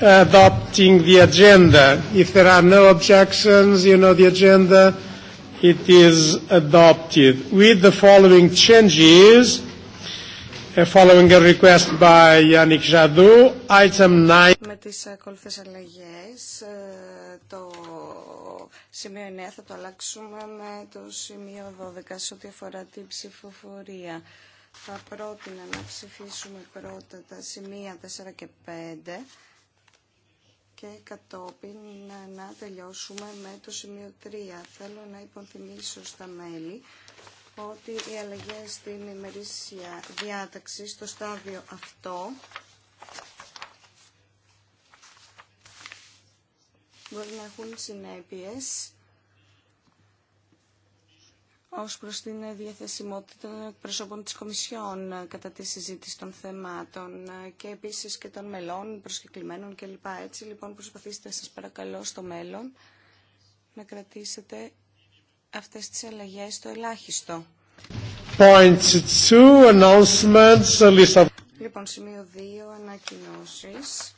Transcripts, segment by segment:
adopting the agenda. If there are no objections, you know the agenda, it is adopted with the following changes. Following a request by Yannick Jadot, item 9. Με τις ακολουθές αλλαγές, το σημείο 9 θα το αλλάξουμε με το σημείο 12 σε ό,τι αφορά την ψηφοφορία. Θα πρότεινα να ψηφίσουμε πρώτα τα σημεία 4 και 5 και κατόπιν να τελειώσουμε με το σημείο 3. Θέλω να υποθυμίσω στα μέλη ότι οι αλλαγές στην ημερήσια διάταξη στο στάδιο αυτό μπορεί να έχουν συνέπειες ως προς την διαθεσιμότητα των εκπροσώπων της Κομισιόν ε, κατά τη συζήτηση των θεμάτων ε, και επίσης και των μελών προσκεκλημένων κλπ. Έτσι λοιπόν προσπαθήστε σας παρακαλώ στο μέλλον να κρατήσετε αυτές τις αλλαγές στο ελάχιστο. announcements, Λοιπόν, σημείο 2, ανακοινώσεις.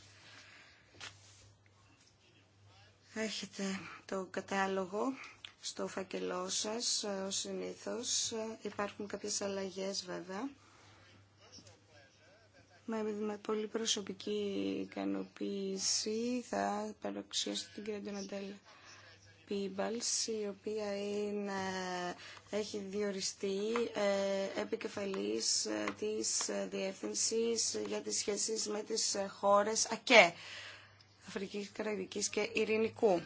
Έχετε το κατάλογο στο φακελό σας, ε, ως συνήθως. Ε, υπάρχουν κάποιες αλλαγές βέβαια. Με, πολύ προσωπική ικανοποίηση θα παρουσιάσω την κυρία Ντοναντέλ Πίμπαλς, η οποία είναι, έχει διοριστεί ε, επικεφαλής ε, της Διεύθυνσης για τις σχέσεις με τις χώρες ΑΚΕ, Αφρικής, Καραϊβικής και Ειρηνικού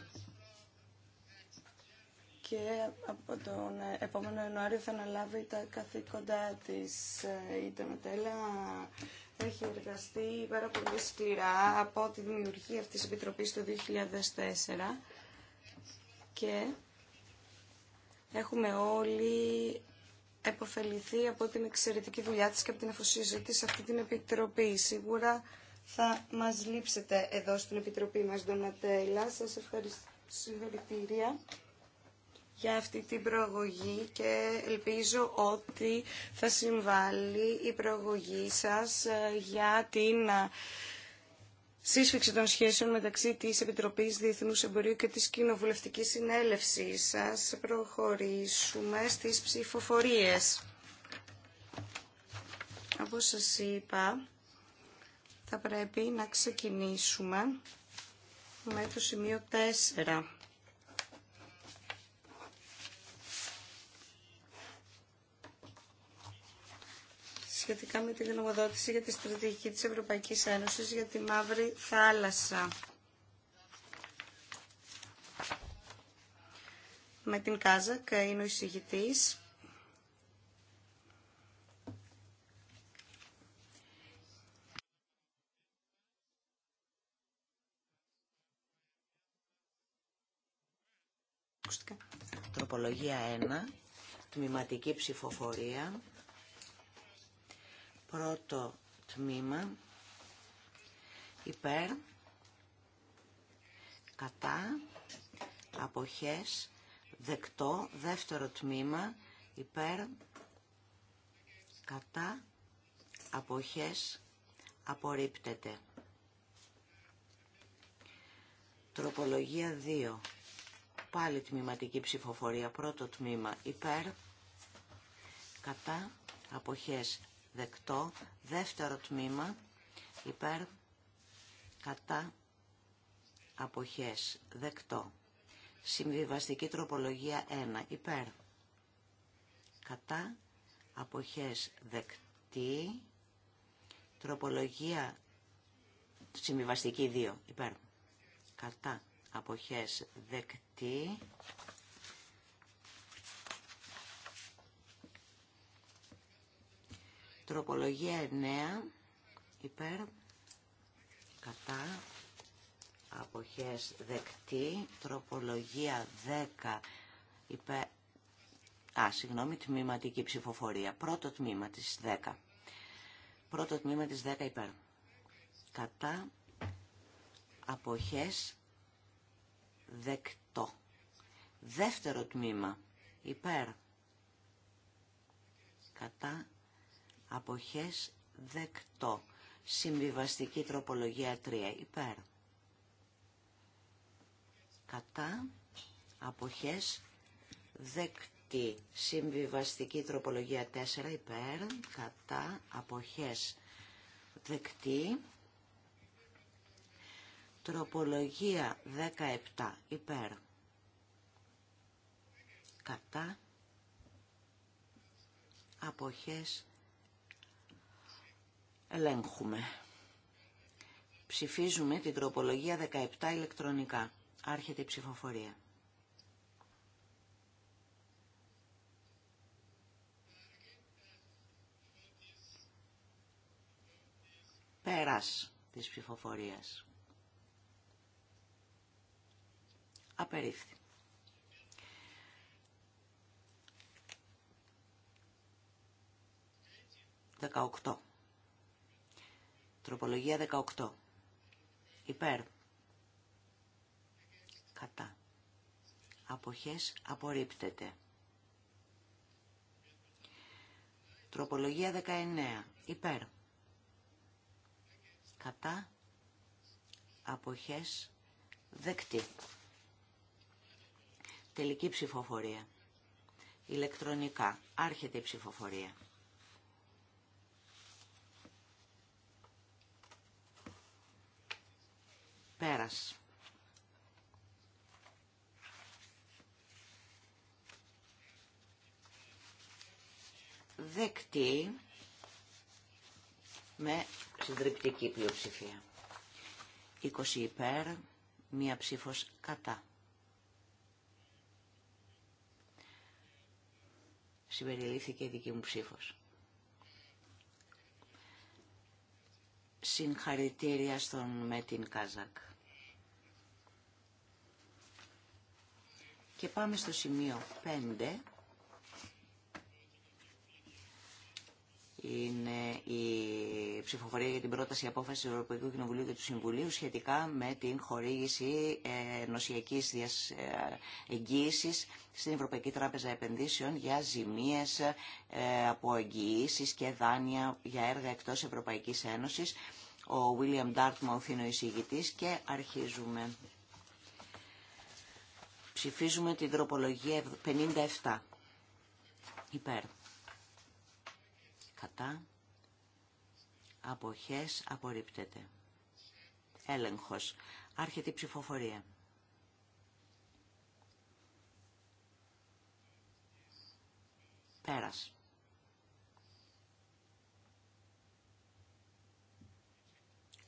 και από τον επόμενο Ιανουάριο θα αναλάβει τα καθήκοντά της. Ε, η Τεμετέλα έχει εργαστεί πάρα πολύ σκληρά από τη δημιουργία αυτής της Επιτροπής το 2004 και έχουμε όλοι εποφεληθεί από την εξαιρετική δουλειά της και από την αφοσίωσή της σε αυτή την Επιτροπή. Σίγουρα θα μας λείψετε εδώ στην Επιτροπή μας, Ντονατέλα. Σας ευχαριστώ συγχαρητήρια για αυτή την προαγωγή και ελπίζω ότι θα συμβάλλει η προαγωγή σας ε, για την ε, σύσφυξη των σχέσεων μεταξύ της Επιτροπής Διεθνούς Εμπορίου και της Κοινοβουλευτικής Συνέλευσης. Σας προχωρήσουμε στις ψηφοφορίες. Όπως σας είπα, θα πρέπει να ξεκινήσουμε με το σημείο 4. σχετικά με την γνωμοδότηση για τη στρατηγική της Ευρωπαϊκής Ένωσης για τη Μαύρη Θάλασσα. Με την Κάζακ είναι ο εισηγητής. Τροπολογία 1, τμηματική ψηφοφορία. Πρώτο τμήμα υπέρ, κατά, αποχές, δεκτό. Δεύτερο τμήμα υπέρ, κατά, αποχές, απορρίπτεται. Τροπολογία 2. Πάλι τμήματική ψηφοφορία. Πρώτο τμήμα υπέρ, κατά, αποχές δεκτό. Δεύτερο τμήμα υπέρ κατά αποχές δεκτό. Συμβιβαστική τροπολογία 1 υπέρ κατά αποχές δεκτή. Τροπολογία συμβιβαστική 2 υπέρ κατά αποχές δεκτή. Τροπολογία 9 υπέρ κατά αποχές δεκτή. Τροπολογία 10 υπέρ... Α, συγγνώμη, τμήματική ψηφοφορία. Πρώτο τμήμα της 10. Πρώτο τμήμα της 10 υπέρ. Κατά αποχές δεκτό. Δεύτερο τμήμα υπέρ. Κατά αποχές δεκτό. Συμβιβαστική τροπολογία 3 υπέρ. Κατά αποχές δεκτή. Συμβιβαστική τροπολογία 4 υπέρ. Κατά αποχές δεκτή. Τροπολογία 17 υπέρ. Κατά αποχές Ελέγχουμε. Ψηφίζουμε την τροπολογία 17 ηλεκτρονικά. Άρχεται η ψηφοφορία. Πέρας της ψηφοφορίας. Απερίφθη. 18. Τροπολογία 18. Υπέρ. Κατά. Αποχές απορρίπτεται. Τροπολογία 19. Υπέρ. Κατά. Αποχές δεκτή. Τελική ψηφοφορία. Ηλεκτρονικά. Άρχεται η ψηφοφορία. Πέρας. Δεκτή με συντριπτική πλειοψηφία. 20 υπέρ, μία ψήφος κατά. Συμπεριλήφθηκε η δική μου ψήφος. Συγχαρητήρια στον Μέτιν Κάζακ. Και πάμε στο σημείο 5. είναι η ψηφοφορία για την πρόταση απόφαση του Ευρωπαϊκού Κοινοβουλίου και του Συμβουλίου σχετικά με την χορήγηση ε, νοσιακή ε, εγγύηση στην Ευρωπαϊκή Τράπεζα Επενδύσεων για ζημίε ε, από εγγυήσει και δάνεια για έργα εκτό Ευρωπαϊκή Ένωση. Ο William Dartmouth είναι ο εισηγητής και αρχίζουμε. Ψηφίζουμε την τροπολογία 57. Υπέρ. Κατά. Αποχές απορρίπτεται. Έλεγχος. Άρχεται η ψηφοφορία. Πέρας.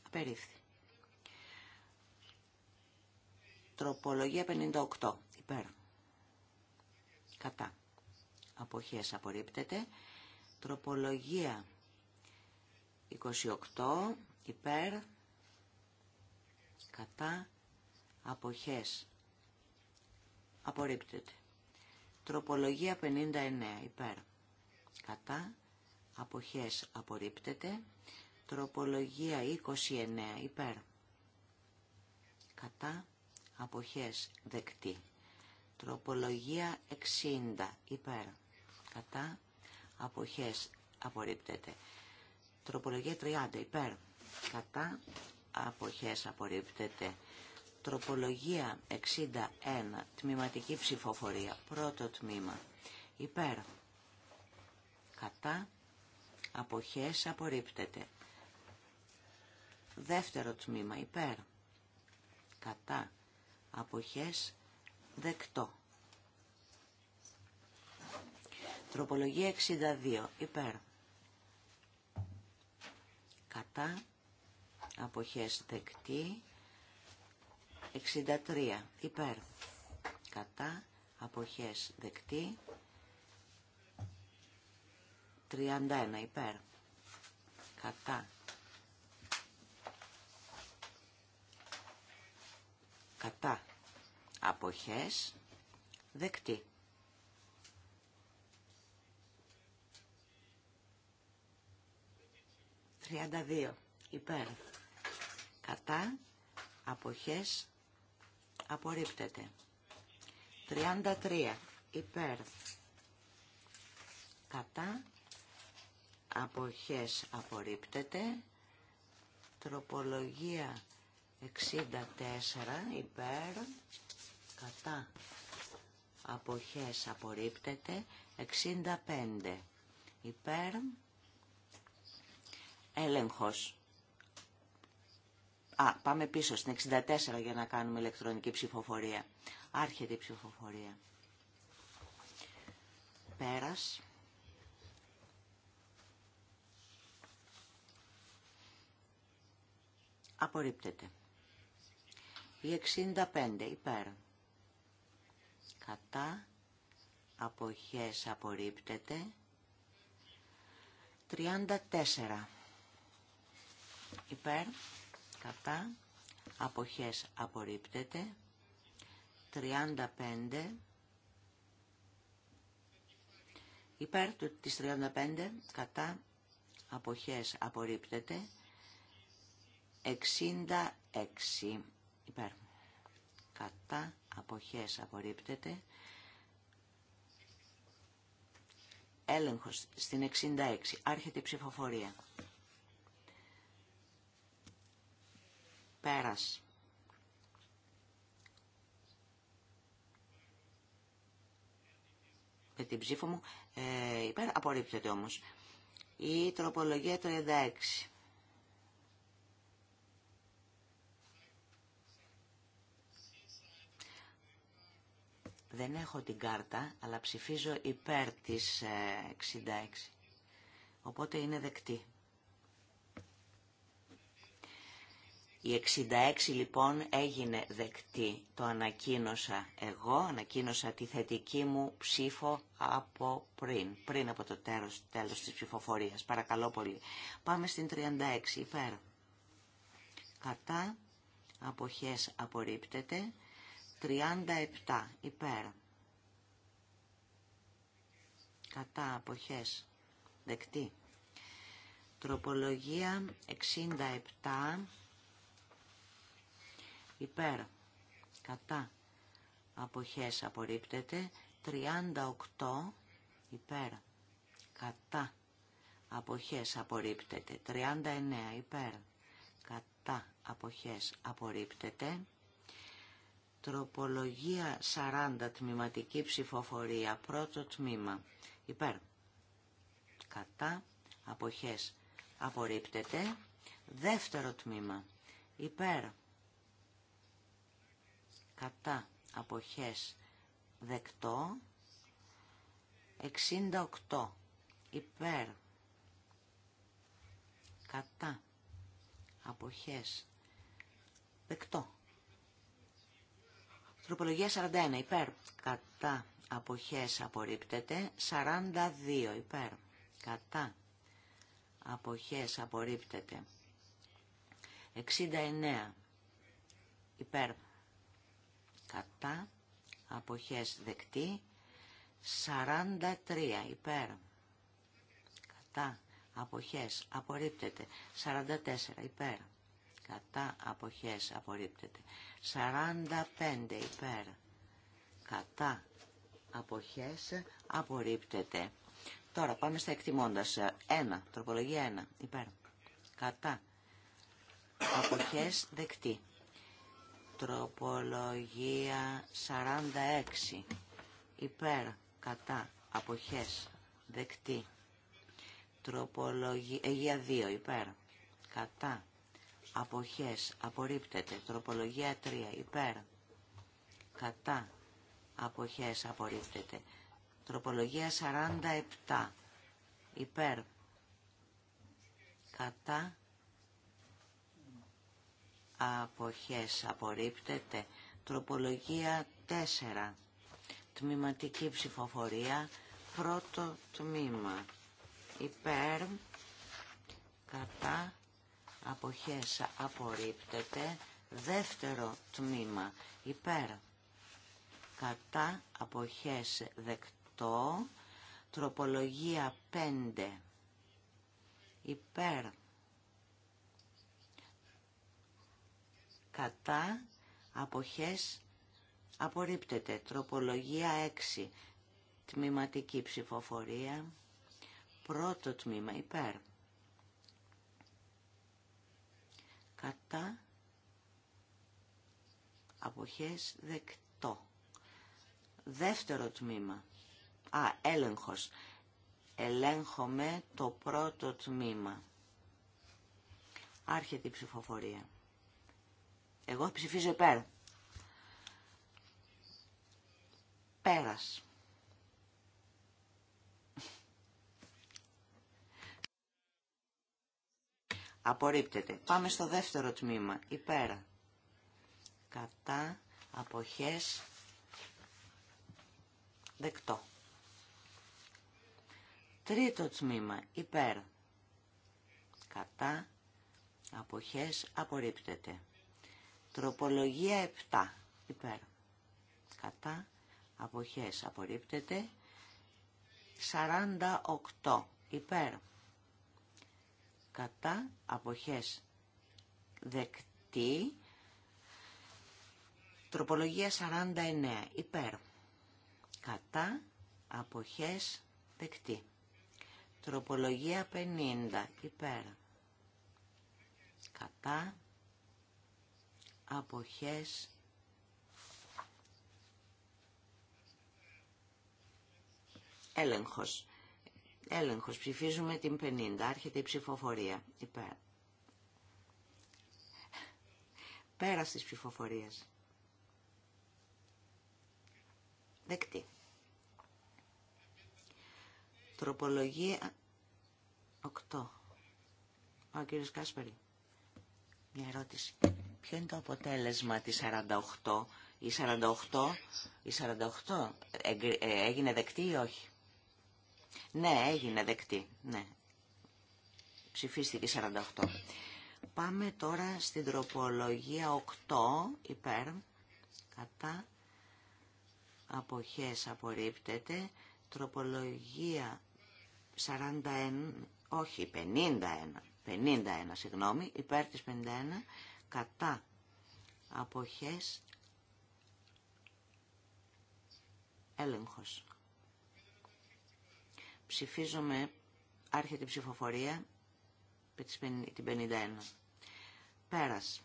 Απερίφθη. Τροπολογία 58. Υπέρ. Κατά. Αποχές απορρίπτεται. Τροπολογία 28. Υπέρ. Κατά. Αποχές. Απορρίπτεται. Τροπολογία 59. Υπέρ. Κατά. Αποχές απορρίπτεται. Τροπολογία 29. Υπέρ. Κατά αποχές δεκτή. Τροπολογία 60 υπέρ κατά αποχές απορρίπτεται. Τροπολογία 30 υπέρ κατά αποχές απορρίπτεται. Τροπολογία 61 τμήματική ψηφοφορία πρώτο τμήμα υπέρ κατά αποχές απορρίπτεται. Δεύτερο τμήμα υπέρ κατά αποχές δεκτό. Τροπολογία 62 υπέρ. Κατά αποχές δεκτή. 63 υπέρ. Κατά αποχές δεκτή. 31 υπέρ. Κατά κατά αποχές δεκτή. 32. υπέρ κατά αποχές απορρίπτεται. 33. υπέρ κατά αποχές απορρίπτεται. Τροπολογία 64 υπέρ κατά αποχές απορρίπτεται 65 υπέρ έλεγχος Α, πάμε πίσω στην 64 για να κάνουμε ηλεκτρονική ψηφοφορία. Άρχεται η ψηφοφορία. Πέρας. Απορρίπτεται. Η 65 υπέρ. Κατά αποχές απορρίπτεται. 34 υπέρ. Κατά αποχές απορρίπτεται. 35 Υπέρ του της 35 κατά αποχές απορρίπτεται 66 υπέρ κατά αποχές απορρίπτεται έλεγχος στην 66 άρχεται η ψηφοφορία πέρας με την ψήφο μου ε, υπέρ απορρίπτεται όμως η τροπολογία 36 Δεν έχω την κάρτα, αλλά ψηφίζω υπέρ της 66. Ε, Οπότε είναι δεκτή. Η 66 λοιπόν έγινε δεκτή. Το ανακοίνωσα εγώ, ανακοίνωσα τη θετική μου ψήφο από πριν, πριν από το τέλος, τέλος της ψηφοφορίας. Παρακαλώ πολύ. Πάμε στην 36, υπέρ. Κατά, αποχές απορρίπτεται. 37 υπέρ. Κατά αποχές δεκτή. Τροπολογία 67 υπέρ. Κατά αποχές απορρίπτεται. 38 υπέρ. Κατά αποχές απορρίπτεται. 39 υπέρ. Κατά αποχές απορρίπτεται. Τροπολογία 40 τμηματική ψηφοφορία. Πρώτο τμήμα. Υπέρ. Κατά. Αποχές. Απορρίπτεται. Δεύτερο τμήμα. Υπέρ. Κατά. Αποχές. Δεκτό. 68. Υπέρ. Κατά. Αποχές. Δεκτό. Τροπολογία 41 υπέρ. Κατά αποχές απορρίπτεται. 42 υπέρ. Κατά αποχές απορρίπτεται. 69 υπέρ. Κατά αποχές δεκτή. 43 υπέρ. Κατά αποχές απορρίπτεται. 44 υπέρ. Κατά αποχές απορρίπτεται. 45 υπέρ κατά αποχές απορρίπτεται. Τώρα πάμε στα εκτιμώντας. 1. Τροπολογία 1. Υπέρ. Κατά. Αποχές δεκτή. Τροπολογία 46. Υπέρ. Κατά. Αποχές δεκτή. Τροπολογία 2. Ε, υπέρ. Κατά αποχές απορρίπτεται τροπολογία 3 υπέρ κατά αποχές απορρίπτεται τροπολογία 47 υπέρ κατά αποχές απορρίπτεται τροπολογία 4 τμηματική ψηφοφορία πρώτο τμήμα υπέρ κατά αποχές απορρίπτεται δεύτερο τμήμα υπέρ κατά αποχές δεκτό τροπολογία 5 υπέρ κατά αποχές απορρίπτεται τροπολογία 6 τμήματική ψηφοφορία πρώτο τμήμα υπέρ κατά αποχές δεκτό. Δεύτερο τμήμα. Α, έλεγχος. Ελέγχομαι το πρώτο τμήμα. Άρχεται η ψηφοφορία. Εγώ ψηφίζω υπέρ. Πέρας. Απορρίπτεται. Πάμε στο δεύτερο τμήμα. Υπέρα. Κατά αποχές δεκτό. Τρίτο τμήμα. Υπέρ. Κατά αποχές απορρίπτεται. Τροπολογία 7. Υπέρ. Κατά αποχές απορρίπτεται. 48. Υπέρ κατά αποχές δεκτή τροπολογία 49 υπέρ κατά αποχές δεκτή τροπολογία 50 υπέρ κατά αποχές έλεγχος Έλεγχος. Ψηφίζουμε την 50. Άρχεται η ψηφοφορία. Υπέρ. Πέρας της ψηφοφορίας. Δεκτή. Τροπολογία 8. Ο κύριος Κάσπερη. Μια ερώτηση. Ποιο είναι το αποτέλεσμα της 48. Η 48, η 48 ε, ε, έγινε δεκτή ή όχι. Ναι, έγινε δεκτή. Ναι. Ψηφίστηκε 48. Πάμε τώρα στην τροπολογία 8 υπέρ. Κατά αποχές απορρίπτεται. Τροπολογία 41, όχι 51, 51 συγγνώμη, υπέρ της 51, κατά αποχές έλεγχος. Ψηφίζουμε, άρχεται η ψηφοφορία, την 51. Πέρας.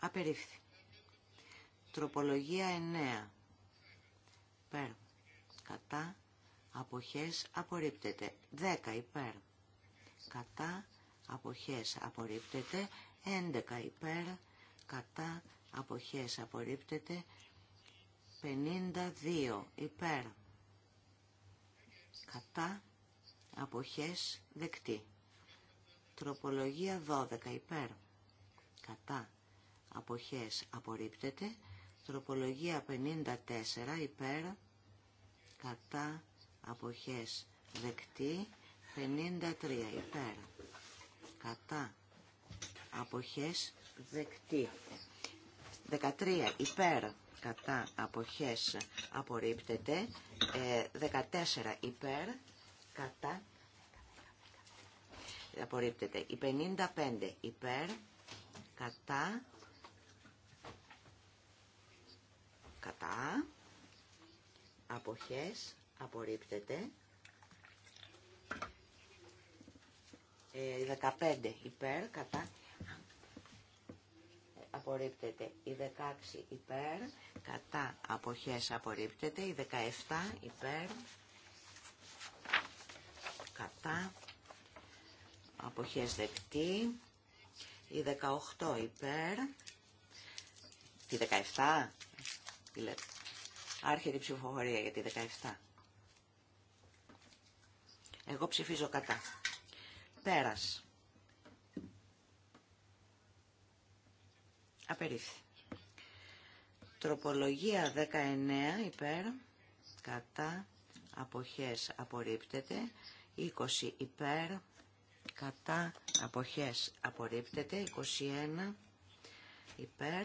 Απερίφθη. Τροπολογία 9. Πέρα. Κατά. Αποχές απορρίπτεται. 10 υπέρ. Κατά. Αποχές απορρίπτεται. 11 υπέρ. Κατά. Αποχές απορρίπτεται. 52 υπέρ κατά αποχές δεκτή. Τροπολογία 12 υπέρ κατά αποχές απορρίπτεται. Τροπολογία 54 υπέρ κατά αποχές δεκτή. 53 υπέρ κατά αποχές δεκτή. 13 υπέρ κατά αποχές απορρίπτεται, 14 ε, υπέρ κατά απορρίπτεται, η 55 υπέρ κατά κατά αποχές απορρίπτεται, 15 ε, υπέρ κατά απορρίπτεται. Η 16 υπέρ, κατά αποχές απορρίπτεται. Η 17 υπέρ, κατά αποχές δεκτή. Η 18 υπέρ, τη 17, άρχεται η ψηφοφορία για τη 17. Εγώ ψηφίζω κατά. Πέρας. Απερίφθη. Τροπολογία 19 υπέρ, κατά, αποχές απορρίπτεται. 20 υπέρ, κατά, αποχές απορρίπτεται. 21 υπέρ,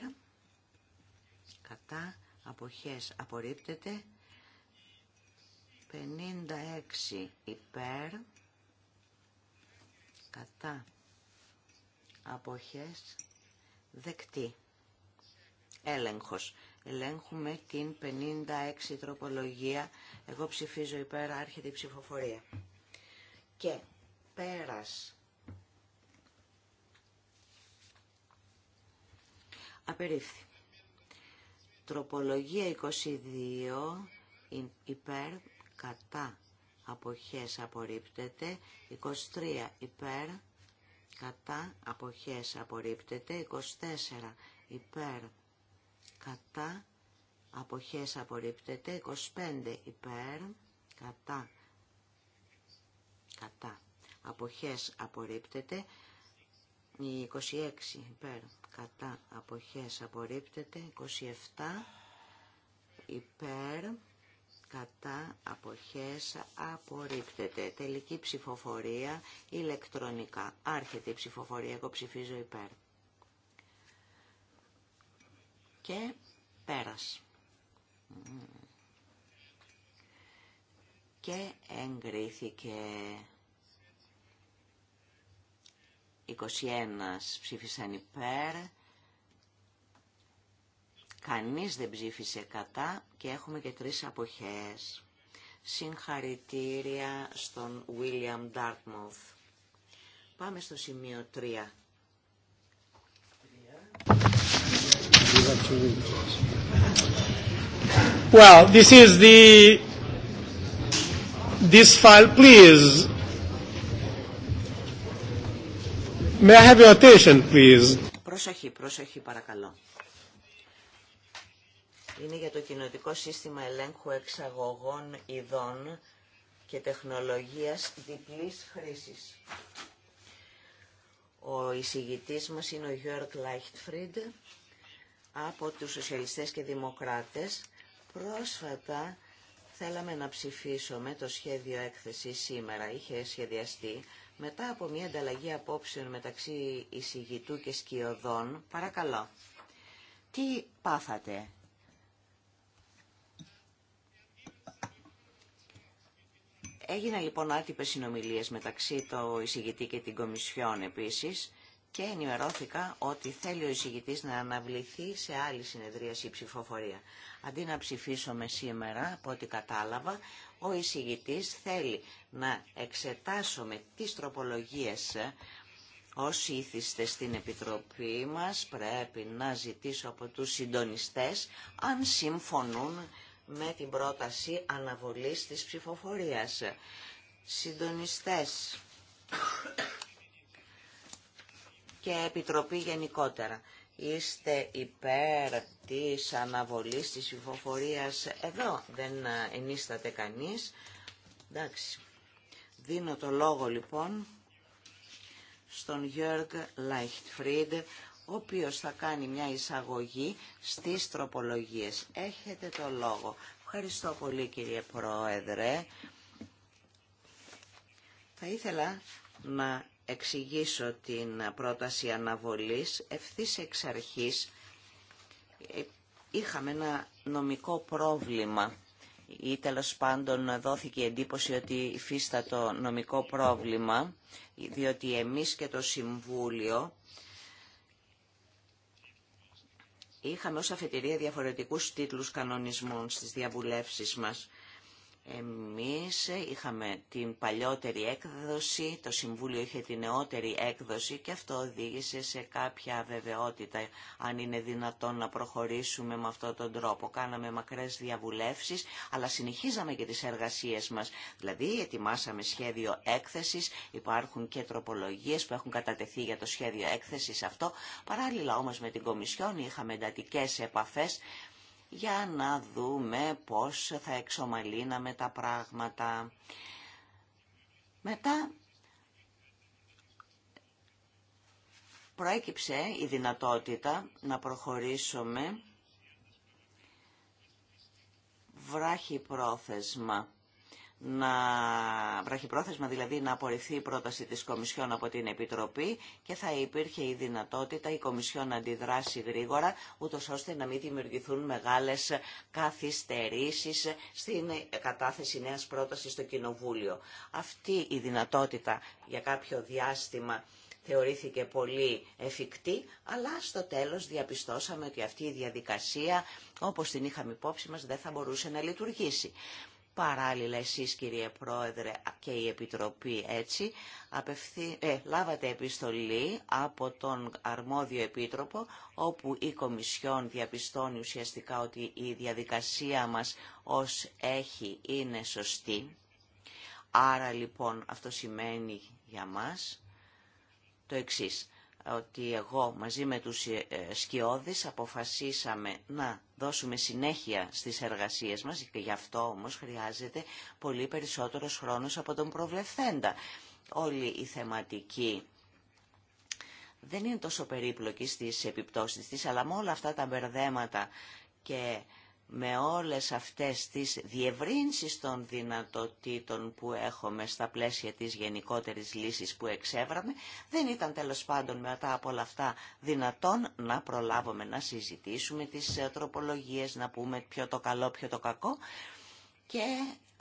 κατά, αποχές απορρίπτεται. 56 υπέρ, κατά, αποχές Δεκτή. Έλεγχος. Ελέγχουμε την 56 τροπολογία. Εγώ ψηφίζω υπέρ, άρχεται η ψηφοφορία. Και πέρας. Απερίφθη. Τροπολογία 22 υπέρ, κατά αποχές απορρίπτεται. 23 υπέρ, κατά αποχές απορρίπτεται 24 υπέρ κατά αποχές απορρίπτεται 25 υπέρ κατά κατά αποχές απορρίπτεται 26 υπέρ κατά αποχές απορρίπτεται 27 υπέρ κατά αποχές απορρίπτεται. Τελική ψηφοφορία ηλεκτρονικά. Άρχεται η ψηφοφορία, εγώ ψηφίζω υπέρ. Και πέρας. Και εγκρίθηκε 21 ψήφισαν υπέρ Κανείς δεν ψήφισε κατά και έχουμε και τρεις αποχές. Συγχαρητήρια στον William Dartmouth. Πάμε στο σημείο 3. Well, this is the this file, please. May I have your attention, please? Προσοχή, προσοχή, παρακαλώ είναι για το κοινοτικό σύστημα ελέγχου εξαγωγών ειδών και τεχνολογίας διπλής χρήσης. Ο εισηγητής μας είναι ο Γιώργ Λάιχτφριντ από τους Σοσιαλιστές και Δημοκράτες. Πρόσφατα θέλαμε να ψηφίσουμε το σχέδιο έκθεση σήμερα, είχε σχεδιαστεί, μετά από μια ανταλλαγή απόψεων μεταξύ εισηγητού και σκιωδών. Παρακαλώ, τι πάθατε Έγιναν λοιπόν άτυπες συνομιλίες μεταξύ του εισηγητή και την Κομισιόν επίσης και ενημερώθηκα ότι θέλει ο εισηγητής να αναβληθεί σε άλλη συνεδρίαση ψηφοφορία. Αντί να ψηφίσουμε σήμερα, από ό,τι κατάλαβα, ο εισηγητής θέλει να εξετάσουμε τις τροπολογίες ε, Όσοι ήθιστε στην Επιτροπή μας πρέπει να ζητήσω από τους συντονιστές αν συμφωνούν με την πρόταση αναβολής της ψηφοφορίας. Συντονιστές και Επιτροπή γενικότερα. Είστε υπέρ της αναβολής της ψηφοφορίας εδώ. Δεν ενίσταται κανείς. Εντάξει. Δίνω το λόγο λοιπόν στον Γιώργ Λάιχτφριντ ο οποίος θα κάνει μια εισαγωγή στις τροπολογίες. Έχετε το λόγο. Ευχαριστώ πολύ κύριε Πρόεδρε. Θα ήθελα να εξηγήσω την πρόταση αναβολής ευθύς εξ αρχής. Ε, είχαμε ένα νομικό πρόβλημα ή τέλο πάντων δόθηκε εντύπωση ότι υφίστατο νομικό πρόβλημα, διότι εμείς και το Συμβούλιο Είχαμε ως αφετηρία διαφορετικούς τίτλους κανονισμών στις διαβουλεύσεις μας εμείς είχαμε την παλιότερη έκδοση, το Συμβούλιο είχε την νεότερη έκδοση και αυτό οδήγησε σε κάποια βεβαιότητα αν είναι δυνατόν να προχωρήσουμε με αυτόν τον τρόπο. Κάναμε μακρές διαβουλεύσεις, αλλά συνεχίζαμε και τις εργασίες μας. Δηλαδή, ετοιμάσαμε σχέδιο έκθεσης, υπάρχουν και τροπολογίες που έχουν κατατεθεί για το σχέδιο έκθεσης αυτό. Παράλληλα όμως με την Κομισιόν είχαμε εντατικέ επαφές για να δούμε πώς θα εξομαλύναμε τα πράγματα. Μετά προέκυψε η δυνατότητα να προχωρήσουμε βράχη πρόθεσμα να πρόθεσμα δηλαδή να απορριφθεί η πρόταση της Κομισιόν από την Επιτροπή και θα υπήρχε η δυνατότητα η Κομισιόν να αντιδράσει γρήγορα ούτως ώστε να μην δημιουργηθούν μεγάλες καθυστερήσεις στην κατάθεση νέας πρότασης στο Κοινοβούλιο. Αυτή η δυνατότητα για κάποιο διάστημα θεωρήθηκε πολύ εφικτή, αλλά στο τέλος διαπιστώσαμε ότι αυτή η διαδικασία, όπως την είχαμε υπόψη μας, δεν θα μπορούσε να λειτουργήσει. Παράλληλα εσείς κύριε Πρόεδρε και η Επιτροπή έτσι απευθύ... Ε, λάβατε επιστολή από τον αρμόδιο Επίτροπο όπου η Κομισιόν διαπιστώνει ουσιαστικά ότι η διαδικασία μας ως έχει είναι σωστή. Άρα λοιπόν αυτό σημαίνει για μας το εξής ότι εγώ μαζί με τους ε, σκιώδεις αποφασίσαμε να δώσουμε συνέχεια στις εργασίες μας και γι' αυτό όμως χρειάζεται πολύ περισσότερος χρόνος από τον προβλεφθέντα. Όλη η θεματική δεν είναι τόσο περίπλοκη στις επιπτώσεις της, αλλά με όλα αυτά τα μπερδέματα και με όλες αυτές τις διευρύνσεις των δυνατοτήτων που έχουμε στα πλαίσια της γενικότερης λύσης που εξέβραμε, δεν ήταν τέλος πάντων μετά από όλα αυτά δυνατόν να προλάβουμε να συζητήσουμε τις ε, τροπολογίες, να πούμε ποιο το καλό, ποιο το κακό και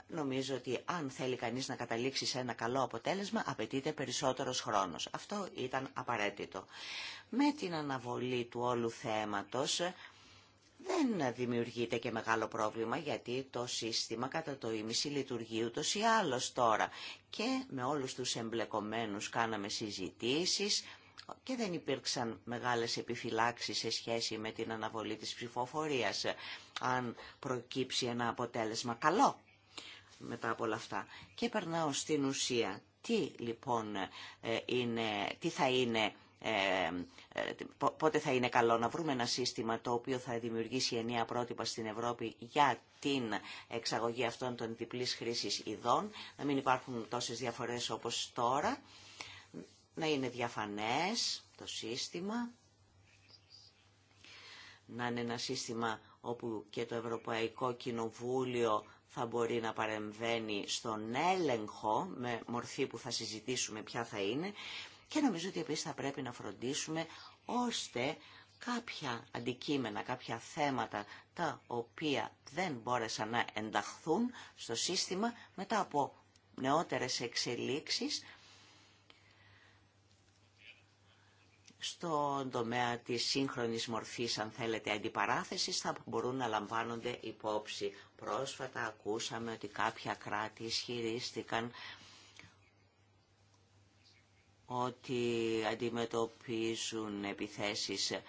νομίζω ότι αν θέλει κανείς να καταλήξει σε ένα καλό αποτέλεσμα απαιτείται περισσότερος χρόνος. Αυτό ήταν απαραίτητο. Με την αναβολή του όλου θέματος δεν δημιουργείται και μεγάλο πρόβλημα γιατί το σύστημα κατά το ίμιση λειτουργεί ούτως ή άλλως τώρα. Και με όλους τους εμπλεκομένους κάναμε συζητήσεις και δεν υπήρξαν μεγάλες επιφυλάξεις σε σχέση με την αναβολή της ψηφοφορίας αν προκύψει ένα αποτέλεσμα καλό μετά από όλα αυτά. Και περνάω στην ουσία. Τι λοιπόν ε, είναι, τι θα είναι ε, ε, πότε θα είναι καλό να βρούμε ένα σύστημα το οποίο θα δημιουργήσει ενία πρότυπα στην Ευρώπη για την εξαγωγή αυτών των διπλής χρήσης ειδών, να μην υπάρχουν τόσες διαφορές όπως τώρα, να είναι διαφανές το σύστημα, να είναι ένα σύστημα όπου και το Ευρωπαϊκό Κοινοβούλιο θα μπορεί να παρεμβαίνει στον έλεγχο με μορφή που θα συζητήσουμε ποια θα είναι και νομίζω ότι επίσης θα πρέπει να φροντίσουμε ώστε κάποια αντικείμενα, κάποια θέματα τα οποία δεν μπόρεσαν να ενταχθούν στο σύστημα μετά από νεότερες εξελίξεις στον τομέα της σύγχρονης μορφής, αν θέλετε, αντιπαράθεσης θα μπορούν να λαμβάνονται υπόψη. Πρόσφατα ακούσαμε ότι κάποια κράτη ισχυρίστηκαν ότι αντιμετωπίζουν επιθέσεις. Ε,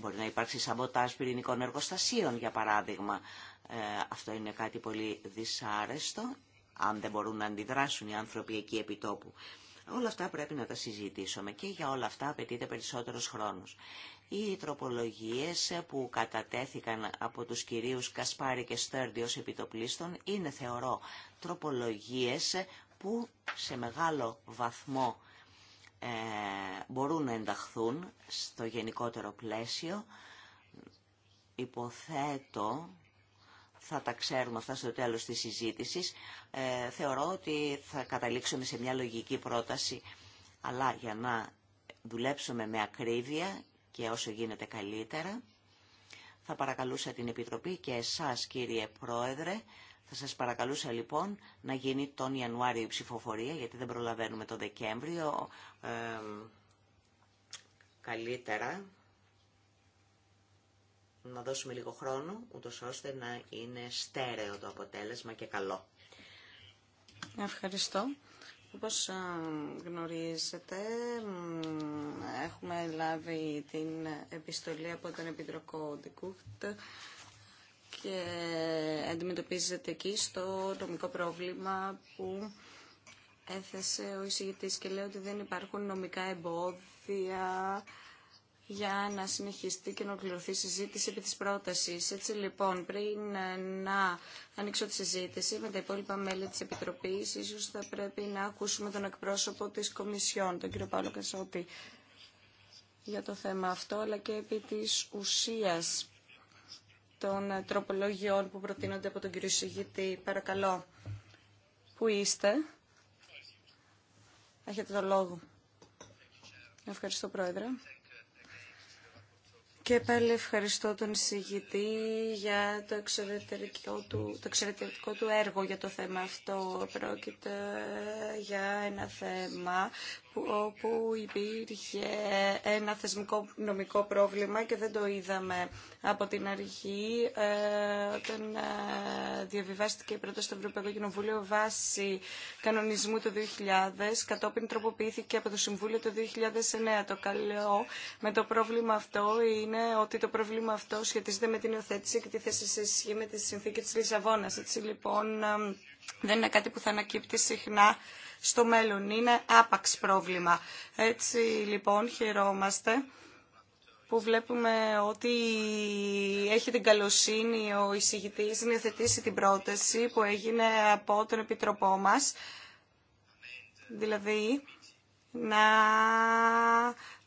μπορεί να υπάρξει σαμποτάζ πυρηνικών εργοστασίων, για παράδειγμα. Ε, αυτό είναι κάτι πολύ δυσάρεστο, αν δεν μπορούν να αντιδράσουν οι άνθρωποι εκεί επί τόπου. Όλα αυτά πρέπει να τα συζητήσουμε και για όλα αυτά απαιτείται περισσότερος χρόνος. Οι τροπολογίες που κατατέθηκαν από τους κυρίους Κασπάρη και Στέρντι ως επιτοπλίστων είναι, θεωρώ, τροπολογίες που σε μεγάλο βαθμό ε, μπορούν να ενταχθούν στο γενικότερο πλαίσιο. Υποθέτω, θα τα ξέρουμε αυτά στο τέλος της συζήτησης, ε, θεωρώ ότι θα καταλήξουμε σε μια λογική πρόταση, αλλά για να δουλέψουμε με ακρίβεια και όσο γίνεται καλύτερα, θα παρακαλούσα την Επιτροπή και εσάς κύριε Πρόεδρε θα σας παρακαλούσα λοιπόν να γίνει τον Ιανουάριο η ψηφοφορία, γιατί δεν προλαβαίνουμε τον Δεκέμβριο. Ε, καλύτερα να δώσουμε λίγο χρόνο, ούτως ώστε να είναι στέρεο το αποτέλεσμα και καλό. Ευχαριστώ. Όπως ε, γνωρίζετε, έχουμε λάβει την επιστολή από τον Επιτροκό Ντικούχτ και αντιμετωπίζεται εκεί στο νομικό πρόβλημα που έθεσε ο εισηγητής και λέει ότι δεν υπάρχουν νομικά εμπόδια για να συνεχιστεί και να ολοκληρωθεί η συζήτηση επί της πρότασης. Έτσι λοιπόν, πριν να ανοίξω τη συζήτηση με τα υπόλοιπα μέλη της Επιτροπής, ίσως θα πρέπει να ακούσουμε τον εκπρόσωπο της Κομισιόν, τον κύριο Παύλο για το θέμα αυτό, αλλά και επί της ουσίας των ε, τροπολογιών που προτείνονται από τον κύριο Συγητή. Παρακαλώ, πού είστε. Έχετε το λόγο. Ευχαριστώ, Πρόεδρε. Και πάλι ευχαριστώ τον συγητή για το εξαιρετικό, του, το εξαιρετικό του έργο για το θέμα αυτό. Πρόκειται για ένα θέμα όπου υπήρχε ένα θεσμικό νομικό πρόβλημα και δεν το είδαμε από την αρχή ε, όταν ε, διαβιβάστηκε η στο Ευρωπαϊκό Κοινοβούλιο βάσει κανονισμού του 2000 κατόπιν τροποποιήθηκε από το Συμβούλιο το 2009. Το καλό με το πρόβλημα αυτό είναι ότι το πρόβλημα αυτό σχετίζεται με την υιοθέτηση και τη θέση σε σχήμα με τη συνθήκη της Λισαβόνας. Έτσι λοιπόν ε, δεν είναι κάτι που θα ανακύπτει συχνά στο μέλλον. Είναι άπαξ πρόβλημα. Έτσι λοιπόν χαιρόμαστε που βλέπουμε ότι έχει την καλοσύνη ο εισηγητής να υιοθετήσει την πρόταση που έγινε από τον Επιτροπό μας. Δηλαδή, να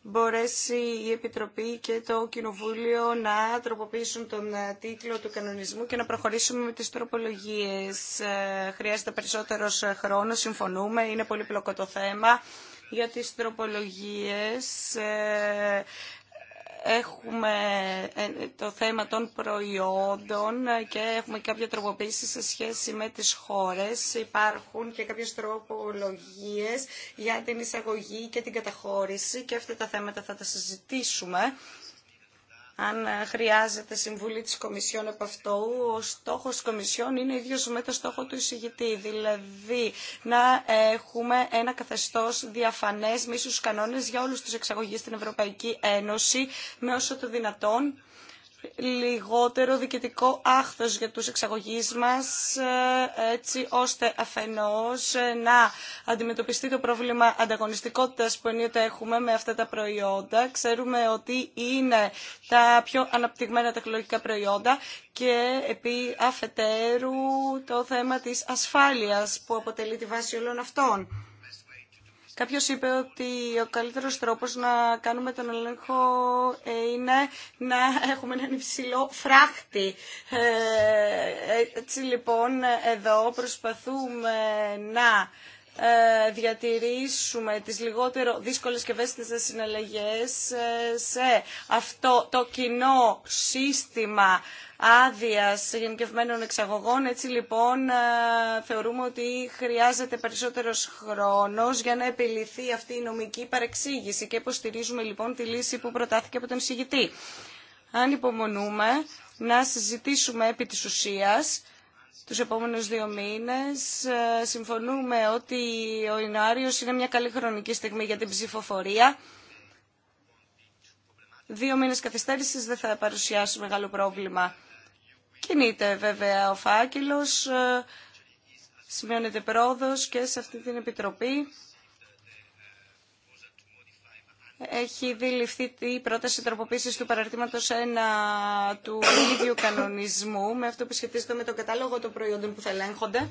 μπορέσει η Επιτροπή και το Κοινοβούλιο να τροποποιήσουν τον ε, τίτλο του κανονισμού και να προχωρήσουμε με τις τροπολογίες. Ε, χρειάζεται περισσότερος ε, χρόνος, συμφωνούμε, είναι πολύ πλοκό το θέμα για τις τροπολογίες Έχουμε ε, το θέμα των προϊόντων και έχουμε κάποια τροποποίηση σε σχέση με τις χώρες. Υπάρχουν και κάποιες τροπολογίες για την εισαγωγή και την καταχώρηση και αυτά τα θέματα θα τα συζητήσουμε αν ε, χρειάζεται συμβουλή της Κομισιόν από αυτό ο στόχος της Κομισιόν είναι ίδιος με το στόχο του εισηγητή, δηλαδή να έχουμε ένα καθεστώς διαφανές μίσους κανόνες για όλους τους εξαγωγείς στην Ευρωπαϊκή Ένωση με όσο το δυνατόν λιγότερο διοικητικό άχθος για τους εξαγωγείς μας, ε, έτσι ώστε αφενός ε, να αντιμετωπιστεί το πρόβλημα ανταγωνιστικότητας που ενίοτε έχουμε με αυτά τα προϊόντα. Ξέρουμε ότι είναι τα πιο αναπτυγμένα τεχνολογικά προϊόντα και επί αφετέρου το θέμα της ασφάλειας που αποτελεί τη βάση όλων αυτών. Κάποιο είπε ότι ο καλύτερο τρόπο να κάνουμε τον ελέγχο ε, είναι να έχουμε έναν υψηλό φράχτη. Ε, έτσι λοιπόν εδώ προσπαθούμε να ε, διατηρήσουμε τις λιγότερο δύσκολες και ευαίσθητες συναλλαγές ε, σε αυτό το κοινό σύστημα άδεια γενικευμένων εξαγωγών. Έτσι λοιπόν ε, θεωρούμε ότι χρειάζεται περισσότερος χρόνος για να επιληθεί αυτή η νομική παρεξήγηση και υποστηρίζουμε λοιπόν τη λύση που προτάθηκε από τον συγητή. Αν υπομονούμε να συζητήσουμε επί της ουσίας τους επόμενους δύο μήνες. Ε, συμφωνούμε ότι ο Ινάριος είναι μια καλή χρονική στιγμή για την ψηφοφορία. Δύο μήνες καθυστέρησης δεν θα παρουσιάσει μεγάλο πρόβλημα. Κινείται βέβαια ο φάκελος, ε, σημειώνεται πρόοδος και σε αυτή την επιτροπή έχει δηληφθεί η πρόταση τροποποίηση του παραρτήματο 1 του ίδιου κανονισμού με αυτό που σχετίζεται με το κατάλογο των προϊόντων που θα ελέγχονται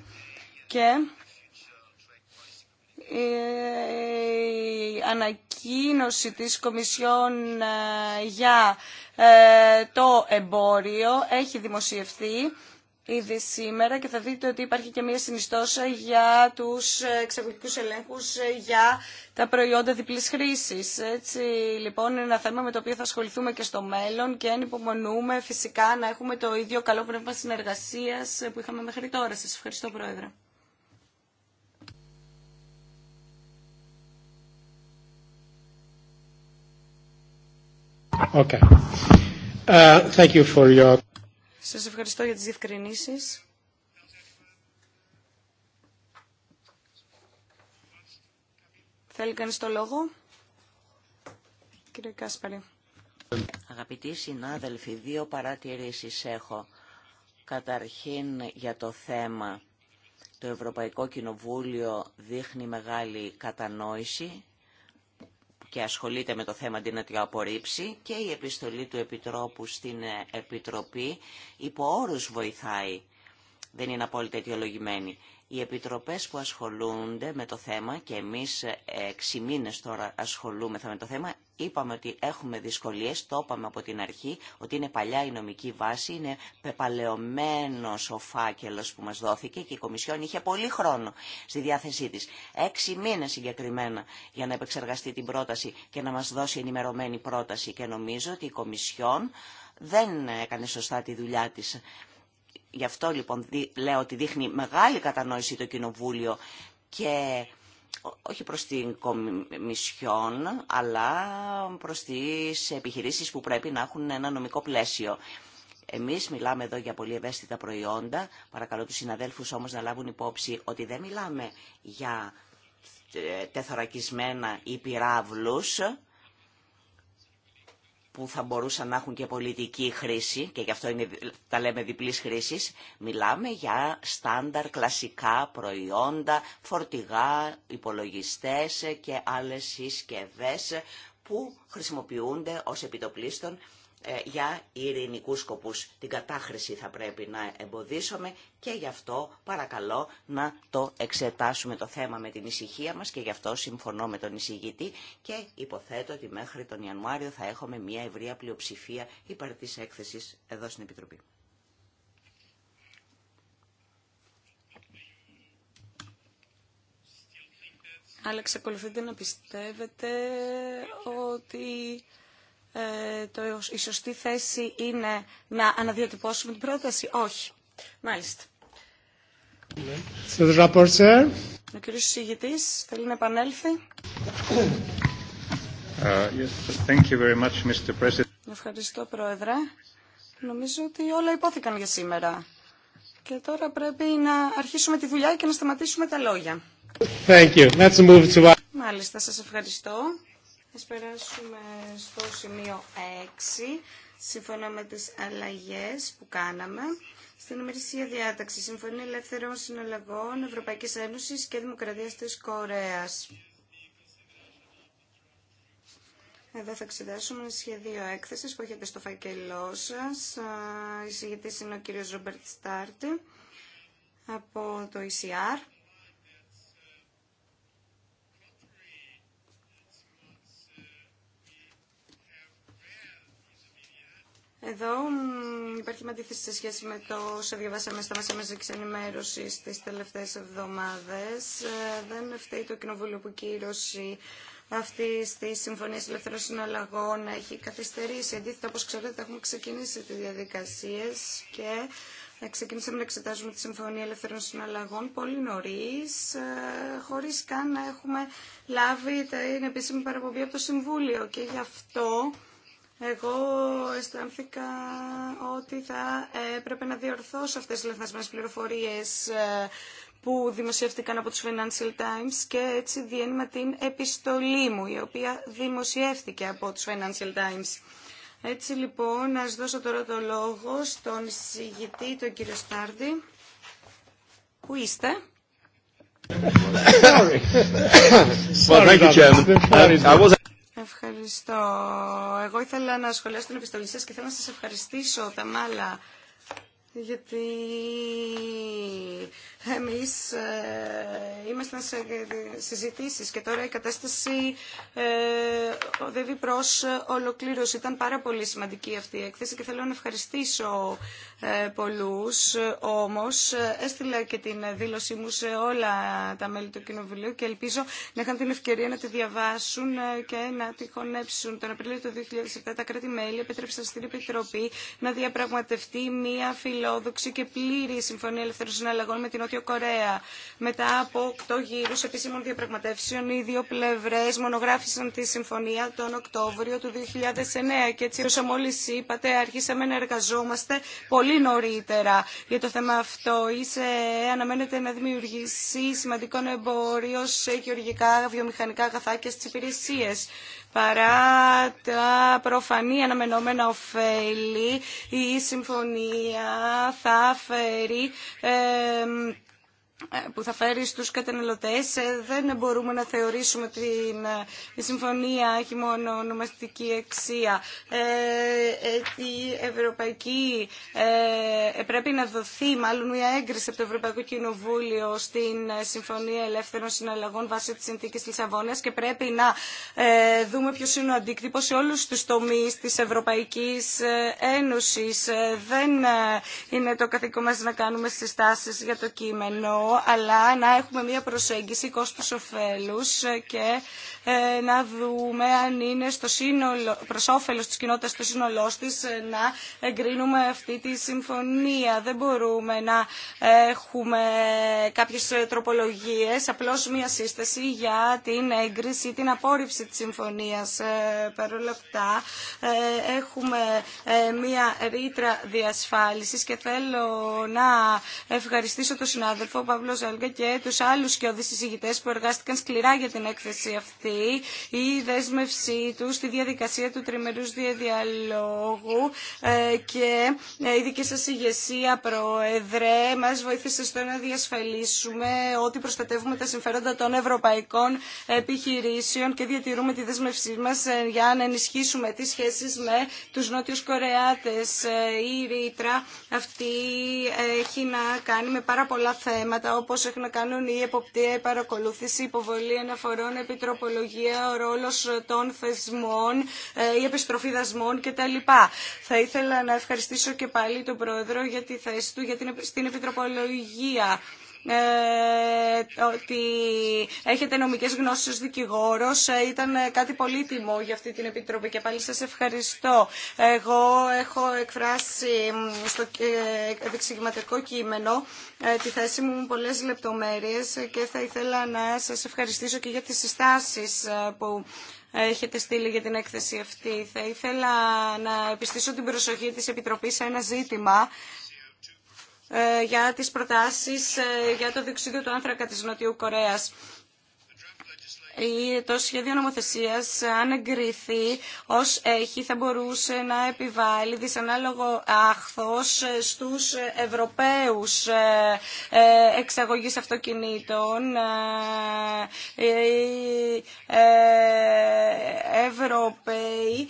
και η ανακοίνωση της Κομισιόν ε, για ε, το εμπόριο έχει δημοσιευθεί ήδη σήμερα και θα δείτε ότι υπάρχει και μία συνιστόσα για τους εξαγωγικούς ελέγχους ε, για τα προϊόντα διπλής χρήσης. Έτσι λοιπόν είναι ένα θέμα με το οποίο θα ασχοληθούμε και στο μέλλον και ανυπομονούμε φυσικά να έχουμε το ίδιο καλό πνεύμα συνεργασίας που είχαμε μέχρι τώρα. Σας ευχαριστώ Πρόεδρε. Okay. Uh, thank you for your... Σας ευχαριστώ για τις διευκρινήσεις. Θέλει κανείς το λόγο. Κύριε Κάσπαρη. Αγαπητοί συνάδελφοι, δύο παρατηρήσεις έχω. Καταρχήν για το θέμα. Το Ευρωπαϊκό Κοινοβούλιο δείχνει μεγάλη κατανόηση και ασχολείται με το θέμα αντί να απορρίψει και η επιστολή του Επιτρόπου στην ε, Επιτροπή υπό όρους βοηθάει. Δεν είναι απόλυτα αιτιολογημένη. Οι επιτροπές που ασχολούνται με το θέμα και εμείς έξι μήνες τώρα ασχολούμεθα με το θέμα είπαμε ότι έχουμε δυσκολίες, το είπαμε από την αρχή ότι είναι παλιά η νομική βάση, είναι πεπαλαιωμένος ο φάκελος που μας δόθηκε και η Κομισιόν είχε πολύ χρόνο στη διάθεσή της. Έξι μήνες συγκεκριμένα για να επεξεργαστεί την πρόταση και να μας δώσει ενημερωμένη πρόταση και νομίζω ότι η Κομισιόν δεν έκανε σωστά τη δουλειά της Γι' αυτό λοιπόν λέω ότι δείχνει μεγάλη κατανόηση το Κοινοβούλιο και όχι προς την Κομισιόν, αλλά προς τις επιχειρήσεις που πρέπει να έχουν ένα νομικό πλαίσιο. Εμείς μιλάμε εδώ για πολύ ευαίσθητα προϊόντα. Παρακαλώ τους συναδέλφους όμως να λάβουν υπόψη ότι δεν μιλάμε για ε, τεθωρακισμένα ή πυράβλους, που θα μπορούσαν να έχουν και πολιτική χρήση και γι' αυτό είναι, τα λέμε διπλής χρήσης. Μιλάμε για στάνταρ κλασικά προϊόντα, φορτηγά, υπολογιστές και άλλες συσκευές που χρησιμοποιούνται ως επιτοπλίστων ε, για ειρηνικούς σκοπούς. Την κατάχρηση θα πρέπει να εμποδίσουμε και γι' αυτό παρακαλώ να το εξετάσουμε το θέμα με την ησυχία μας και γι' αυτό συμφωνώ με τον εισηγητή και υποθέτω ότι μέχρι τον Ιανουάριο θα έχουμε μια ευρεία πλειοψηφία υπέρ της έκθεσης εδώ στην Επιτροπή. Αλλά ξεκολουθείτε να πιστεύετε ότι ε, το, η σωστή θέση είναι να αναδιατυπώσουμε την πρόταση. Όχι. Μάλιστα. Ο κύριος συγητής θέλει να επανέλθει. Uh, ευχαριστώ, Πρόεδρε. Νομίζω ότι όλα υπόθηκαν για σήμερα. Και τώρα πρέπει να αρχίσουμε τη δουλειά και να σταματήσουμε τα λόγια. Μάλιστα, σας ευχαριστώ. Ας περάσουμε στο σημείο 6, σύμφωνα με τις αλλαγές που κάναμε. Στην ημερησία διάταξη, Συμφωνία Ελεύθερων Συναλλαγών Ευρωπαϊκής Ένωσης και Δημοκρατίας της Κορέας. Εδώ θα εξετάσουμε σχεδίο έκθεση που έχετε στο φακελό σα. Εισηγητή είναι ο κύριο Ρομπερτ Στάρτη από το ECR. Εδώ υπάρχει αντίθεση σε σχέση με το όσα διαβάσαμε στα μέσα μαζική ενημέρωση τι τελευταίε εβδομάδε, ε, Δεν φταίει το Κοινοβούλιο που κύρωσε αυτή τη Συμφωνία Ελευθερών Συναλλαγών έχει καθυστερήσει. Αντίθετα, όπω ξέρετε, έχουμε ξεκινήσει τι διαδικασίε και ξεκινήσαμε να εξετάζουμε τη Συμφωνία Ελευθερών Συναλλαγών πολύ νωρί, ε, χωρί καν να έχουμε λάβει την επίσημη παραπομπή από το Συμβούλιο. Και γι' αυτό εγώ αισθάνθηκα ότι θα έπρεπε να διορθώσω αυτές τις λεθασμένες πληροφορίες ε, που δημοσιεύτηκαν από τους Financial Times και έτσι διένυμα την επιστολή μου, η οποία δημοσιεύτηκε από τους Financial Times. Έτσι λοιπόν, να δώσω τώρα το λόγο στον συγητή, τον κύριο Στάρντι. Πού είστε? Uh, Ευχαριστώ. Εγώ ήθελα να σχολιάσω την επιστολή σας και θέλω να σας ευχαριστήσω τα γιατί εμείς ήμασταν ε, σε συζητήσεις και τώρα η κατάσταση ε, οδεύει προς ολοκλήρωση. Ήταν πάρα πολύ σημαντική αυτή η έκθεση και θέλω να ευχαριστήσω ε, πολλούς. Όμως έστειλα και την δήλωσή μου σε όλα τα μέλη του Κοινοβουλίου και ελπίζω να είχαν την ευκαιρία να τη διαβάσουν και να τη χωνέψουν. Τον Απρίλιο του 2007 τα κράτη-μέλη επέτρεψαν στην Επιτροπή να διαπραγματευτεί μια φιλόδοξη και πλήρη συμφωνία ελευθερών συναλλαγών με την Νότιο Κορέα. Μετά από οκτώ γύρου επίσημων διαπραγματεύσεων, οι δύο πλευρές μονογράφησαν τη συμφωνία τον Οκτώβριο του 2009 και έτσι όσο μόλι είπατε αρχίσαμε να εργαζόμαστε πολύ νωρίτερα για το θέμα αυτό. Είσαι, αναμένεται να δημιουργήσει σημαντικό εμπόριο σε γεωργικά, βιομηχανικά αγαθά και στι υπηρεσίες παρά τα προφανή αναμενόμενα ωφέλη η συμφωνία θα φέρει ε, που θα φέρει στους καταναλωτές. Ε, δεν μπορούμε να θεωρήσουμε ότι ε, η συμφωνία έχει μόνο ονομαστική αξία. Η Ευρωπαϊκή πρέπει να δοθεί μάλλον μια έγκριση από το Ευρωπαϊκό Κοινοβούλιο στην Συμφωνία Ελεύθερων Συναλλαγών βάσει της συνθήκης Λισαβόνας και πρέπει να δούμε ποιο είναι ο αντίκτυπο σε όλους τους τομείς της Ευρωπαϊκής Ένωσης. Δεν είναι το καθήκον μας να κάνουμε συστάσεις για το κείμενο αλλά να έχουμε μια προσέγγιση ωφέλους και ε, να δούμε αν είναι στο σύνολο, προς όφελος της κοινότητας στο σύνολό τη ε, να εγκρίνουμε αυτή τη συμφωνία. Δεν μπορούμε να έχουμε κάποιες τροπολογίες, απλώς μια σύσταση για την έγκριση ή την απόρριψη της συμφωνίας. Ε, Παρ' έχουμε μια ρήτρα διασφάλισης και θέλω να ευχαριστήσω τον συνάδελφο και του άλλου και συζητητέ που εργάστηκαν σκληρά για την έκθεση αυτή. Η δέσμευσή του στη διαδικασία του τριμερούς διαδιαλόγου ε, και ε, η δική σας ηγεσία, Πρόεδρε, μα βοήθησε στο να διασφαλίσουμε ότι προστατεύουμε τα συμφέροντα των ευρωπαϊκών επιχειρήσεων και διατηρούμε τη δέσμευσή μας ε, για να ενισχύσουμε τι σχέσει με τους Νότιους Κορεάτες. Η ρήτρα αυτή έχει να κάνει με πάρα πολλά θέματα όπως έχουν να κάνουν η εποπτεία, η παρακολούθηση, η υποβολή αναφορών, επιτροπολογία, ο ρόλος των θεσμών, ε, η επιστροφή δασμών κτλ. Θα ήθελα να ευχαριστήσω και πάλι τον Πρόεδρο για τη θέση του για την, στην επιτροπολογία. Ε, ότι έχετε νομικές γνώσεις ως δικηγόρος. Ε, ήταν ε, κάτι πολύτιμο για αυτή την Επιτροπή και πάλι σας ευχαριστώ. Εγώ έχω εκφράσει στο επεξηγηματικό κείμενο τη θέση μου με πολλές λεπτομέρειες και θα ήθελα να σας ευχαριστήσω και για τις συστάσεις που έχετε στείλει για την έκθεση αυτή. Θα ήθελα να επιστήσω την προσοχή της Επιτροπής σε ένα ζήτημα ε, για τις προτάσεις ε, για το διοξείδιο του άνθρακα της Νοτιού Κορέας το σχέδιο νομοθεσίας αν εγκριθεί ως έχει θα μπορούσε να επιβάλλει δυσανάλογο άχθος στους Ευρωπαίους ε, ε, εξαγωγής αυτοκινήτων ε, οι Ευρωπαίοι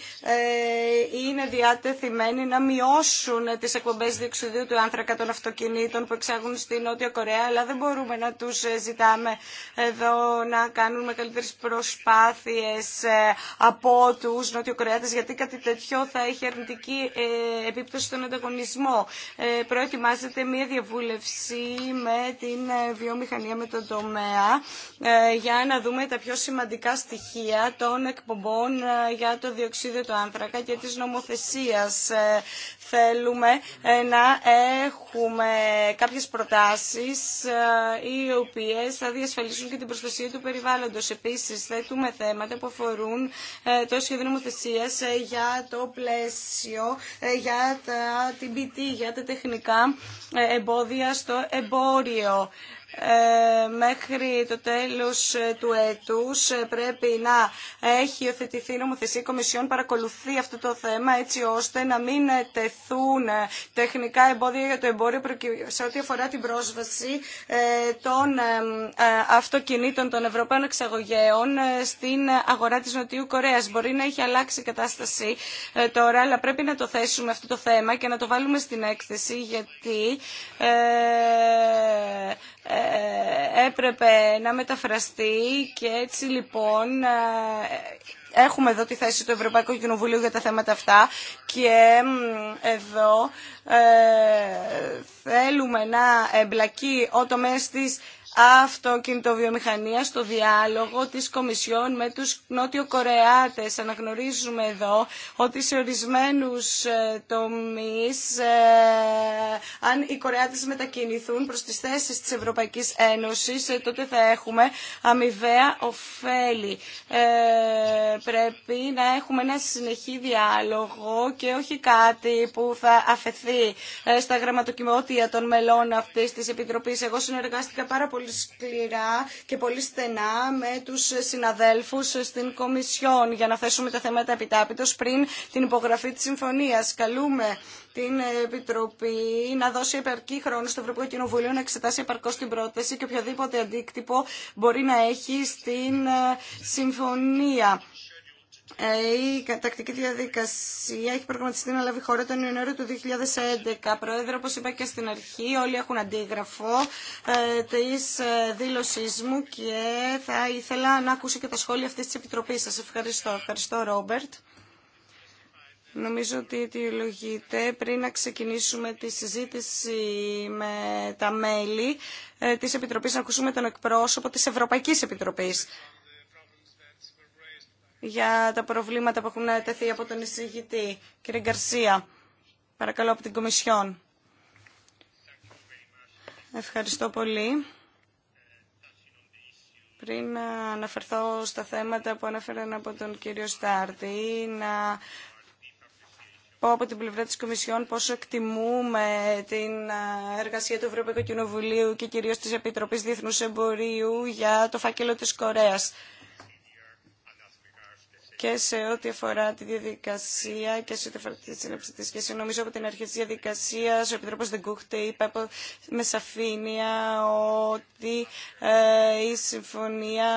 είναι διατεθειμένοι να μειώσουν τις εκπομπές διοξιδίου του άνθρακα των αυτοκινήτων που εξάγουν στη Νότια Κορέα αλλά δεν μπορούμε να τους ζητάμε εδώ να κάνουν μεγαλύτερη μεγαλύτερες προσπάθειες ε, από τους νοτιοκροατές, γιατί κάτι τέτοιο θα έχει αρνητική ε, επίπτωση στον ανταγωνισμό. Ε, προετοιμάζεται μια διαβούλευση με την βιομηχανία, με τον τομέα για να δούμε τα πιο σημαντικά στοιχεία των εκπομπών για το διοξίδιο του άνθρακα και της νομοθεσία Θέλουμε να έχουμε κάποιες προτάσεις οι οποίες θα διασφαλίσουν και την προστασία του περιβάλλοντος επίση θέτουμε θέματα που αφορούν ε, το σχέδιο νομοθεσία ε, για το πλαίσιο, ε, για την ποιτή, για τα τεχνικά εμπόδια στο εμπόριο. Ε, μέχρι το τέλος ε, του έτους ε, πρέπει να έχει υιοθετηθεί νομοθεσία η Κομισιόν παρακολουθεί αυτό το θέμα έτσι ώστε να μην τεθούν τεχνικά εμπόδια για το εμπόριο σε ό,τι αφορά την πρόσβαση των αυτοκινήτων των Ευρωπαίων εξαγωγέων στην αγορά της Νοτιού Κορέας. Μπορεί να έχει αλλάξει η κατάσταση τώρα, αλλά πρέπει να το θέσουμε αυτό το θέμα και να το βάλουμε στην έκθεση γιατί ε, έπρεπε να μεταφραστεί και έτσι λοιπόν ε, έχουμε εδώ τη θέση του Ευρωπαϊκού Κοινοβουλίου για τα θέματα αυτά και εδώ ε, θέλουμε να εμπλακεί ο τομέας της αυτοκινητοβιομηχανία στο διάλογο της Κομισιόν με τους Νότιο Κορεάτες. Αναγνωρίζουμε εδώ ότι σε ορισμένους ε, τομείς ε, αν οι Κορεάτες μετακινηθούν προς τις θέσεις της Ευρωπαϊκής Ένωσης ε, τότε θα έχουμε αμοιβαία ωφέλη. πρέπει να έχουμε ένα συνεχή διάλογο και όχι κάτι που θα αφαιθεί στα γραμματοκιμώτια των μελών αυτής της Επιτροπής. Εγώ συνεργάστηκα πάρα πολύ πολύ σκληρά και πολύ στενά με τους συναδέλφους στην Κομισιόν για να θέσουμε τα θέματα επιτάπητος πριν την υπογραφή της συμφωνίας. Καλούμε την Επιτροπή να δώσει επαρκή χρόνο στο Ευρωπαϊκό Κοινοβούλιο να εξετάσει επαρκώ την πρόταση και οποιοδήποτε αντίκτυπο μπορεί να έχει στην ε, συμφωνία. Ε, η τακτική διαδικασία έχει προγραμματιστεί να λάβει χώρα τον Ιανουάριο του 2011. Πρόεδρε, όπω είπα και στην αρχή, όλοι έχουν αντίγραφο ε, της ε, δήλωσής μου και θα ήθελα να ακούσω και τα σχόλια αυτή τη Επιτροπής. Σα. ευχαριστώ. Ευχαριστώ, Ρόμπερτ. Νομίζω ότι αιτιολογείται πριν να ξεκινήσουμε τη συζήτηση με τα μέλη ε, της Επιτροπής, να ακούσουμε τον εκπρόσωπο της Ευρωπαϊκής Επιτροπής για τα προβλήματα που έχουν τεθεί από τον εισηγητή. Κύριε Γκαρσία, παρακαλώ από την Κομισιόν. Ευχαριστώ πολύ. Πριν αναφερθώ στα θέματα που αναφέραν από τον κύριο Στάρτη, να πω από την πλευρά της Κομισιόν πόσο εκτιμούμε την εργασία του Ευρωπαϊκού Κοινοβουλίου και κυρίως της Επιτροπής Διεθνούς Εμπορίου για το φάκελο της Κορέας και σε ό,τι αφορά τη διαδικασία και σε ό,τι αφορά τη σύνοψη τη σχέση. Νομίζω από την αρχή τη διαδικασία ο Επιτρόπο Δεγκούχτε είπε με σαφήνεια ότι ε, η συμφωνία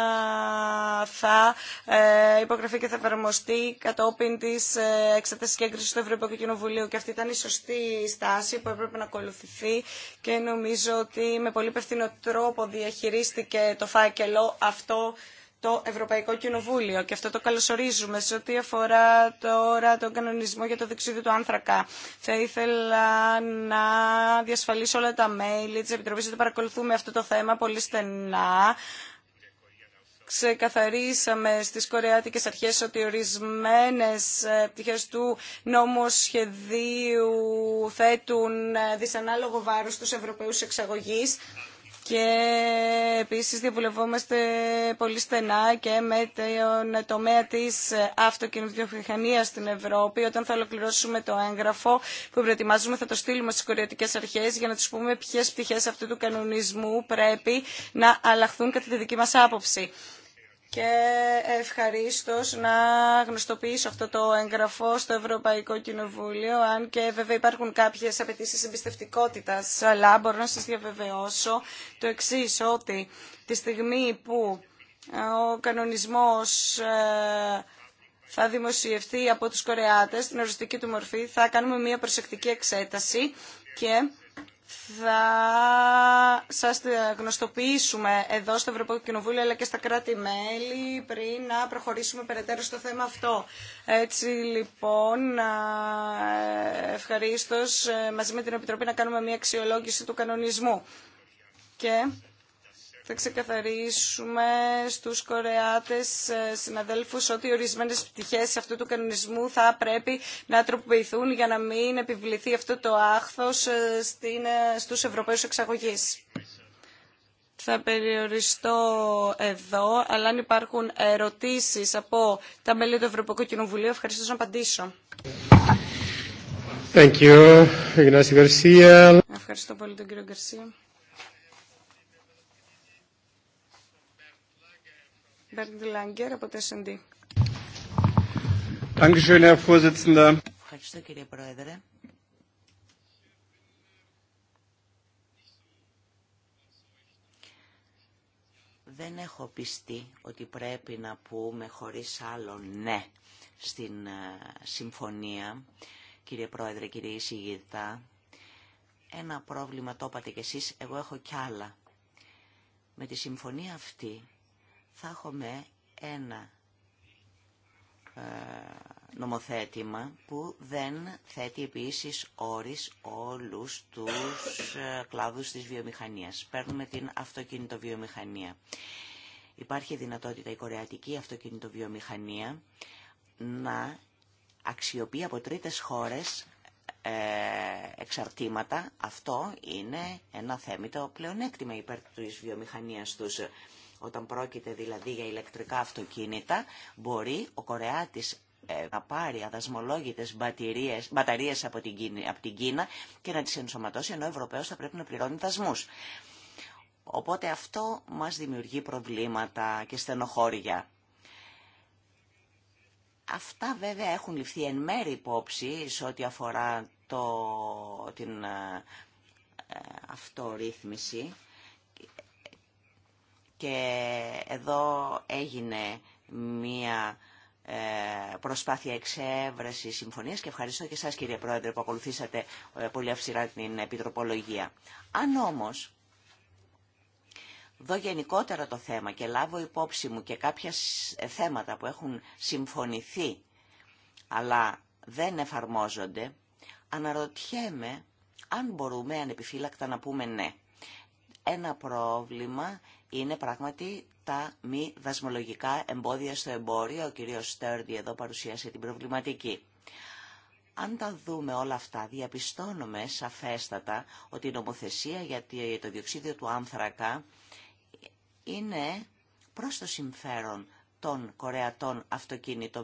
θα ε, υπογραφεί και θα εφαρμοστεί κατόπιν τη ε, εξέταση και έγκριση του Ευρωπαϊκού Κοινοβουλίου. Και αυτή ήταν η σωστή στάση που έπρεπε να ακολουθηθεί και νομίζω ότι με πολύ υπευθυνό τρόπο διαχειρίστηκε το φάκελο αυτό το Ευρωπαϊκό Κοινοβούλιο και αυτό το καλωσορίζουμε σε ό,τι αφορά τώρα τον κανονισμό για το δεξίδι του άνθρακα. Θα ήθελα να διασφαλίσω όλα τα μέλη της Επιτροπής ότι παρακολουθούμε αυτό το θέμα πολύ στενά ξεκαθαρίσαμε στις κορεάτικες αρχές ότι ορισμένες ε, πτυχές του σχεδίου θέτουν ε, δυσανάλογο βάρος στους Ευρωπαίους εξαγωγείς και επίσης διαβουλευόμαστε πολύ στενά και με τον τομέα της αυτοκινητοβιομηχανίας στην Ευρώπη. Όταν θα ολοκληρώσουμε το έγγραφο που προετοιμάζουμε θα το στείλουμε στις κορεατικές αρχές για να τους πούμε ποιες πτυχές αυτού του κανονισμού πρέπει να αλλάχθουν κατά τη δική μας άποψη και ευχαρίστω να γνωστοποιήσω αυτό το εγγραφό στο Ευρωπαϊκό Κοινοβούλιο, αν και βέβαια υπάρχουν κάποιες απαιτήσει εμπιστευτικότητα, αλλά μπορώ να σα διαβεβαιώσω το εξή, ότι τη στιγμή που ε, ο κανονισμός ε, θα δημοσιευθεί από τους Κορεάτες, στην οριστική του μορφή, θα κάνουμε μια προσεκτική εξέταση και θα σας γνωστοποιήσουμε εδώ στο Ευρωπαϊκό Κοινοβούλιο αλλά και στα κράτη-μέλη πριν να προχωρήσουμε περαιτέρω στο θέμα αυτό. Έτσι λοιπόν, ευχαρίστως ε, μαζί με την Επιτροπή να κάνουμε μια αξιολόγηση του κανονισμού. Και θα ξεκαθαρίσουμε στους Κορεάτες ε, συναδέλφους ότι ορισμένες πτυχές αυτού του κανονισμού θα πρέπει να τροποποιηθούν για να μην επιβληθεί αυτό το άχθος ε, ε, στους Ευρωπαίους εξαγωγείς. Θα περιοριστώ εδώ, αλλά αν υπάρχουν ερωτήσεις από τα μέλη του Ευρωπαϊκού Κοινοβουλίου, ευχαριστώ να απαντήσω. Thank you. Ευχαριστώ πολύ τον κύριο Γκαρσία. Ευχαριστώ κύριε Πρόεδρε. Δεν έχω πιστεί ότι πρέπει να πούμε χωρίς άλλο ναι στην ε, συμφωνία, κύριε Πρόεδρε, κύριε Ισηγητά. Ένα πρόβλημα το είπατε κι εσείς, εγώ έχω κι άλλα. Με τη συμφωνία αυτή θα έχουμε ένα ε, νομοθέτημα που δεν θέτει επίσης όρις όλους τους ε, κλάδους της βιομηχανίας. Παίρνουμε την αυτοκινητοβιομηχανία. Υπάρχει δυνατότητα η κορεατική αυτοκινητοβιομηχανία να αξιοποιεί από τρίτες χώρες ε, εξαρτήματα. Αυτό είναι ένα θέμητο πλεονέκτημα υπέρ της βιομηχανίας τους. Όταν πρόκειται δηλαδή για ηλεκτρικά αυτοκίνητα, μπορεί ο Κορεάτης ε, να πάρει αδασμολόγητες μπαταρίες, μπαταρίες από, την Κίνα, από και να τις ενσωματώσει, ενώ ο Ευρωπαίος θα πρέπει να πληρώνει δασμούς. Οπότε αυτό μας δημιουργεί προβλήματα και στενοχώρια. Αυτά βέβαια έχουν ληφθεί εν μέρη υπόψη σε ό,τι αφορά το, την ε, ε αυτορύθμιση και εδώ έγινε μία ε, προσπάθεια εξέβρεση συμφωνίας και ευχαριστώ και εσάς κύριε Πρόεδρε που ακολουθήσατε ε, πολύ αυστηρά την επιτροπολογία. Αν όμως δω γενικότερα το θέμα και λάβω υπόψη μου και κάποια ε, θέματα που έχουν συμφωνηθεί αλλά δεν εφαρμόζονται, αναρωτιέμαι αν μπορούμε ανεπιφύλακτα να πούμε ναι. Ένα πρόβλημα είναι πράγματι τα μη δασμολογικά εμπόδια στο εμπόριο. Ο κύριος Στέρντι εδώ παρουσίασε την προβληματική. Αν τα δούμε όλα αυτά, διαπιστώνουμε σαφέστατα ότι η νομοθεσία για το διοξίδιο του άνθρακα είναι προς το συμφέρον των κορεατών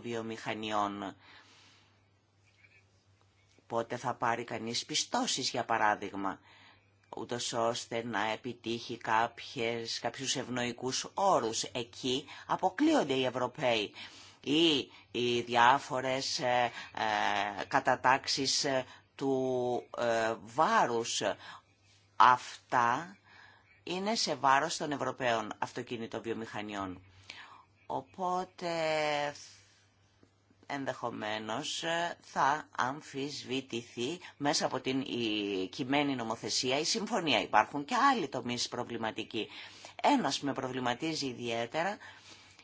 βιομηχανιών. Πότε θα πάρει κανείς πιστώσεις, για παράδειγμα ούτως ώστε να επιτύχει κάποιες, κάποιους ευνοϊκούς όρους. Εκεί αποκλείονται οι Ευρωπαίοι ή οι διάφορες ε, ε κατατάξεις ε, του ε, βάρους. Αυτά είναι σε βάρος των Ευρωπαίων αυτοκινητών βιομηχανιών. Οπότε ενδεχομένως ε, θα αμφισβητηθεί μέσα από την η κειμένη νομοθεσία η συμφωνία. Υπάρχουν και άλλοι τομείς προβληματικοί. Ένας που με προβληματίζει ιδιαίτερα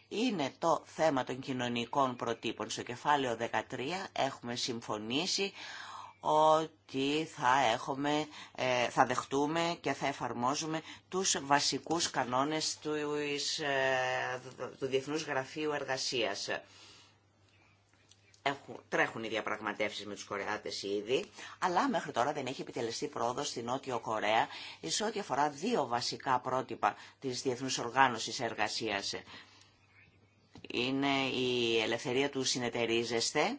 είναι το θέμα των κοινωνικών προτύπων. Στο κεφάλαιο 13 έχουμε συμφωνήσει ότι θα, έχουμε, ε, θα δεχτούμε και θα εφαρμόζουμε τους βασικούς κανόνες του, ε, του Διεθνούς Γραφείου Εργασίας τρέχουν οι διαπραγματεύσεις με τους Κορεάτες ήδη, αλλά μέχρι τώρα δεν έχει επιτελεστεί πρόοδο στη Νότιο Κορέα σε ό,τι αφορά δύο βασικά πρότυπα της Διεθνούς Οργάνωσης Εργασίας. Είναι η ελευθερία του συνεταιρίζεστε,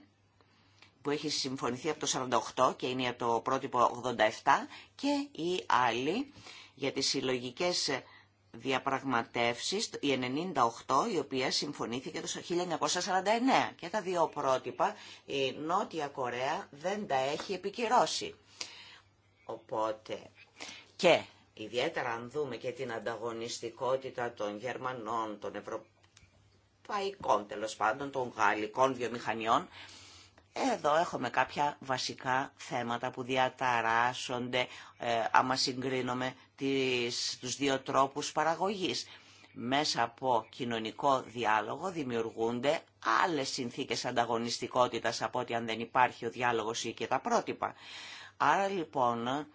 που έχει συμφωνηθεί από το 1948 και είναι το πρότυπο 87, και η άλλη για τις συλλογικές διαπραγματεύσεις, η 98, η οποία συμφωνήθηκε το 1949 και τα δύο πρότυπα η Νότια Κορέα δεν τα έχει επικυρώσει. Οπότε και ιδιαίτερα αν δούμε και την ανταγωνιστικότητα των Γερμανών, των Ευρωπαϊκών τέλος πάντων, των Γαλλικών βιομηχανιών, εδώ έχουμε κάποια βασικά θέματα που διαταράσσονται ε, άμα συγκρίνουμε τις, τους δύο τρόπους παραγωγής. Μέσα από κοινωνικό διάλογο δημιουργούνται άλλες συνθήκες ανταγωνιστικότητας από ότι αν δεν υπάρχει ο διάλογος ή και τα πρότυπα. Άρα λοιπόν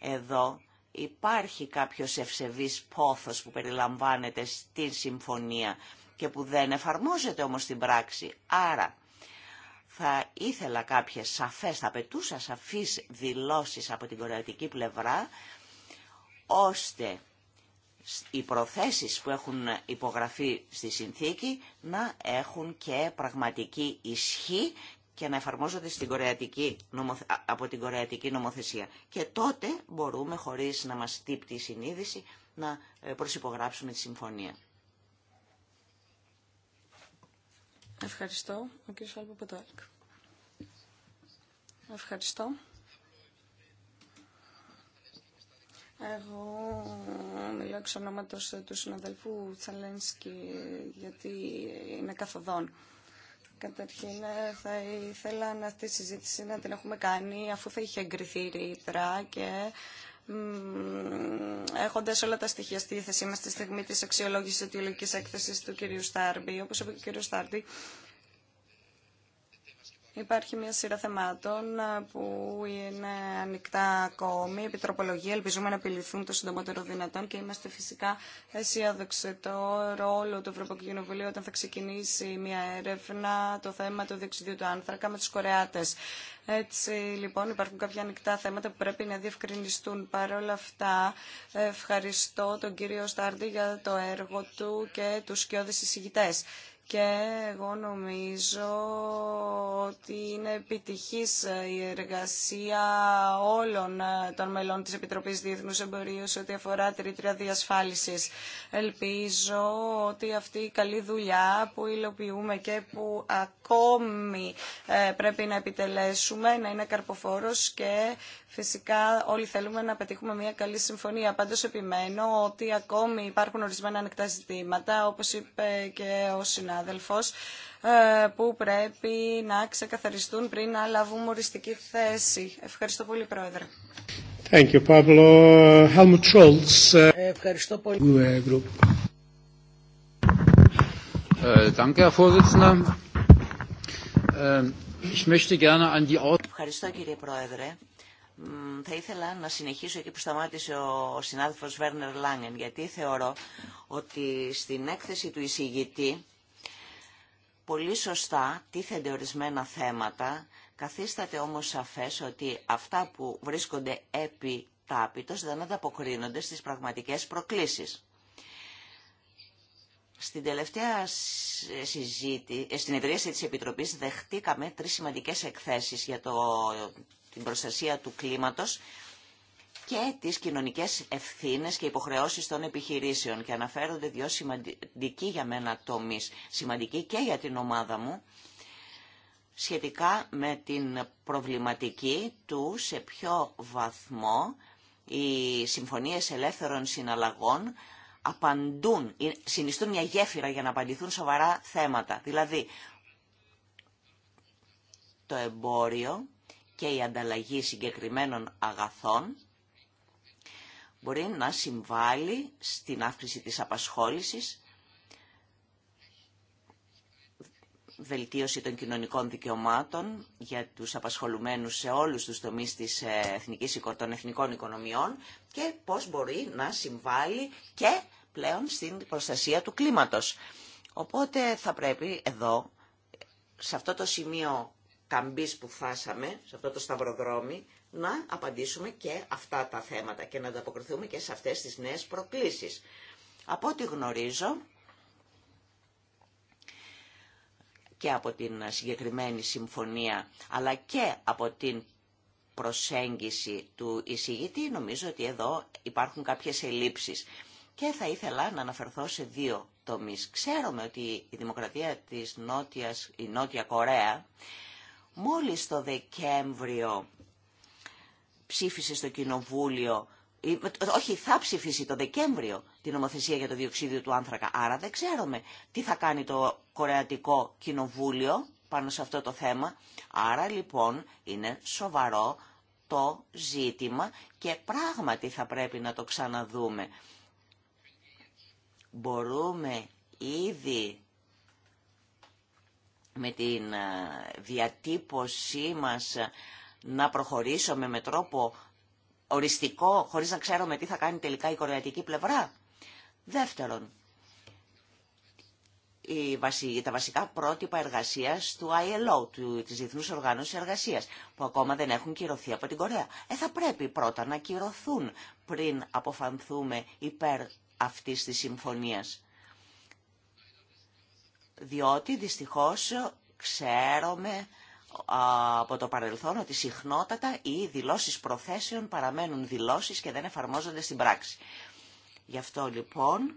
εδώ υπάρχει κάποιος ευσεβής πόθος που περιλαμβάνεται στην συμφωνία και που δεν εφαρμόζεται όμως στην πράξη. Άρα θα ήθελα κάποιες σαφές, θα απαιτούσα σαφείς δηλώσεις από την κορεατική πλευρά, ώστε οι προθέσεις που έχουν υπογραφεί στη συνθήκη να έχουν και πραγματική ισχύ και να εφαρμόζονται στην κορεατική από την κορεατική νομοθεσία. Και τότε μπορούμε, χωρίς να μας τύπτει η συνείδηση, να ε, προσυπογράψουμε τη συμφωνία. Ευχαριστώ. Ο κ. Ευχαριστώ. Εγώ μιλάω εξ ονόματος ε, του συναδελφού Τσαλένσκι, γιατί είναι καθοδόν. Καταρχήν ε, θα ήθελα να αυτή τη συζήτηση να την έχουμε κάνει αφού θα είχε εγκριθεί η ρήτρα και έχοντας όλα τα στοιχεία στη θέση μας στη στιγμή της αξιολόγησης αιτιολογικής έκθεσης του κυρίου Στάρμπη. Όπως είπε ο κύριος Στάρμπη, Υπάρχει μια σειρά θεμάτων ε, που είναι ανοιχτά ακόμη. Επιτροπολογία, ελπίζουμε να επιληθούν το συντομότερο δυνατόν και είμαστε φυσικά αισιάδοξοι το ρόλο του Ευρωπαϊκού Κοινοβουλίου όταν θα ξεκινήσει μια έρευνα το θέμα του διοξιδίου του άνθρακα με τους Κορεάτες. Έτσι λοιπόν υπάρχουν κάποια ανοιχτά θέματα που πρέπει να διευκρινιστούν. Παρ' όλα αυτά ευχαριστώ τον κύριο Στάρντι για το έργο του και τους σκιώδεις εισηγητές και εγώ νομίζω ότι είναι επιτυχής η εργασία όλων ε, των μελών της Επιτροπής Διεθνούς Εμπορίου σε ό,τι αφορά τη ρήτρια διασφάλισης. Ελπίζω ότι αυτή η καλή δουλειά που υλοποιούμε και που ακόμη ε, πρέπει να επιτελέσουμε να είναι καρποφόρος και Φυσικά όλοι θέλουμε να πετύχουμε μια καλή συμφωνία. Πάντως επιμένω ότι ακόμη υπάρχουν ορισμένα ανοιχτά ζητήματα, όπως είπε και ο συνάδελφο, ε, που πρέπει να ξεκαθαριστούν πριν να λάβουμε οριστική θέση. Ευχαριστώ πολύ, Πρόεδρε. Ε, Ευχαριστώ πολύ. Ευχαριστώ, κύριε Πρόεδρε θα ήθελα να συνεχίσω εκεί που σταμάτησε ο συνάδελφος Βέρνερ Λάγκεν, γιατί θεωρώ ότι στην έκθεση του εισηγητή πολύ σωστά τίθενται ορισμένα θέματα, καθίσταται όμως σαφές ότι αυτά που βρίσκονται επί τάπητος δεν ανταποκρίνονται στις πραγματικές προκλήσεις. Στην τελευταία ε, συζήτηση, στην ευρίαση της Επιτροπής δεχτήκαμε τρεις σημαντικές εκθέσεις για το την προστασία του κλίματος και τις κοινωνικές ευθύνες και υποχρεώσεις των επιχειρήσεων και αναφέρονται δύο σημαντικοί για μένα τομείς, σημαντικοί και για την ομάδα μου, σχετικά με την προβληματική του σε ποιο βαθμό οι συμφωνίες ελεύθερων συναλλαγών απαντούν, συνιστούν μια γέφυρα για να απαντηθούν σοβαρά θέματα. Δηλαδή, το εμπόριο και η ανταλλαγή συγκεκριμένων αγαθών μπορεί να συμβάλλει στην αύξηση της απασχόλησης, βελτίωση των κοινωνικών δικαιωμάτων για τους απασχολουμένους σε όλους τους τομείς της ε, εθνικής, των εθνικών οικονομιών και πώς μπορεί να συμβάλλει και πλέον στην προστασία του κλίματος. Οπότε θα πρέπει εδώ, σε αυτό το σημείο καμπή που φάσαμε, σε αυτό το σταυροδρόμι, να απαντήσουμε και αυτά τα θέματα και να ανταποκριθούμε και σε αυτές τις νέες προκλήσεις. Από ό,τι γνωρίζω και από την συγκεκριμένη συμφωνία, αλλά και από την προσέγγιση του εισηγητή, νομίζω ότι εδώ υπάρχουν κάποιες ελλείψεις. Και θα ήθελα να αναφερθώ σε δύο τομείς. Ξέρουμε ότι η δημοκρατία της Νότιας, η Νότια Κορέα, Μόλις το Δεκέμβριο ψήφισε στο Κοινοβούλιο, όχι θα ψήφισε το Δεκέμβριο την νομοθεσία για το διοξίδιο του άνθρακα, άρα δεν ξέρουμε τι θα κάνει το Κορεατικό Κοινοβούλιο πάνω σε αυτό το θέμα. Άρα λοιπόν είναι σοβαρό το ζήτημα και πράγματι θα πρέπει να το ξαναδούμε. Μπορούμε ήδη με την ε, διατύπωσή μας ε, να προχωρήσουμε με τρόπο οριστικό, χωρίς να ξέρουμε τι θα κάνει τελικά η κορεατική πλευρά. Δεύτερον, τα βασικά πρότυπα εργασίας του ILO, του, της Διεθνούς Οργάνωσης Εργασίας, που ακόμα δεν έχουν κυρωθεί από την Κορέα. Ε, θα πρέπει πρώτα να κυρωθούν πριν αποφανθούμε υπέρ αυτής της συμφωνίας διότι δυστυχώς ξέρουμε από το παρελθόν ότι συχνότατα οι δηλώσεις προθέσεων παραμένουν δηλώσεις και δεν εφαρμόζονται στην πράξη. Γι' αυτό λοιπόν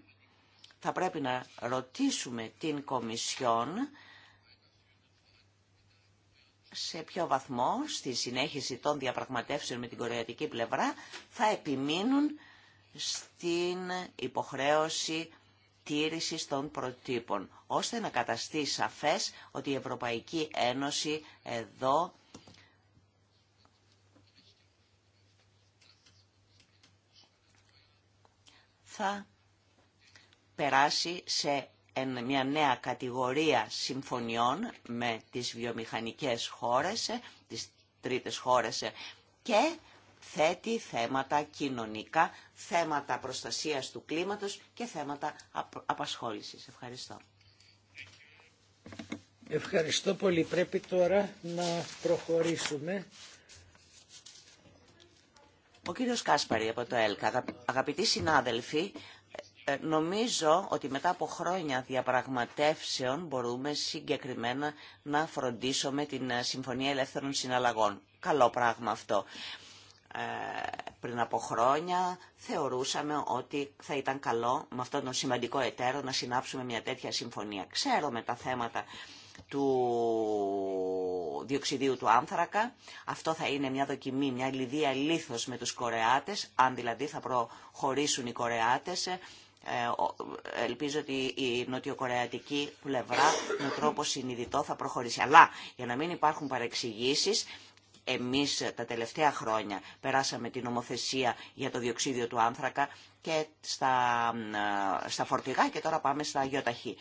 θα πρέπει να ρωτήσουμε την Κομισιόν σε ποιο βαθμό στη συνέχιση των διαπραγματεύσεων με την κορεατική πλευρά θα επιμείνουν στην υποχρέωση τήρησης των προτύπων, ώστε να καταστεί σαφές ότι η Ευρωπαϊκή Ένωση εδώ θα περάσει σε μια νέα κατηγορία συμφωνιών με τις βιομηχανικές χώρες, ε, τις τρίτες χώρες ε, και θέτει θέματα κοινωνικά, θέματα προστασίας του κλίματος και θέματα απασχόλησης. Ευχαριστώ. Ευχαριστώ πολύ. Πρέπει τώρα να προχωρήσουμε. Ο κύριος Κάσπαρη από το ΕΛΚΑ. Αγαπητοί συνάδελφοι, ε, ε, νομίζω ότι μετά από χρόνια διαπραγματεύσεων μπορούμε συγκεκριμένα να φροντίσουμε την ε, Συμφωνία Ελεύθερων Συναλλαγών. Καλό πράγμα αυτό. Ε, πριν από χρόνια θεωρούσαμε ότι θα ήταν καλό με αυτόν τον σημαντικό εταίρο να συνάψουμε μια τέτοια συμφωνία. Ξέρω με τα θέματα του διοξιδίου του άνθρακα. Αυτό θα είναι μια δοκιμή, μια λιδία λίθος με τους Κορεάτες, αν δηλαδή θα προχωρήσουν οι Κορεάτες. Ε, ελπίζω ότι η νοτιοκορεατική πλευρά με τρόπο συνειδητό θα προχωρήσει. Αλλά για να μην υπάρχουν παρεξηγήσεις, εμείς τα τελευταία χρόνια περάσαμε την νομοθεσία για το διοξίδιο του άνθρακα και στα, στα φορτηγά και τώρα πάμε στα αγιοταχή.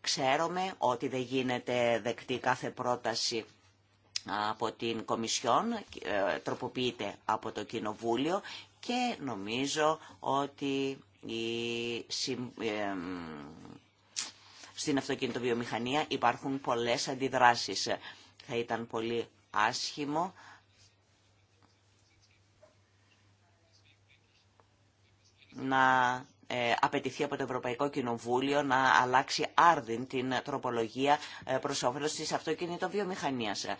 Ξέρουμε ότι δεν γίνεται δεκτή κάθε πρόταση από την Κομισιόν, ε, τροποποιείται από το Κοινοβούλιο και νομίζω ότι η... Ε, στην βιομηχανια υπάρχουν πολλές αντιδράσεις. Θα ήταν πολύ άσχημο. να ε, απαιτηθεί από το Ευρωπαϊκό Κοινοβούλιο να αλλάξει άρδιν την τροπολογία ε, προς όφελος της αυτοκινητοβιομηχανίας. Ε,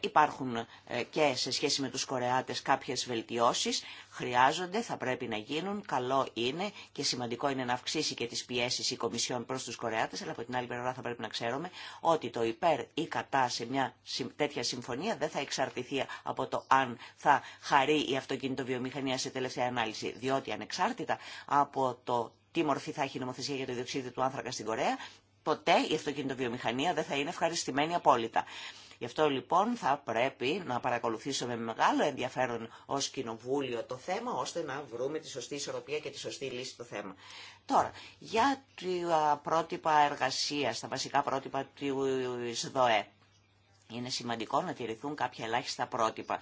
υπάρχουν και σε σχέση με τους Κορεάτες κάποιες βελτιώσεις, χρειάζονται, θα πρέπει να γίνουν, καλό είναι και σημαντικό είναι να αυξήσει και τις πιέσεις η Κομισιόν προς τους Κορεάτες, αλλά από την άλλη πλευρά θα πρέπει να ξέρουμε ότι το υπέρ ή κατά σε μια τέτοια συμφωνία δεν θα εξαρτηθεί από το αν θα χαρεί η αυτοκινητοβιομηχανία σε τελευταία ανάλυση, διότι ανεξάρτητα από το τι μορφή θα έχει η νομοθεσία για το διοξείδιο του άνθρακα στην Κορέα, ποτέ η αυτοκινητοβιομηχανία δεν θα είναι ευχαριστημένη απόλυτα. Γι' αυτό λοιπόν θα πρέπει να παρακολουθήσουμε με μεγάλο ενδιαφέρον ω κοινοβούλιο το θέμα, ώστε να βρούμε τη σωστή ισορροπία και τη σωστή λύση στο θέμα. Τώρα, για τα πρότυπα εργασία, τα βασικά πρότυπα τη ΔΟΕ. Είναι σημαντικό να τηρηθούν κάποια ελάχιστα πρότυπα.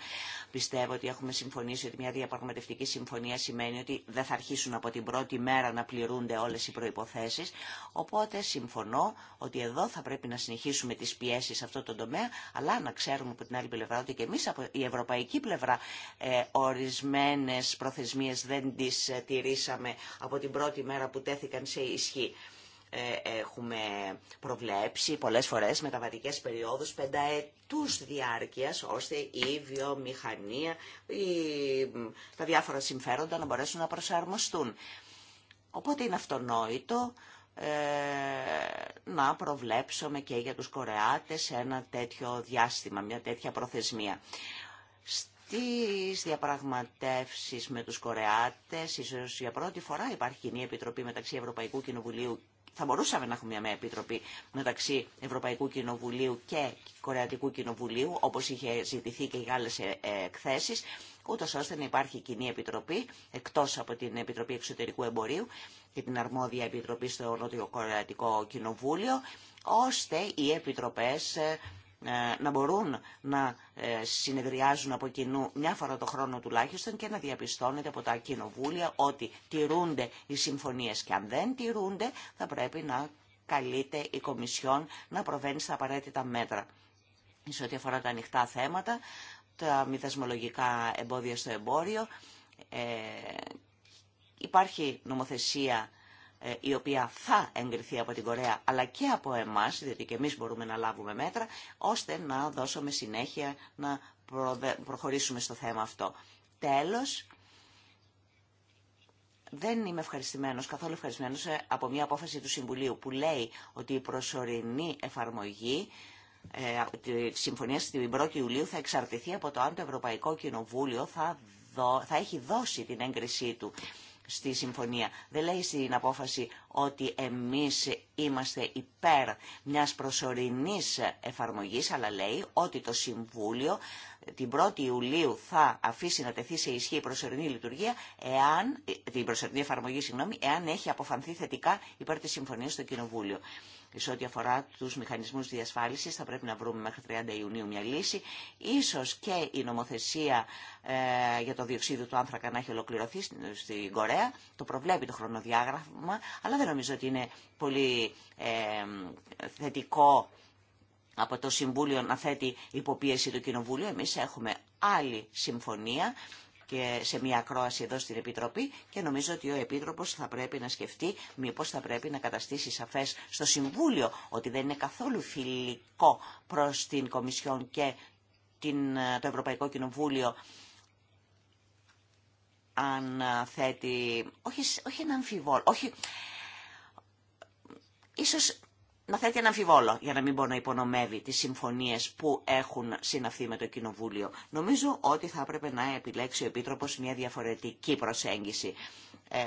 Πιστεύω ότι έχουμε συμφωνήσει ότι μια διαπραγματευτική συμφωνία σημαίνει ότι δεν θα αρχίσουν από την πρώτη μέρα να πληρούνται όλες οι προϋποθέσεις. Οπότε συμφωνώ ότι εδώ θα πρέπει να συνεχίσουμε τις πιέσεις σε αυτό το τομέα, αλλά να ξέρουμε από την άλλη πλευρά ότι και εμεί από η ευρωπαϊκή πλευρά ε, ορισμένες προθεσμίες δεν τις ε, τηρήσαμε από την πρώτη μέρα που τέθηκαν σε ισχύ. Ε, έχουμε προβλέψει πολλές φορές μεταβατικές περιόδους πενταετούς διάρκειας ώστε η βιομηχανία, η, τα διάφορα συμφέροντα να μπορέσουν να προσαρμοστούν. Οπότε είναι αυτονόητο ε, να προβλέψουμε και για τους Κορεάτες ένα τέτοιο διάστημα, μια τέτοια προθεσμία. Στις διαπραγματεύσεις με τους Κορεάτες, ίσως για πρώτη φορά υπάρχει κοινή επιτροπή μεταξύ Ευρωπαϊκού Κοινοβουλίου θα μπορούσαμε να έχουμε μια επιτροπή μεταξύ Ευρωπαϊκού Κοινοβουλίου και Κορεατικού Κοινοβουλίου, όπως είχε ζητηθεί και για άλλε ε, ε, εκθέσεις, ούτω ώστε να υπάρχει κοινή επιτροπή, εκτός από την Επιτροπή Εξωτερικού Εμπορίου και την αρμόδια επιτροπή στο Νότιο Κορεατικό Κοινοβούλιο, ώστε οι επιτροπές ε, ε, να μπορούν να ε, συνεδριάζουν από κοινού μια φορά το χρόνο τουλάχιστον και να διαπιστώνεται από τα κοινοβούλια ότι τηρούνται οι συμφωνίες και αν δεν τηρούνται θα πρέπει να καλείται η Κομισιόν να προβαίνει στα απαραίτητα μέτρα. Σε ό,τι αφορά τα ανοιχτά θέματα, τα μη εμπόδια στο εμπόριο, ε, υπάρχει νομοθεσία ε, η οποία θα εγκριθεί από την Κορέα αλλά και από εμάς, διότι και εμείς μπορούμε να λάβουμε μέτρα, ώστε να δώσουμε συνέχεια να προχωρήσουμε στο θέμα αυτό. Τέλος, δεν είμαι ευχαριστημένο, καθόλου ευχαριστημένο ε, από μια απόφαση του Συμβουλίου που λέει ότι η προσωρινή εφαρμογή ε, τη συμφωνία στην 1η Ιουλίου θα εξαρτηθεί από το αν το Ευρωπαϊκό Κοινοβούλιο θα, θα έχει δώσει την έγκρισή του στη συμφωνία. Δεν λέει στην απόφαση ότι εμείς είμαστε υπέρ μιας προσωρινής εφαρμογής, αλλά λέει ότι το Συμβούλιο την 1η Ιουλίου θα αφήσει να τεθεί σε ισχύ η προσωρινή λειτουργία, εάν, την προσωρινή εφαρμογή, συγγνώμη, εάν έχει αποφανθεί θετικά υπέρ της συμφωνίας στο Κοινοβούλιο σε ό,τι αφορά του μηχανισμού διασφάλιση, Θα πρέπει να βρούμε μέχρι 30 Ιουνίου μια λύση. Ίσως και η νομοθεσία ε, για το διοξείδιο του άνθρακα να έχει ολοκληρωθεί στην Κορέα. Το προβλέπει το χρονοδιάγραμμα, αλλά δεν νομίζω ότι είναι πολύ ε, θετικό από το Συμβούλιο να θέτει υποπίεση το Κοινοβούλιο. εμεί έχουμε άλλη συμφωνία και σε μια ακρόαση εδώ στην Επιτροπή και νομίζω ότι ο Επίτροπος θα πρέπει να σκεφτεί μήπως θα πρέπει να καταστήσει σαφές στο Συμβούλιο ότι δεν είναι καθόλου φιλικό προς την Κομισιόν και την, το Ευρωπαϊκό Κοινοβούλιο αν θέτει, όχι, όχι ένα αμφιβόλ, όχι, ίσως να θέτει ένα αμφιβόλο για να μην μπορεί να υπονομεύει τις συμφωνίες που έχουν συναυθεί με το Κοινοβούλιο. Νομίζω ότι θα έπρεπε να επιλέξει ο Επίτροπος μια διαφορετική προσέγγιση. Ε,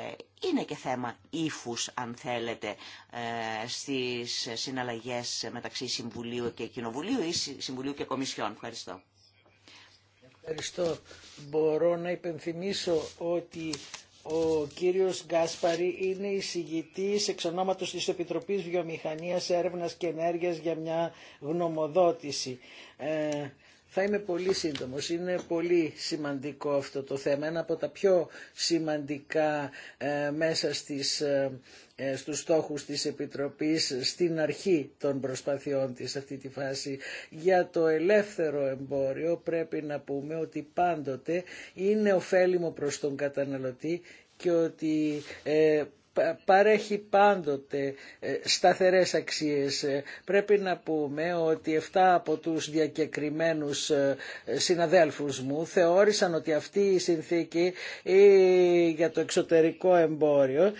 είναι και θέμα ύφους, αν θέλετε, ε, στις συναλλαγές μεταξύ Συμβουλίου και Κοινοβουλίου ή Συμβουλίου και Κομισιόν. Ευχαριστώ. Ευχαριστώ. Μπορώ να υπενθυμίσω ότι ο κύριος Γκάσπαρη είναι εισηγητής εξ ονόματος της Επιτροπής Βιομηχανίας, Έρευνας και Ενέργειας για μια γνωμοδότηση. Ε, θα είμαι πολύ σύντομος. Είναι πολύ σημαντικό αυτό το θέμα. Ένα από τα πιο σημαντικά ε, μέσα στις, ε, ε, στους στόχους της Επιτροπής στην αρχή των προσπαθειών της αυτή τη φάση. Για το ελεύθερο εμπόριο πρέπει να πούμε ότι πάντοτε είναι ωφέλιμο προς τον καταναλωτή και ότι παρέχει πάντοτε ε, σταθερές αξίες. Ε, πρέπει να πούμε ότι 7 από τους διακεκριμένους ε, συναδέλφους μου θεώρησαν ότι αυτή η συνθήκη για το εξωτερικό εμπόριο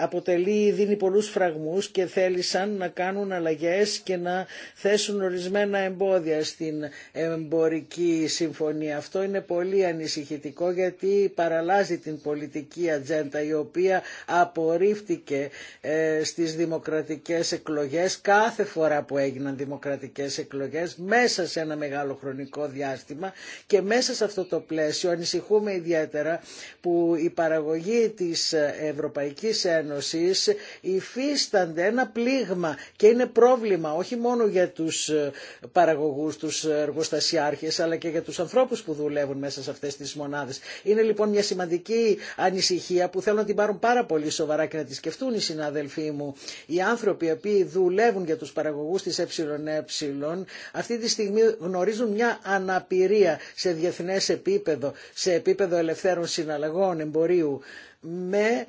αποτελεί, δίνει πολλούς φραγμούς και θέλησαν να κάνουν αλλαγές και να θέσουν ορισμένα εμπόδια στην εμπορική συμφωνία. Αυτό είναι πολύ ανησυχητικό γιατί παραλάζει την πολιτική ατζέντα η οποία απορρίφθηκε ε, στις δημοκρατικές εκλογές κάθε φορά που έγιναν δημοκρατικές εκλογές μέσα σε ένα μεγάλο χρονικό διάστημα και μέσα σε αυτό το πλαίσιο ανησυχούμε ιδιαίτερα που η παραγωγή της Ευρωπαϊκής Ένωσης οργάνωσης υφίστανται ένα πλήγμα και είναι πρόβλημα όχι μόνο για τους ε, παραγωγούς, τους εργοστασιάρχες αλλά και για τους ανθρώπους που δουλεύουν μέσα σε αυτές τις μονάδες. Είναι λοιπόν μια σημαντική ανησυχία που θέλω να την πάρουν πάρα πολύ σοβαρά και να τη σκεφτούν οι συνάδελφοί μου. Οι άνθρωποι οι οποίοι δουλεύουν για τους παραγωγούς της ΕΕ αυτή τη στιγμή γνωρίζουν μια αναπηρία σε διεθνές επίπεδο, σε επίπεδο ελευθέρων συναλλαγών, εμπορίου με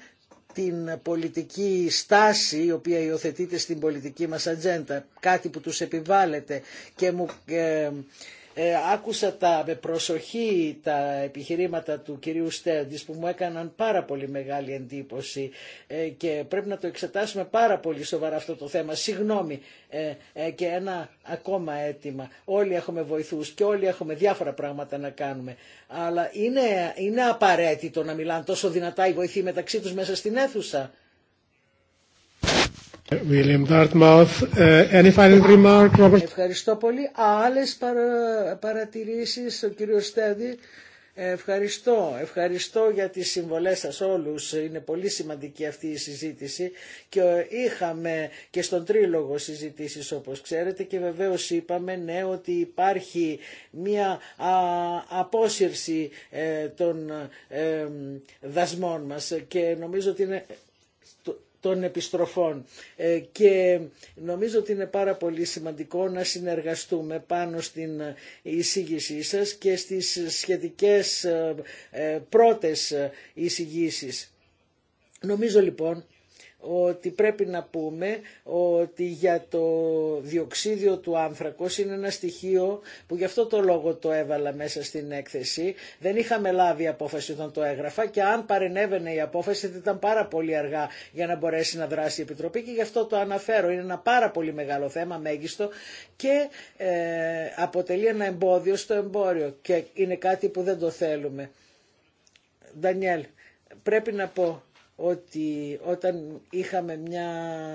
την πολιτική στάση η οποία υιοθετείται στην πολιτική μας ατζέντα, κάτι που τους επιβάλλεται και μου ε, ε, άκουσα τα, με προσοχή τα επιχειρήματα του κυρίου Στέρντι που μου έκαναν πάρα πολύ μεγάλη εντύπωση ε, και πρέπει να το εξετάσουμε πάρα πολύ σοβαρά αυτό το θέμα. Συγγνώμη ε, και ένα ακόμα αίτημα. Όλοι έχουμε βοηθούς και όλοι έχουμε διάφορα πράγματα να κάνουμε. Αλλά είναι, είναι απαραίτητο να μιλάνε τόσο δυνατά οι βοηθοί μεταξύ τους μέσα στην αίθουσα. William ε, Ευχαριστώ πολύ. Άλλες παρα... παρατηρήσεις, ο κύριος Στέδη. Ε, ευχαριστώ. Ευχαριστώ για τις συμβολές σας όλους. Είναι πολύ σημαντική αυτή η συζήτηση και είχαμε και στον Τρίλογο συζητήσεις όπως ξέρετε και βεβαίως είπαμε ναι ότι υπάρχει μια απόσυρση ε, των δασμών μας και νομίζω ότι είναι των επιστροφών ε, και νομίζω ότι είναι πάρα πολύ σημαντικό να συνεργαστούμε πάνω στην εισήγησή σας και στις σχετικές ε, ε, πρώτες εισηγήσεις. Νομίζω λοιπόν ότι πρέπει να πούμε ότι για το διοξίδιο του άνθρακος είναι ένα στοιχείο που γι' αυτό το λόγο το έβαλα μέσα στην έκθεση. Δεν είχαμε λάβει απόφαση όταν το έγραφα και αν παρενέβαινε η απόφαση θα ήταν πάρα πολύ αργά για να μπορέσει να δράσει η Επιτροπή και γι' αυτό το αναφέρω. Είναι ένα πάρα πολύ μεγάλο θέμα, μέγιστο και ε, αποτελεί ένα εμπόδιο στο εμπόριο και είναι κάτι που δεν το θέλουμε. Δανιέλ, πρέπει να πω ότι όταν είχαμε μια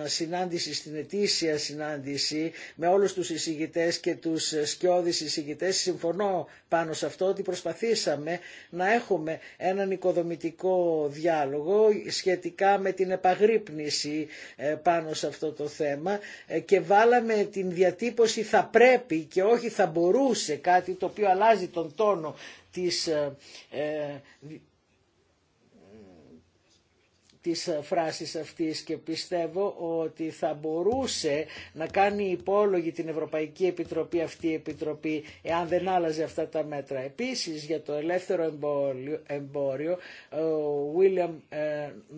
συνάντηση στην ετήσια συνάντηση με όλους τους εισηγητές και τους σκιώδεις εισηγητές συμφωνώ πάνω σε αυτό ότι προσπαθήσαμε να έχουμε έναν οικοδομητικό διάλογο σχετικά με την επαγρύπνηση ε, πάνω σε αυτό το θέμα ε, και βάλαμε την διατύπωση θα πρέπει και όχι θα μπορούσε κάτι το οποίο αλλάζει τον τόνο της ε, της φράσης αυτής και πιστεύω ότι θα μπορούσε να κάνει υπόλογη την Ευρωπαϊκή Επιτροπή αυτή η Επιτροπή εάν δεν άλλαζε αυτά τα μέτρα. Επίσης για το ελεύθερο εμπόριο ο Βίλιαμ ε,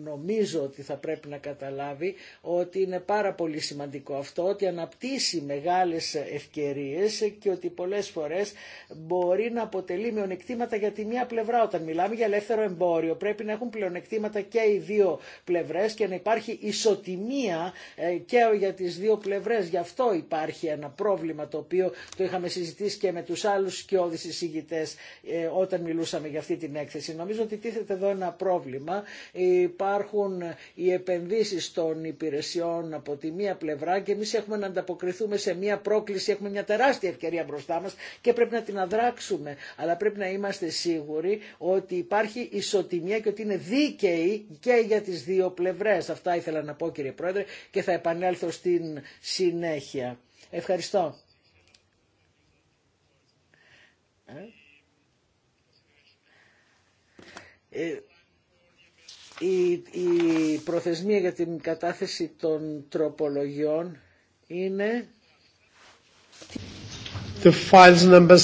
νομίζω ότι θα πρέπει να καταλάβει ότι είναι πάρα πολύ σημαντικό αυτό ότι αναπτύσσει μεγάλες ευκαιρίες και ότι πολλές φορές μπορεί να αποτελεί μειονεκτήματα για τη μία πλευρά. Όταν μιλάμε για ελεύθερο εμπόριο πρέπει να έχουν πλεονεκτήματα και οι δύο πλευρές και να υπάρχει ισοτιμία ε, και για τις δύο πλευρές. Γι' αυτό υπάρχει ένα πρόβλημα το οποίο το είχαμε συζητήσει και με τους άλλους σκιώδεις εισηγητές ε, όταν μιλούσαμε για αυτή την έκθεση. Νομίζω ότι τίθεται εδώ ένα πρόβλημα. Υπάρχουν οι επενδύσεις των υπηρεσιών από τη μία πλευρά και εμείς έχουμε να ανταποκριθούμε σε μία πρόκληση, έχουμε μια τεράστια ευκαιρία μπροστά μας και πρέπει να την αδράξουμε. Αλλά πρέπει να είμαστε σίγουροι ότι υπάρχει ισοτιμία και ότι είναι δίκαιη και για τις δύο πλευρές. Αυτά ήθελα να πω κύριε Πρόεδρε και θα επανέλθω στην συνέχεια. Ευχαριστώ. Ε, η, η προθεσμία για την κατάθεση των τροπολογιών είναι... The files and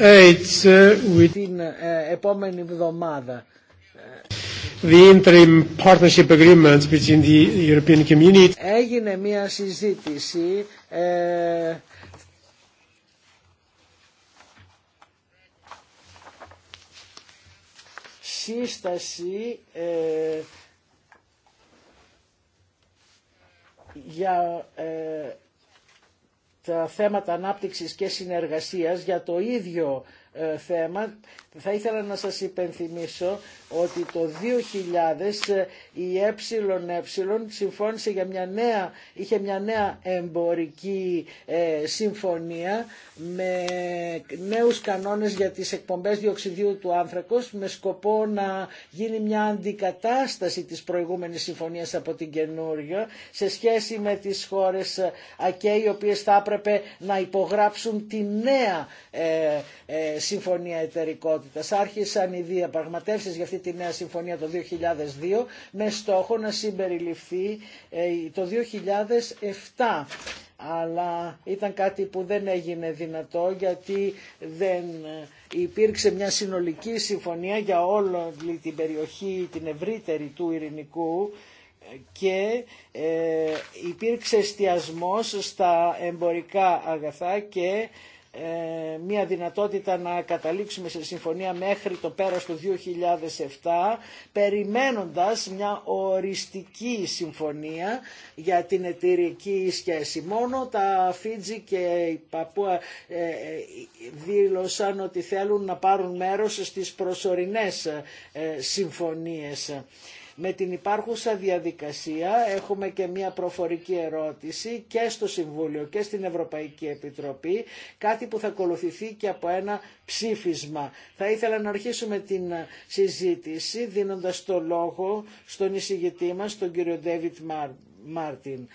uh, Την ε, επόμενη εβδομάδα the interim partnership agreements between the European Community. Έγινε μια συζήτηση ε, σύσταση ε, για ε, τα θέματα ανάπτυξης και συνεργασίας για το ίδιο ε, θέμα. Θα ήθελα να σας υπενθυμίσω ότι το 2000 ε, η ΕΕ συμφώνησε για μια νέα, είχε μια νέα εμπορική ε, συμφωνία με νέους κανόνες για τις εκπομπές διοξιδίου του άνθρακος με σκοπό να γίνει μια αντικατάσταση της προηγούμενης συμφωνίας από την καινούργια σε σχέση με τις χώρες ΑΚΕ οι οποίες θα έπρεπε να υπογράψουν τη νέα ε, συμφωνία εταιρικότητας. Άρχισαν οι διαπραγματεύσεις για αυτή τη νέα συμφωνία το 2002 με στόχο να συμπεριληφθεί ε, το 2007 αλλά ήταν κάτι που δεν έγινε δυνατό γιατί δεν ε, υπήρξε μια συνολική συμφωνία για όλη την περιοχή, την ευρύτερη του ειρηνικού και ε, υπήρξε εστιασμός στα εμπορικά αγαθά και ε, μια δυνατότητα να καταλήξουμε σε συμφωνία μέχρι το πέρας του 2007 περιμένοντας μια οριστική συμφωνία για την εταιρική σχέση. Μόνο τα Φίτζι και η Παππούα ε, ε, δήλωσαν ότι θέλουν να πάρουν μέρος στις προσωρινές συμφωνίες. Με την υπάρχουσα διαδικασία έχουμε και μια προφορική ερώτηση και στο Συμβούλιο και στην Ευρωπαϊκή Επιτροπή, κάτι που θα ακολουθηθεί και από ένα ψήφισμα. Θα ήθελα να αρχίσουμε την συζήτηση δίνοντας το λόγο στον εισηγητή μας, τον κύριο Ντέβιτ Μάρτιν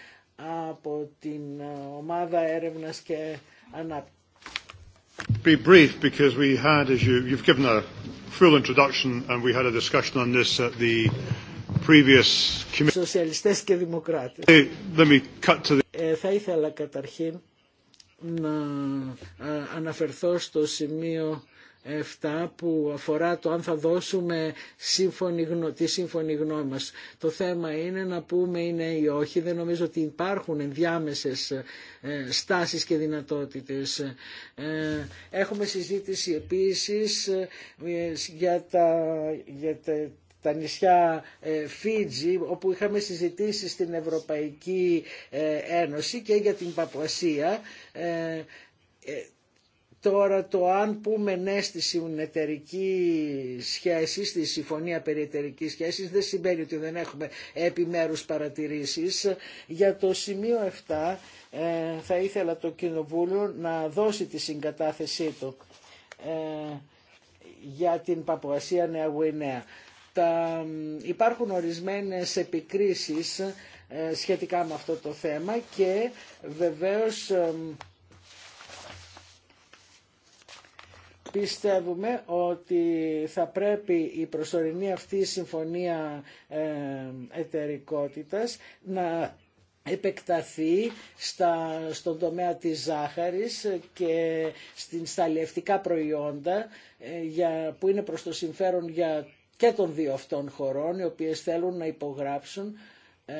από την ομάδα έρευνας και ανάπτυξης. because we had, as you, you've given a full introduction and we had a discussion on previous... Σοσιαλιστές και Δημοκράτες. ε, θα ήθελα καταρχήν να ε, αναφερθώ στο σημείο 7 που αφορά το αν θα δώσουμε σύμφωνη, τη σύμφωνη γνώμη μας. Το θέμα είναι να πούμε είναι ή όχι. Δεν νομίζω ότι υπάρχουν ενδιάμεσες ε, στάσεις και δυνατότητες. Ε, έχουμε συζήτηση επίσης για, τα, για τα νησιά ε, Φίτζι όπου είχαμε συζητήσει στην Ευρωπαϊκή ε, Ένωση και για την Παπουασία ε, Τώρα το αν πούμε ναι στη συνεταιρική σχέση, στη συμφωνία περί εταιρικής σχέσης, δεν σημαίνει ότι δεν έχουμε επιμέρους παρατηρήσεις. Για το σημείο 7 θα ήθελα το Κοινοβούλιο να δώσει τη συγκατάθεσή του για την Παπουασία Νέα Γουινέα υπάρχουν ορισμένες επικρίσεις ε, σχετικά με αυτό το θέμα και βεβαίως ε, πιστεύουμε ότι θα πρέπει η προσωρινή αυτή συμφωνία ε, εταιρικότητας να επεκταθεί στα, στον τομέα της ζάχαρης και στην, σταλιευτικά προϊόντα για, που είναι προς το συμφέρον για και των δύο αυτών χωρών οι οποίες θέλουν να υπογράψουν ε,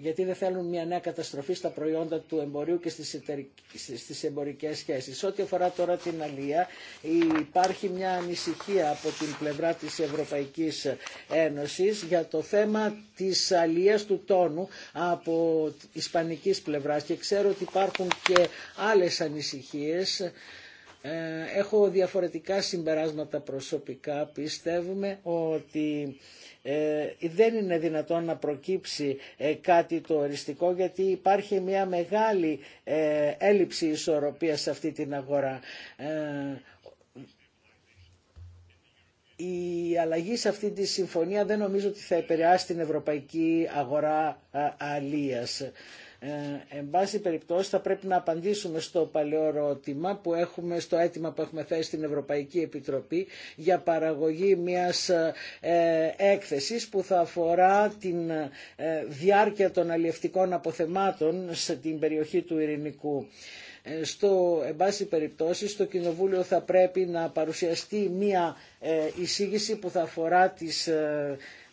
γιατί δεν θέλουν μια νέα καταστροφή στα προϊόντα του εμπορίου και στις, εταιρικ... στις εμπορικές σχέσεις. Ό,τι αφορά τώρα την αλία υπάρχει μια ανησυχία από την πλευρά της Ευρωπαϊκής Ένωσης για το θέμα της αλίας του τόνου από ισπανικής πλευράς και ξέρω ότι υπάρχουν και άλλες ανησυχίες ε, έχω διαφορετικά συμπεράσματα προσωπικά. Πιστεύουμε ότι ε, δεν είναι δυνατόν να προκύψει ε, κάτι το οριστικό γιατί υπάρχει μια μεγάλη έλλειψη ισορροπίας σε αυτή την αγορά. Η αλλαγή σε αυτή τη συμφωνία δεν νομίζω ότι θα επηρεάσει την ευρωπαϊκή αγορά αλίας. Ε, εν πάση περιπτώσει θα πρέπει να απαντήσουμε στο παλαιό ερώτημα που έχουμε, στο αίτημα που έχουμε θέσει στην Ευρωπαϊκή Επιτροπή για παραγωγή μιας ε, έκθεσης που θα αφορά την ε, διάρκεια των αλλιευτικών αποθεμάτων σε την περιοχή του Ειρηνικού ε, στο εν πάση περιπτώσει στο κοινοβούλιο θα πρέπει να παρουσιαστεί μια ε, εισήγηση που θα αφορά τις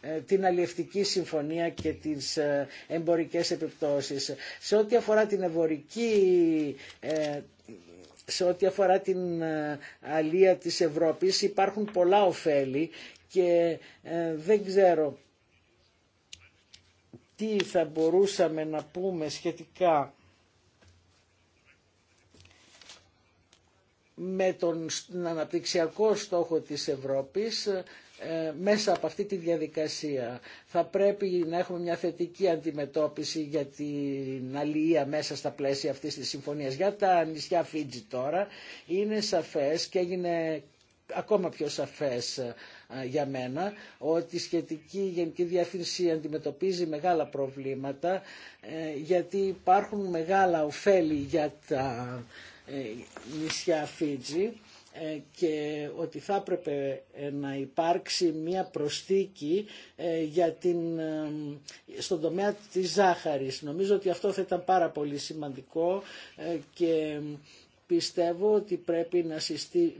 ε, την αλλιευτική συμφωνία και τις ε, εμπορικές επιπτώσεις. Σε ό,τι αφορά την εμπορική ε, σε ό,τι αφορά την αλία της Ευρώπης υπάρχουν πολλά ωφέλη και δεν ξέρω τι θα μπορούσαμε να πούμε σχετικά με τον αναπτυξιακό στόχο της Ευρώπης ε, μέσα από αυτή τη διαδικασία θα πρέπει να έχουμε μια θετική αντιμετώπιση για την αλληλεία μέσα στα πλαίσια αυτής της συμφωνίας. Για τα νησιά Φίτζη τώρα είναι σαφές και έγινε ακόμα πιο σαφές ε, για μένα ότι η σχετική Γενική Διεύθυνση αντιμετωπίζει μεγάλα προβλήματα ε, γιατί υπάρχουν μεγάλα ωφέλη για τα νησιά Φίτζη ε, και ότι θα έπρεπε ε, να υπάρξει μια προσθήκη ε, για την, στον τομέα της ζάχαρης. Νομίζω ότι αυτό θα ήταν πάρα πολύ σημαντικό και πιστεύω ότι πρέπει να,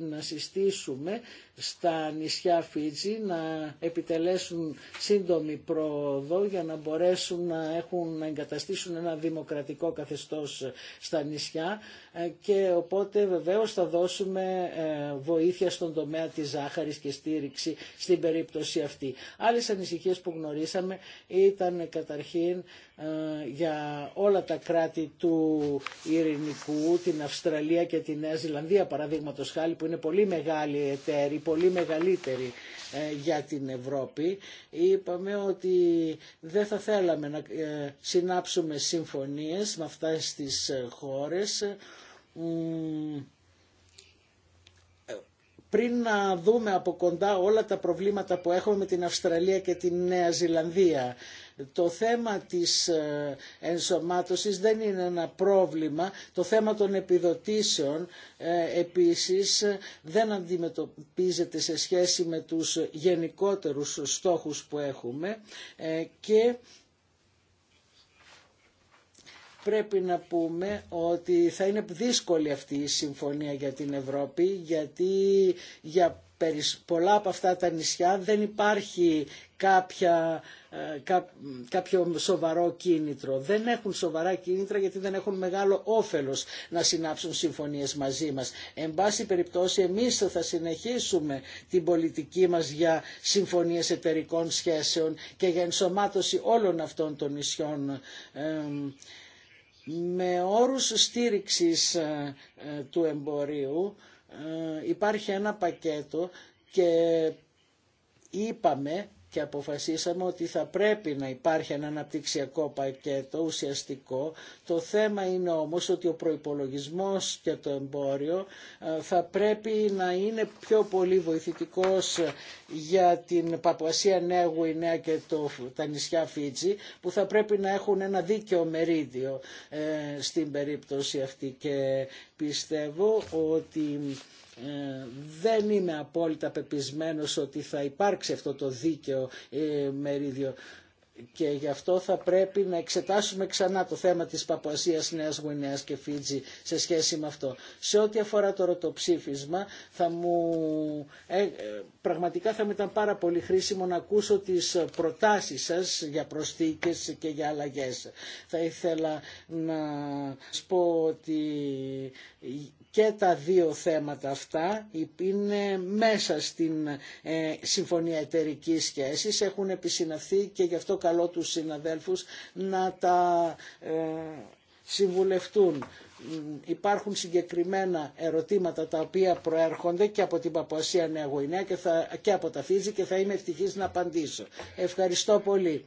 να συστήσουμε στα νησιά Φίτζη να επιτελέσουν σύντομη πρόοδο για να μπορέσουν να, έχουν, να εγκαταστήσουν ένα δημοκρατικό καθεστώς στα νησιά ε, και οπότε βεβαίως θα δώσουμε ε, βοήθεια στον τομέα της ζάχαρης και στήριξη στην περίπτωση αυτή. Άλλες ανησυχίες που γνωρίσαμε ήταν καταρχήν ε, για όλα τα κράτη του Ειρηνικού, την Αυστραλία και την Νέα Ζηλανδία παραδείγματος χάρη που είναι πολύ μεγάλη εταίρη, πολύ μεγαλύτερη ε, για την Ευρώπη. Είπαμε ότι δεν θα θέλαμε να ε, συνάψουμε συμφωνίες με αυτέ τι χώρες πριν να δούμε από κοντά όλα τα προβλήματα που έχουμε με την Αυστραλία και την Νέα Ζηλανδία το θέμα της ε, ενσωμάτωσης δεν είναι ένα πρόβλημα. Το θέμα των επιδοτήσεων ε, επίσης ε, δεν αντιμετωπίζεται σε σχέση με τους γενικότερους στόχους που έχουμε και πρέπει να πούμε ότι θα είναι δύσκολη αυτή η συμφωνία για την Ευρώπη γιατί για πολλά από αυτά τα νησιά δεν υπάρχει κάποια, ε, κάποιο σοβαρό κίνητρο. Δεν έχουν σοβαρά κίνητρα γιατί δεν έχουν μεγάλο όφελος να συνάψουν συμφωνίες μαζί μας. Εν πάση περιπτώσει εμείς θα συνεχίσουμε την πολιτική μας για συμφωνίες εταιρικών σχέσεων και για ενσωμάτωση όλων αυτών των νησιών με όρους στήριξης ε, ε, του εμπορίου ε, υπάρχει ένα πακέτο και είπαμε και αποφασίσαμε ότι θα πρέπει να υπάρχει ένα αναπτυξιακό πακέτο ουσιαστικό. Το θέμα είναι όμως ότι ο προϋπολογισμός και το εμπόριο ε, θα πρέπει να είναι πιο πολύ βοηθητικός για την Παπουασία Νέα Γουινέα και το, τα νησιά Φίτζη που θα πρέπει να έχουν ένα δίκαιο μερίδιο ε, στην περίπτωση αυτή και πιστεύω ότι ε, δεν είμαι απόλυτα πεπισμένος ότι θα υπάρξει αυτό το δίκαιο ε, μερίδιο και γι' αυτό θα πρέπει να εξετάσουμε ξανά το θέμα της Παπουασίας Νέας Γουινέας και Φίτζη σε σχέση με αυτό. Σε ό,τι αφορά το ρωτοψήφισμα θα μου, ε, πραγματικά θα μου ήταν πάρα πολύ χρήσιμο να ακούσω τις προτάσεις σας για προσθήκες και για αλλαγές. Θα ήθελα να σας πω ότι και τα δύο θέματα αυτά είναι μέσα στην ε, Συμφωνία εταιρική Σχέσης, έχουν επισυναυθεί και γι' αυτό καλό τους συναδέλφους να τα ε, συμβουλευτούν. Υπάρχουν συγκεκριμένα ερωτήματα τα οποία προέρχονται και από την Παπουασία Νέα Γουινέα και, και από τα Φίζη και θα είμαι ευτυχής να απαντήσω. Ευχαριστώ πολύ.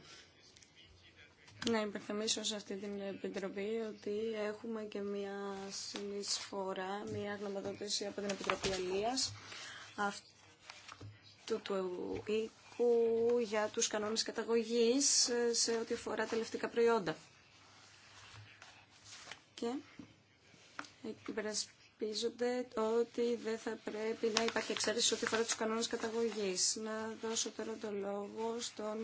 Να υπενθυμίσω σε αυτή την Επιτροπή ότι έχουμε και μια συνεισφορά, μια γνωματοποίηση από την Επιτροπή Αλίας αυτού του οίκου για τους κανόνες καταγωγής ε, σε ό,τι αφορά τα λευτικά προϊόντα. Και υπερασπίζονται ότι δεν θα πρέπει να υπάρχει εξαίρεση ό,τι αφορά τους κανόνες καταγωγής. Να δώσω τώρα το λόγο στον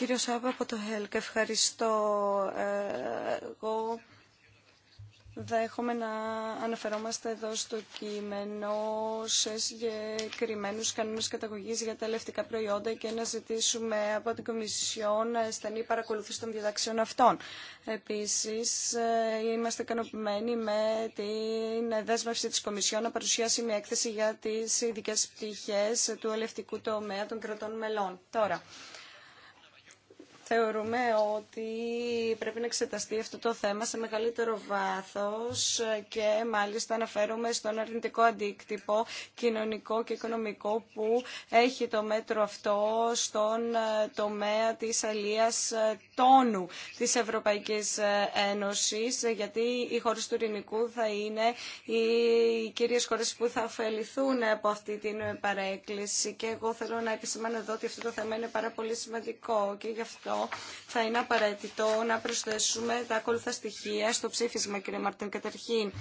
Κύριο Σάβα από το ΕΛΚ. ευχαριστώ. Ε, εγώ δέχομαι να αναφερόμαστε εδώ στο κείμενο σε συγκεκριμένου κανόνε καταγωγή για τα ελευτικά προϊόντα και να ζητήσουμε από την Κομισιόν στενή παρακολούθηση των διαταξιών αυτών. Επίση, ε, είμαστε ικανοποιημένοι με την δέσμευση τη Κομισιόν να παρουσιάσει μια έκθεση για τι ειδικέ πτυχέ του ελευτικού τομέα των κρατών μελών. Τώρα, θεωρούμε ότι πρέπει να εξεταστεί αυτό το θέμα σε μεγαλύτερο βάθος και μάλιστα αναφέρομαι στον αρνητικό αντίκτυπο κοινωνικό και οικονομικό που έχει το μέτρο αυτό στον ε, τομέα της αλίας ε, τόνου της Ευρωπαϊκής ε, Ένωσης γιατί οι χώρες του Ειρηνικού θα είναι οι κυρίες χώρες που θα ωφεληθούν από αυτή την παρέκκληση και εγώ θέλω να επισημάνω εδώ ότι αυτό το θέμα είναι πάρα πολύ σημαντικό και γι' αυτό θα είναι απαραίτητο να προσθέσουμε τα ακόλουθα στοιχεία στο ψήφισμα, κύριε Μαρτίν. Καταρχήν,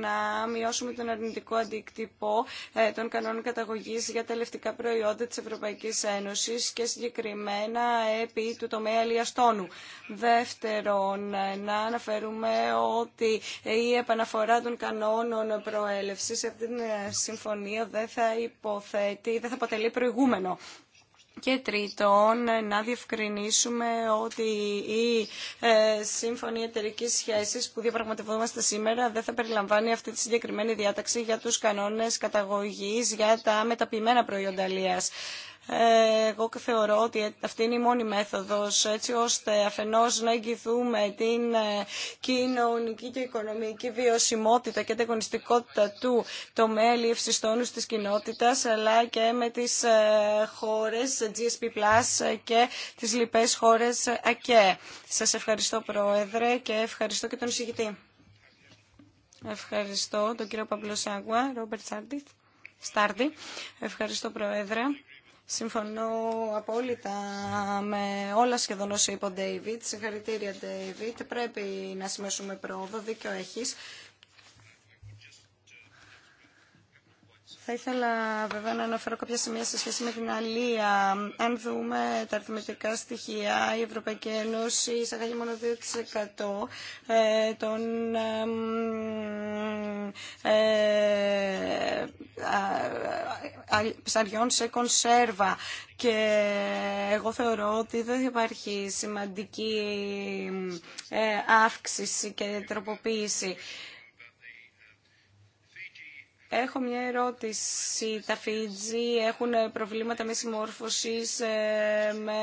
να μειώσουμε τον αρνητικό αντίκτυπο ε, των κανόνων καταγωγής για τα ελευτικά προϊόντα της Ευρωπαϊκής Ένωσης και συγκεκριμένα επί του τομέα λιαστώνου. Δεύτερον, ε, να αναφέρουμε ότι η επαναφορά των κανόνων προέλευσης σε την ε, συμφωνία δεν θα υποθέτει, δεν θα αποτελεί προηγούμενο και τρίτον, να διευκρινίσουμε ότι η ε, Σύμφωνη Εταιρική Σχέση που διαπραγματευόμαστε σήμερα δεν θα περιλαμβάνει αυτή τη συγκεκριμένη διάταξη για του κανόνε καταγωγή για τα μεταποιημένα προϊόντα εγώ θεωρώ ότι αυτή είναι η μόνη μέθοδος έτσι ώστε αφενός να εγγυθούμε την ε, κοινωνική και οικονομική βιωσιμότητα και την του τομέα λήψης τόνους της κοινότητας αλλά και με τις ε, χώρες GSP Plus και τις λοιπές χώρες ΑΚΕ. Σας ευχαριστώ Πρόεδρε και ευχαριστώ και τον εισηγητή. Ευχαριστώ τον κύριο Παμπλοσάγκουα, Ρόμπερτ Στάρντι. Ευχαριστώ Πρόεδρε. Συμφωνώ απόλυτα με όλα σχεδόν όσα είπε ο Ντέιβιτ. Συγχαρητήρια, Ντέιβιτ. Πρέπει να σημειώσουμε πρόοδο. Δίκιο έχει. Θα ήθελα βέβαια να αναφέρω κάποια σημεία σε σχέση με την αλία. Αν δούμε τα αριθμητικά στοιχεία, η Ευρωπαϊκή Ένωση εισαγάγει μόνο 2% ε, των ε, ψαριών σε κονσέρβα. Και εγώ θεωρώ ότι δεν υπάρχει σημαντική ε, αύξηση και τροποποίηση. Έχω μια ερώτηση. Τα Φίτζι έχουν προβλήματα με συμμόρφωση ε, με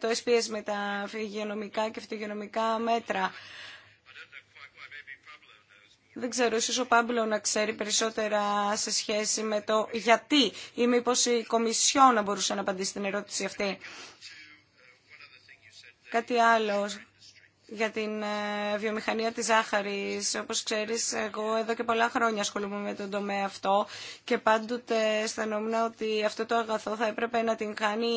το SPS, με τα φυγειονομικά και φυτογειονομικά μέτρα. Δεν ξέρω, ίσως ο Πάμπλο να ξέρει περισσότερα σε σχέση με το γιατί ή μήπω η Κομισιό να μπορούσε να απαντήσει την ερώτηση αυτή. Κάτι άλλο για την ε, βιομηχανία της ζάχαρης. Όπως ξέρεις, εγώ εδώ και πολλά χρόνια ασχολούμαι με τον τομέα αυτό και πάντοτε αισθανόμουν ότι αυτό το αγαθό θα έπρεπε να την κάνει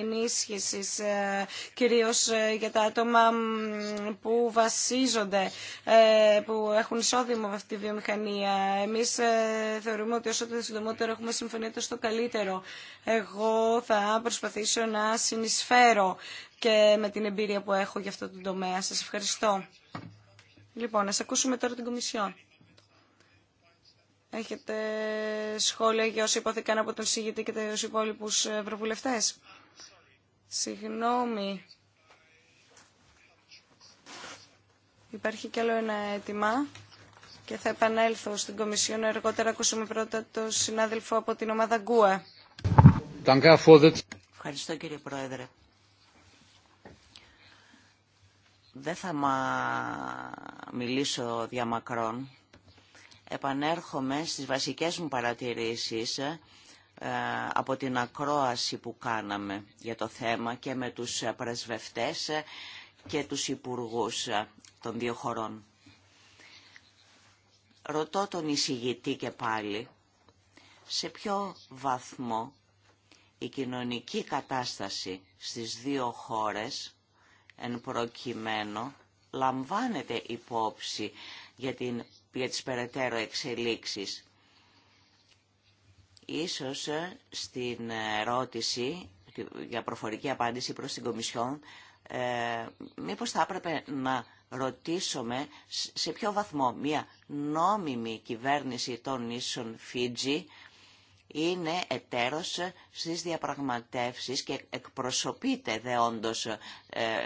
ενίσχυση, ε, κυρίως ε, για τα άτομα που βασίζονται, που έχουν εισόδημα με αυτή τη βιομηχανία. Εμείς θεωρούμε ότι όσο το συντομότερο έχουμε συμφωνία, τόσο το καλύτερο. Εγώ θα προσπαθήσω να συνεισφέρω και με την εμπειρία που έχω για αυτό το τομέα. Σας ευχαριστώ. Λοιπόν, ας ακούσουμε τώρα την Κομισιόν. Έχετε σχόλια για όσοι υπόθηκαν από τον συγητή και τους υπόλοιπους ευρωβουλευτές. Συγγνώμη. Υπάρχει κι άλλο ένα αίτημα και θα επανέλθω στην Κομισιόν. Εργότερα ακούσουμε πρώτα τον συνάδελφο από την ομάδα Γκουα. Ευχαριστώ κύριε Πρόεδρε. Δεν θα μα... μιλήσω διαμακρών. Επανέρχομαι στις βασικές μου παρατηρήσεις ε, από την ακρόαση που κάναμε για το θέμα και με τους πρεσβευτές ε, και τους υπουργούς ε, των δύο χωρών. Ρωτώ τον εισηγητή και πάλι σε ποιο βαθμό η κοινωνική κατάσταση στις δύο χώρες εν προκειμένου λαμβάνεται υπόψη για, την, για τις περαιτέρω εξελίξεις. Ίσως ε, στην ερώτηση για προφορική απάντηση προς την Κομισιόν ε, μήπως θα έπρεπε να ρωτήσουμε σε ποιο βαθμό μια νόμιμη κυβέρνηση των νήσων Φίτζη είναι εταίρος στις διαπραγματεύσεις και εκπροσωπείται δεόντως ε,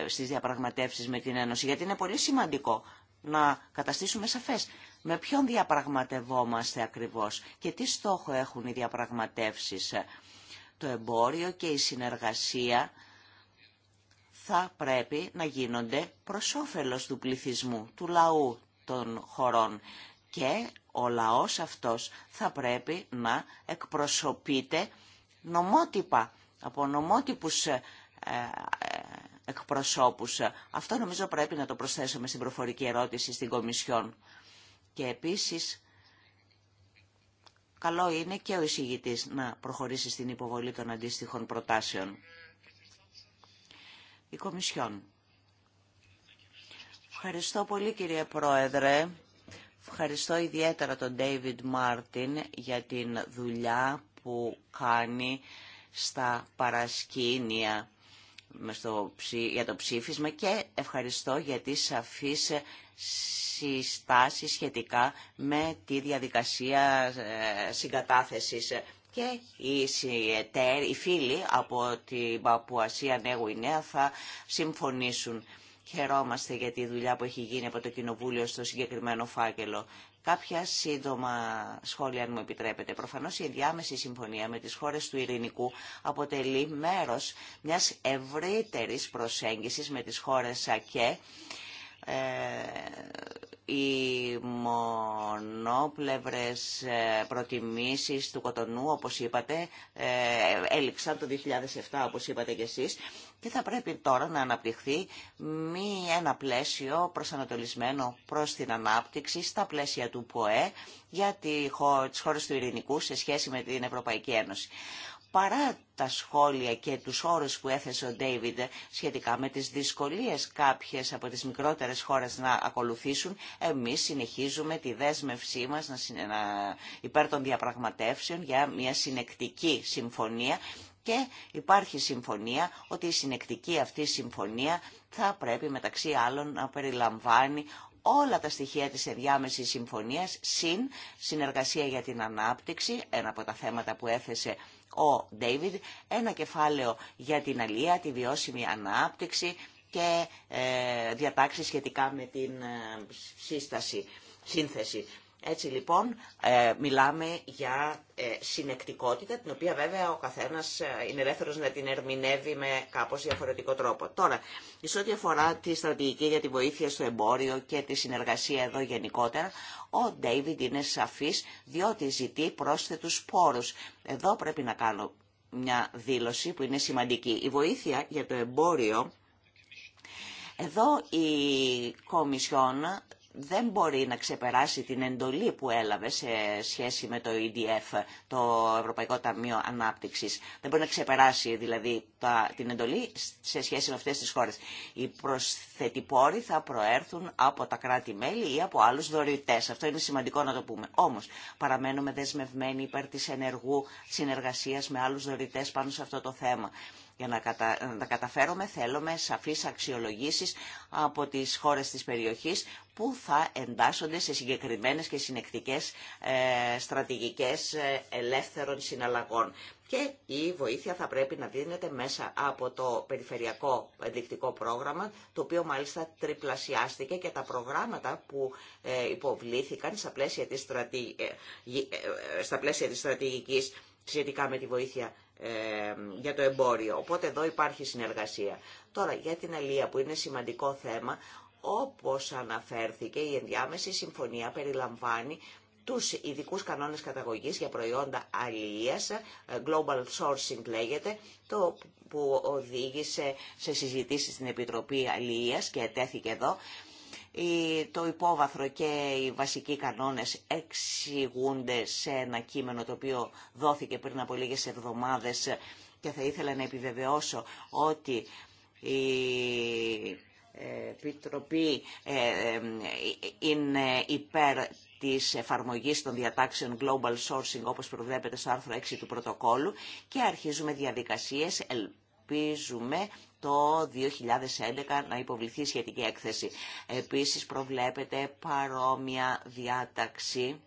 στις διαπραγματεύσεις με την Ένωση, γιατί είναι πολύ σημαντικό να καταστήσουμε σαφές με ποιον διαπραγματευόμαστε ακριβώς και τι στόχο έχουν οι διαπραγματεύσεις. Το εμπόριο και η συνεργασία θα πρέπει να γίνονται προς όφελος του πληθυσμού, του λαού των χωρών και ο λαός αυτός θα πρέπει να εκπροσωπείται νομότυπα, από νομότυπους ε, ε, εκπροσώπους. Αυτό νομίζω πρέπει να το προσθέσουμε στην προφορική ερώτηση στην Κομισιόν. Και επίσης, καλό είναι και ο εισηγητής να προχωρήσει στην υποβολή των αντίστοιχων προτάσεων. Η Κομισιόν. Ευχαριστώ πολύ κύριε Πρόεδρε. Ευχαριστώ ιδιαίτερα τον David Μάρτιν για την δουλειά που κάνει στα παρασκήνια για το ψήφισμα και ευχαριστώ για τις σαφείς συστάσεις σχετικά με τη διαδικασία ε, συγκατάθεσης και οι, οι φίλοι από την Παπουασία Νέου Ινέα θα συμφωνήσουν. Χαιρόμαστε για τη δουλειά που έχει γίνει από το Κοινοβούλιο στο συγκεκριμένο φάκελο. Κάποια σύντομα σχόλια, αν μου επιτρέπετε. Προφανώ η ενδιάμεση συμφωνία με τι χώρε του Ειρηνικού αποτελεί μέρο μια ευρύτερη προσέγγιση με τι χώρε ΑΚΕ ε, οι μονοπλευρές ε, προτιμήσεις του Κοτονού, όπως είπατε, ε, έληξαν το 2007, όπως είπατε κι εσείς, και θα πρέπει τώρα να αναπτυχθεί μη ένα πλαίσιο προσανατολισμένο προς την ανάπτυξη στα πλαίσια του ΠΟΕ για τις χώρες του Ειρηνικού σε σχέση με την Ευρωπαϊκή Ένωση παρά τα σχόλια και τους όρους που έθεσε ο Ντέιβιντ σχετικά με τις δυσκολίες κάποιες από τις μικρότερες χώρες να ακολουθήσουν, εμείς συνεχίζουμε τη δέσμευσή μας να, να, υπέρ των διαπραγματεύσεων για μια συνεκτική συμφωνία και υπάρχει συμφωνία ότι η συνεκτική αυτή συμφωνία θα πρέπει μεταξύ άλλων να περιλαμβάνει όλα τα στοιχεία της ενδιάμεσης συμφωνίας, συν συνεργασία για την ανάπτυξη, ένα από τα θέματα που έθεσε ο Ντέιβιντ ένα κεφάλαιο για την αλία, τη βιώσιμη ανάπτυξη και ε, διατάξεις σχετικά με την ε, σύσταση, σύνθεση. Έτσι λοιπόν ε, μιλάμε για ε, συνεκτικότητα, την οποία βέβαια ο καθένας ε, είναι ελεύθερος να την ερμηνεύει με κάπως διαφορετικό τρόπο. Τώρα, σε ό,τι αφορά τη στρατηγική για τη βοήθεια στο εμπόριο και τη συνεργασία εδώ γενικότερα, ο Ντέιβιντ είναι σαφής διότι ζητεί πρόσθετους πόρους. Εδώ πρέπει να κάνω μια δήλωση που είναι σημαντική. Η βοήθεια για το εμπόριο εδώ η Κομισιόν δεν μπορεί να ξεπεράσει την εντολή που έλαβε σε σχέση με το EDF, το Ευρωπαϊκό Ταμείο Ανάπτυξης. Δεν μπορεί να ξεπεράσει δηλαδή την εντολή σε σχέση με αυτές τις χώρες. Οι προσθετηπόροι θα προέρθουν από τα κράτη-μέλη ή από άλλους δωρητές. Αυτό είναι σημαντικό να το πούμε. Όμως παραμένουμε δεσμευμένοι υπέρ της ενεργού συνεργασίας με άλλους δωρητές πάνω σε αυτό το θέμα. Για να, κατα... τα καταφέρουμε θέλουμε σαφείς αξιολογήσεις από τις χώρες της περιοχής που θα εντάσσονται σε συγκεκριμένες και συνεκτικές ε, στρατηγικές ε, ελεύθερων συναλλαγών. Και η βοήθεια θα πρέπει να δίνεται μέσα από το περιφερειακό ενδεικτικό πρόγραμμα, το οποίο μάλιστα τριπλασιάστηκε και τα προγράμματα που ε, υποβλήθηκαν στα πλαίσια της, στρατη... Ε, στρατηγικής σχετικά με τη βοήθεια ε, για το εμπόριο. Οπότε εδώ υπάρχει συνεργασία. Τώρα για την αλία που είναι σημαντικό θέμα, όπως αναφέρθηκε η ενδιάμεση συμφωνία περιλαμβάνει τους ειδικού κανόνες καταγωγής για προϊόντα αλληλείας, ε, Global Sourcing λέγεται, το που οδήγησε σε συζητήσεις στην Επιτροπή Αλληλείας και ετέθηκε εδώ το υπόβαθρο και οι βασικοί κανόνες εξηγούνται σε ένα κείμενο το οποίο δόθηκε πριν από λίγες εβδομάδες και θα ήθελα να επιβεβαιώσω ότι η ε, Επιτροπή ε, ε, είναι υπέρ της εφαρμογής των διατάξεων Global Sourcing όπως προβλέπεται στο άρθρο 6 του πρωτοκόλου και αρχίζουμε διαδικασίες ελπίζουμε το 2011 να υποβληθεί σχετική έκθεση. Επίσης προβλέπεται παρόμοια διάταξη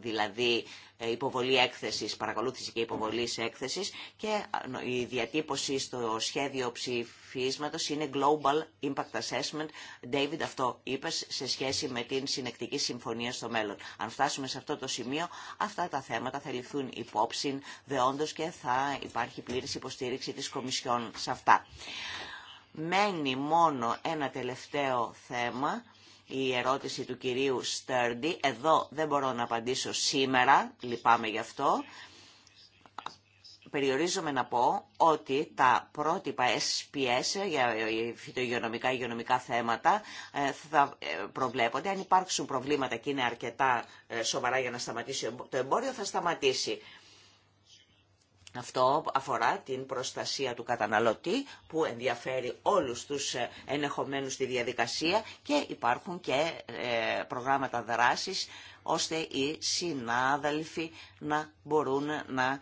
δηλαδή ε, υποβολή έκθεσης, παρακολούθηση και υποβολή έκθεσης και ε, η διατύπωση στο σχέδιο ψηφίσματος είναι Global Impact Assessment. David, αυτό είπε, σε σχέση με την συνεκτική συμφωνία στο μέλλον. Αν φτάσουμε σε αυτό το σημείο, αυτά τα θέματα θα ληφθούν υπόψη δεόντως και θα υπάρχει πλήρης υποστήριξη της Κομισιόν σε αυτά. Μένει μόνο ένα τελευταίο θέμα η ερώτηση του κυρίου Στέρντι. Εδώ δεν μπορώ να απαντήσω σήμερα, λυπάμαι γι' αυτό. Περιορίζομαι να πω ότι τα πρότυπα SPS για φυτογειονομικά θέματα ε, θα ε, προβλέπονται. Αν υπάρξουν προβλήματα και είναι αρκετά ε, σοβαρά για να σταματήσει το εμπόριο, θα σταματήσει. Αυτό αφορά την προστασία του καταναλωτή που ενδιαφέρει όλους τους ε, ενεχομένους στη διαδικασία και υπάρχουν και ε, προγράμματα δράσης ώστε οι συνάδελφοι να μπορούν να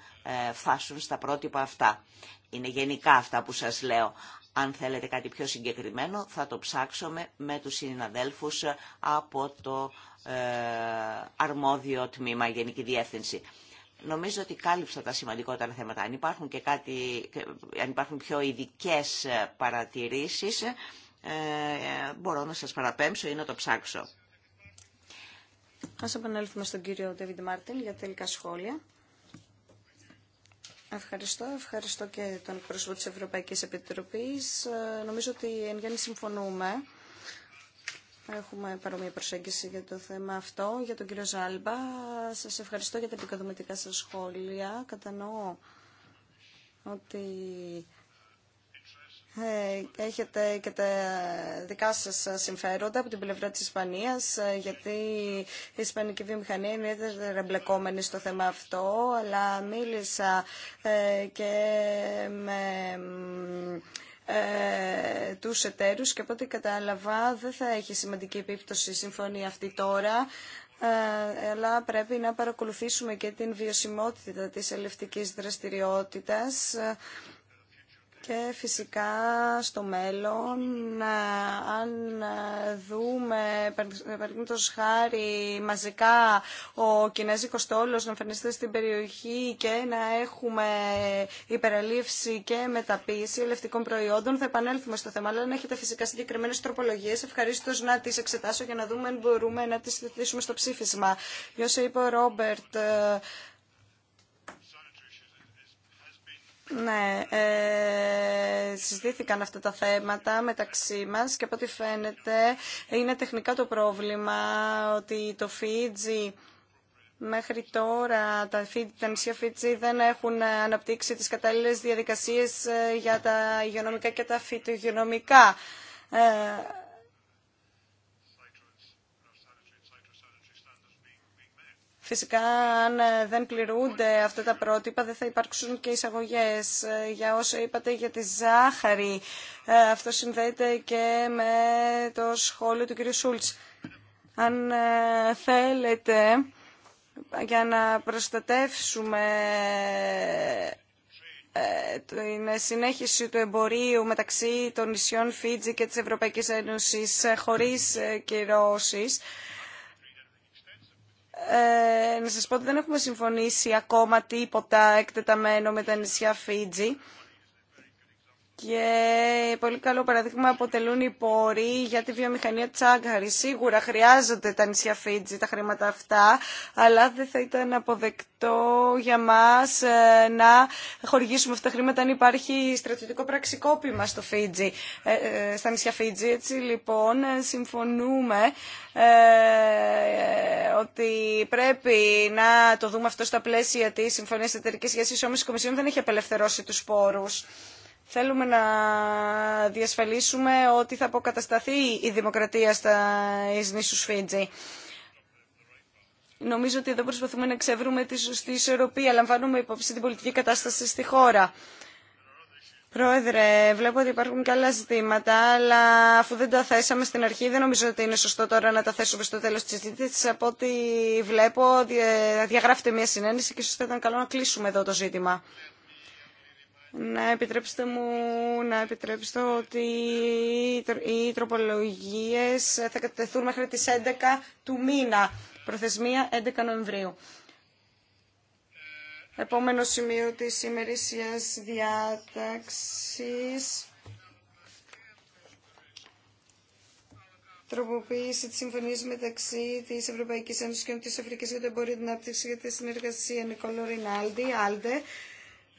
ε, φάσουν στα πρότυπα αυτά. Είναι γενικά αυτά που σας λέω. Αν θέλετε κάτι πιο συγκεκριμένο θα το ψάξουμε με τους συναδέλφους από το αρμόδιο τμήμα Γενική Διεύθυνση. Νομίζω ότι κάλυψα τα σημαντικότερα θέματα. Αν υπάρχουν, και κάτι, αν υπάρχουν πιο ειδικέ ε, παρατηρήσεις, ε, μπορώ να σας παραπέμψω ή να το ψάξω. Ας επανέλθουμε στον κύριο David Μάρτιν για τελικά σχόλια. Ευχαριστώ. Ευχαριστώ και τον εκπρόσωπο της Ευρωπαϊκής Επιτροπής. Ε, νομίζω ότι εν γέννη συμφωνούμε Έχουμε παρόμοια προσέγγιση για το θέμα αυτό. Για τον κύριο Ζάλμπα, σας ευχαριστώ για τα επικοδομητικά σας σχόλια. Κατανοώ ότι ε, έχετε και τα δικά σας συμφέροντα από την πλευρά της Ισπανίας ε, γιατί η Ισπανική βιομηχανία είναι ιδιαίτερα εμπλεκόμενη στο θέμα αυτό αλλά μίλησα ε, και με του ε, τους και από ό,τι κατάλαβα δεν θα έχει σημαντική επίπτωση η συμφωνία αυτή τώρα ε, αλλά πρέπει να παρακολουθήσουμε και την βιωσιμότητα της ελευτικής δραστηριότητας ε, και φυσικά στο μέλλον, ε, αν ε, δούμε, παραδείγματο χάρη, μαζικά ο Κινέζικο τόλο να εμφανιστεί στην περιοχή και να έχουμε υπεραλήψη και μεταποίηση ελευτικών προϊόντων, θα επανέλθουμε στο θέμα. Αλλά αν έχετε φυσικά συγκεκριμένε τροπολογίε, ευχαρίστω να τι εξετάσω για να δούμε αν μπορούμε να τι θετήσουμε στο ψήφισμα. είπε ο Ρόμπερτ, ε, Ναι, ε, συζητήθηκαν αυτά τα θέματα μεταξύ μας και από ό,τι φαίνεται είναι τεχνικά το πρόβλημα ότι το Φίτζι μέχρι τώρα τα, τα νησιά Φίτζι δεν έχουν αναπτύξει τις κατάλληλες διαδικασίες ε, για τα υγειονομικά και τα φυτογειονομικά. Ε, Φυσικά, αν ε, δεν πληρούνται αυτά τα πρότυπα, δεν θα υπάρξουν και εισαγωγέ. Ε, για όσο είπατε για τη ζάχαρη, ε, αυτό συνδέεται και με το σχόλιο του κ. Σούλτ. Αν θέλετε, για να προστατεύσουμε την συνέχιση του εμπορίου μεταξύ των νησιών Φίτζη και της Ευρωπαϊκής Ένωσης χωρίς κυρώσεις, ε, να σας πω ότι δεν έχουμε συμφωνήσει ακόμα τίποτα εκτεταμένο με τα νησιά Φίτζη και πολύ καλό παραδείγμα αποτελούν οι πόροι για τη βιομηχανία Τσάγκαρη. Σίγουρα χρειάζονται τα νησιά Φίτζη τα χρήματα αυτά, αλλά δεν θα ήταν αποδεκτό για μας ε, να χορηγήσουμε αυτά τα χρήματα αν υπάρχει στρατιωτικό πραξικόπημα στο Φίτζι, ε, ε, στα νησιά Φίτζη. Έτσι λοιπόν συμφωνούμε ότι πρέπει να το δούμε αυτό στα πλαίσια της Συμφωνίας Εταιρικής Σχέσης, όμως η Κομισιόν δεν έχει απελευθερώσει τους πόρους. Θέλουμε να διασφαλίσουμε ότι θα αποκατασταθεί η δημοκρατία στα νήσου Φίτζη. Νομίζω ότι εδώ προσπαθούμε να ξεβρούμε τη σωστή ισορροπία. Λαμβάνουμε υπόψη την πολιτική κατάσταση στη χώρα. Πρόεδρε, βλέπω ότι υπάρχουν και άλλα ζητήματα, αλλά αφού δεν τα θέσαμε στην αρχή, δεν νομίζω ότι είναι σωστό τώρα να τα θέσουμε στο τέλο τη συζήτηση. Από ό,τι βλέπω, διαγράφεται μια συνένεση και θα ήταν καλό να κλείσουμε εδώ το ζήτημα να επιτρέψετε μου να επιτρέψετε ότι οι τροπολογίες θα κατευθούν μέχρι τις 11 του μήνα, προθεσμία 11 Νοεμβρίου. Επόμενο σημείο της ημερήσιας διάταξης. τροποποίηση τη συμφωνία μεταξύ τη Ευρωπαϊκή Ένωση και τη Αφρική για το εμπόριο την άπτυξη για τη συνεργασία Νικόλο Ρινάλντι, Άλντε,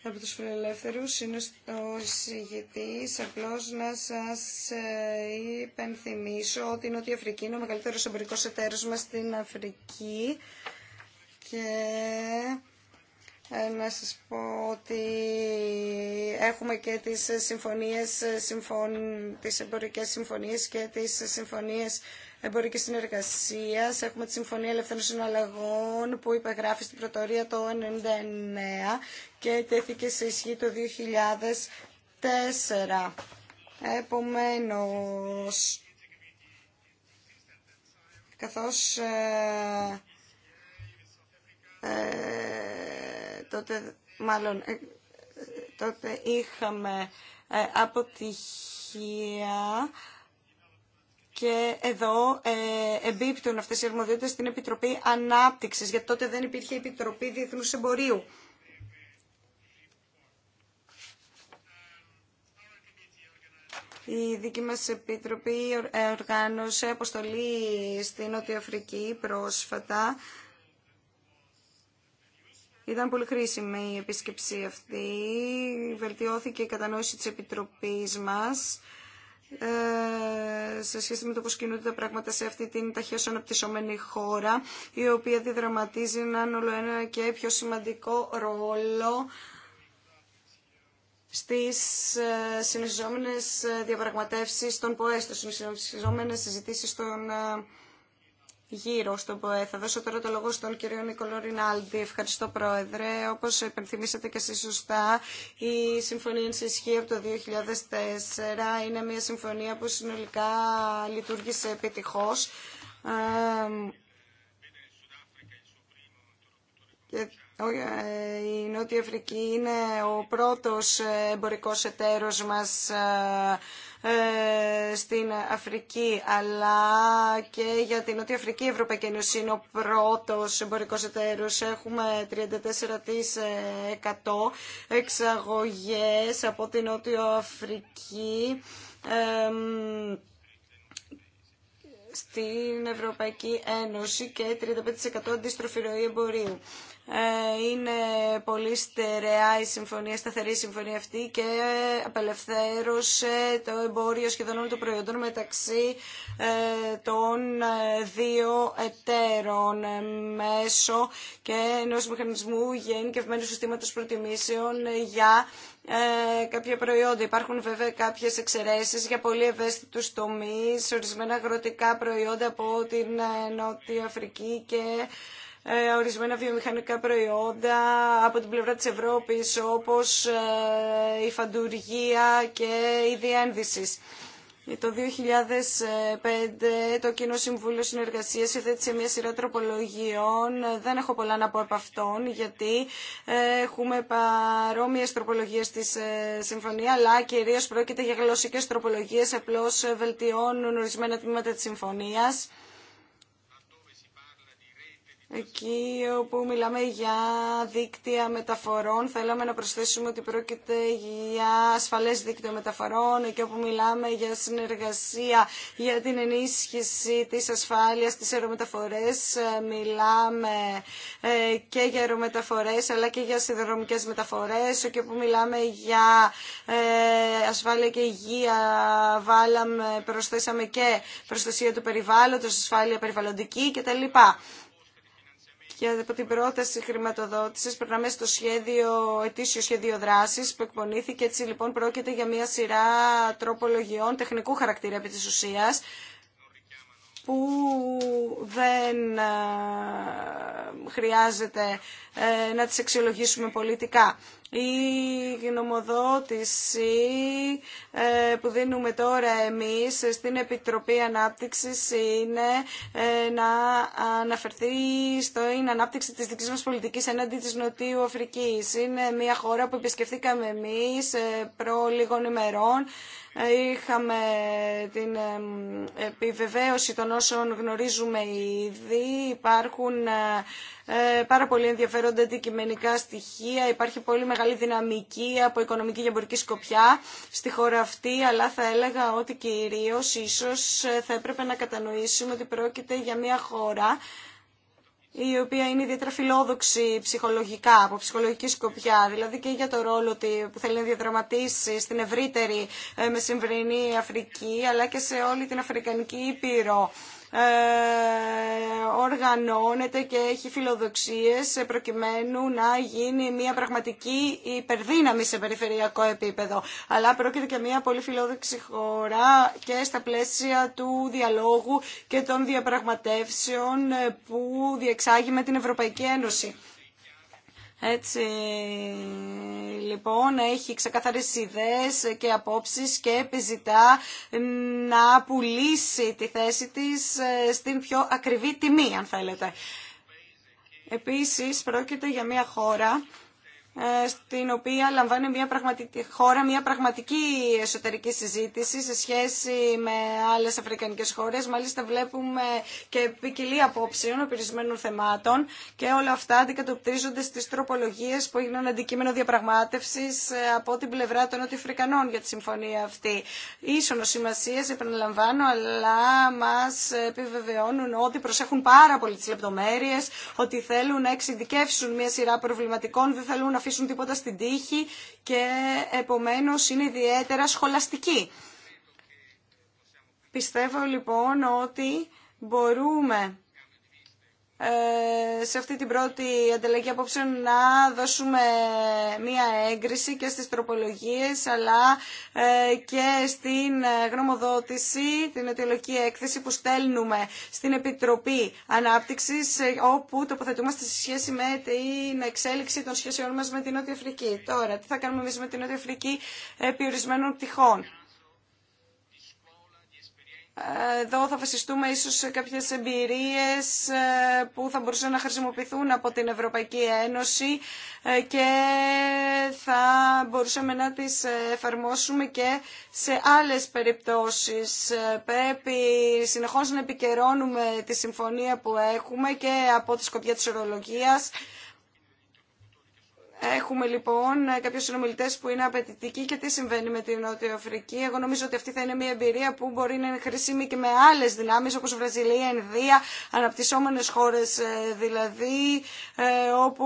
από τους φιλελεύθερους είναι ο εισηγητής. Απλώς να σας ε, υπενθυμίσω ότι η Νότια Αφρική είναι ο μεγαλύτερος εμπορικός εταίρος μας στην Αφρική και ε, να σας πω ότι έχουμε και τις συμφωνίες, συμφων... τις εμπορικές συμφωνίες και τις συμφωνίες εμπορική συνεργασία. Έχουμε τη Συμφωνία Ελευθερών Συναλλαγών που υπεγράφει στην Πρωτορία το 1999 και τέθηκε σε ισχύ το 2004. Επομένως, καθώς ε, ε, τότε, μάλλον, ε, τότε είχαμε αποτυχία και εδώ ε, εμπίπτουν αυτές οι αρμοδιότητες στην Επιτροπή Ανάπτυξης, γιατί τότε δεν υπήρχε Επιτροπή Διεθνούς Εμπορίου. Η δική μας Επιτροπή ε, οργάνωσε αποστολή στην Νότια Αφρική πρόσφατα. Ήταν πολύ χρήσιμη η επίσκεψη αυτή. Βελτιώθηκε η κατανόηση της Επιτροπής μας. Ε, σε σχέση με το πώς κινούνται τα πράγματα σε αυτή την ταχύως αναπτυσσόμενη χώρα, η οποία διδραματίζει έναν όλο ένα και πιο σημαντικό ρόλο στις ε, συνεχιζόμενες διαπραγματεύσεις των ΠΟΕΣ, στις συνεχιζόμενες συζητήσεις των ε, γύρω στον ΠΟΕ. Θα δώσω τώρα το λόγο στον κύριο Νικολό Ρινάλντι. Ευχαριστώ, Πρόεδρε. Όπω υπενθυμίσατε και εσεί σωστά, η συμφωνία ενσυσχύει από το 2004. Είναι μια συμφωνία που συνολικά λειτουργήσε επιτυχώ. Ε, η Νότια Αφρική είναι ο πρώτος εμπορικός εταίρος μας ε, ε, στην Αφρική αλλά και για την Νότια Αφρική η Ευρωπαϊκή Ένωση είναι ο πρώτος εμπορικός εταίρος. Έχουμε 34% εξαγωγές από την Νότια Αφρική στην Ευρωπαϊκή Ένωση και 35% αντίστροφη ροή εμπορίου. Ε, είναι πολύ στερεά η συμφωνία, σταθερή συμφωνία αυτή και απελευθέρωσε το εμπόριο σχεδόν όλων των προϊόντων μεταξύ ε, των ε, δύο εταίρων μέσω και ενός μηχανισμού γενικευμένου συστήματος προτιμήσεων για κάποια προϊόντα. Υπάρχουν βέβαια κάποιε εξαιρέσει για πολύ ευαίσθητου τομεί, ορισμένα αγροτικά προϊόντα από την Νότια Αφρική και ε, ορισμένα βιομηχανικά προϊόντα από την πλευρά της Ευρώπης όπως ε, η φαντουργία και η διένδυση. Το 2005 το Κοινό Συμβούλιο Συνεργασίας υιοθέτησε μια σειρά τροπολογιών. Δεν έχω πολλά να πω από αυτόν γιατί ε, έχουμε παρόμοιες τροπολογίες στη συμφωνία αλλά κυρίως πρόκειται για γλωσσικές τροπολογίες απλώς βελτιώνουν ορισμένα τμήματα της συμφωνίας. Εκεί όπου μιλάμε για δίκτυα μεταφορών, θέλαμε να προσθέσουμε ότι πρόκειται για ασφαλές δίκτυα μεταφορών. Εκεί όπου μιλάμε για συνεργασία, για την ενίσχυση της ασφάλειας, της αερομεταφορές, ε, μιλάμε ε, και για αερομεταφορές, αλλά και για σιδηροδρομικές μεταφορές. Εκεί όπου μιλάμε για ε, ασφάλεια και υγεία, βάλαμε, προσθέσαμε και προστασία του περιβάλλοντος, ασφάλεια περιβαλλοντική κτλ και από την πρόταση χρηματοδότηση περνάμε στο σχέδιο, ετήσιο σχέδιο δράση που εκπονήθηκε. Έτσι λοιπόν πρόκειται για μια σειρά τροπολογιών τεχνικού χαρακτήρα επί τη ουσία που δεν ε, χρειάζεται ε, να τις αξιολογήσουμε πολιτικά. Η γνωμοδότηση ε, που δίνουμε τώρα εμείς στην Επιτροπή Ανάπτυξης είναι να αναφερθεί στην ανάπτυξη της δικής μας πολιτικής εναντί της Νοτιού Αφρικής. Είναι μια χώρα που επισκεφθήκαμε εμείς προ λίγων ημερών Είχαμε την επιβεβαίωση των όσων γνωρίζουμε ήδη. Υπάρχουν ε, ε, πάρα πολύ ενδιαφέροντα αντικειμενικά στοιχεία. Υπάρχει πολύ μεγάλη δυναμική από οικονομική και εμπορική σκοπιά στη χώρα αυτή, αλλά θα έλεγα ότι κυρίως ίσως ε, θα έπρεπε να κατανοήσουμε ότι πρόκειται για μια χώρα η οποία είναι ιδιαίτερα φιλόδοξη ψυχολογικά, από ψυχολογική σκοπιά, δηλαδή και για το ρόλο που θέλει να διαδραματίσει στην ευρύτερη ε, μεσημβρινή Αφρική, αλλά και σε όλη την Αφρικανική Ήπειρο. Ε, οργανώνεται και έχει φιλοδοξίες προκειμένου να γίνει μια πραγματική υπερδύναμη σε περιφερειακό επίπεδο. Αλλά πρόκειται και μια πολύ φιλόδοξη χώρα και στα πλαίσια του διαλόγου και των διαπραγματεύσεων που διεξάγει με την Ευρωπαϊκή Ένωση. Έτσι λοιπόν έχει ξεκαθαρίσει ιδέες και απόψεις και επιζητά να πουλήσει τη θέση της ε, στην πιο ακριβή τιμή αν θέλετε. Επίσης πρόκειται για μια χώρα ε, στην οποία λαμβάνει μια πραγματική, χώρα μια πραγματική εσωτερική συζήτηση σε σχέση με άλλες αφρικανικές χώρες. Μάλιστα βλέπουμε και ποικιλή απόψεων ορισμένων θεμάτων και όλα αυτά αντικατοπτρίζονται στις τροπολογίες που έγιναν αντικείμενο διαπραγμάτευσης ε, από την πλευρά των Νότιοφρικανών για τη συμφωνία αυτή. Ίσονο σημασία, επαναλαμβάνω, αλλά μας επιβεβαιώνουν ότι προσέχουν πάρα πολύ τις λεπτομέρειες, ότι θέλουν να εξειδικεύσουν μια σειρά προβληματικών, δεν αφήσουν τίποτα στην τύχη και επομένως είναι ιδιαίτερα σχολαστική. Πιστεύω λοιπόν ότι μπορούμε ε, σε αυτή την πρώτη ανταλλαγή απόψε να δώσουμε μία έγκριση και στις τροπολογίες αλλά ε, και στην ε, γνωμοδότηση, την αιτιολογική έκθεση που στέλνουμε στην Επιτροπή Ανάπτυξης όπου τοποθετούμαστε σε σχέση με την εξέλιξη των σχέσεων μας με την Νότια Αφρική. Τώρα, τι θα κάνουμε εμείς με την Νότια Αφρική επί πτυχών. Εδώ θα βασιστούμε ίσως σε κάποιες εμπειρίες ε, που θα μπορούσαν να χρησιμοποιηθούν από την Ευρωπαϊκή Ένωση ε, και θα μπορούσαμε να τις εφαρμόσουμε και σε άλλες περιπτώσεις. Ε, πρέπει συνεχώς να επικαιρώνουμε τη συμφωνία που έχουμε και από τη σκοπιά της ορολογίας Έχουμε λοιπόν κάποιου συνομιλητέ που είναι απαιτητικοί και τι συμβαίνει με την Νότια Αφρική. Εγώ νομίζω ότι αυτή θα είναι μια εμπειρία που μπορεί να είναι χρήσιμη και με άλλε δυνάμει όπω Βραζιλία, Ινδία, αναπτυσσόμενε χώρε ε, δηλαδή, ε, όπου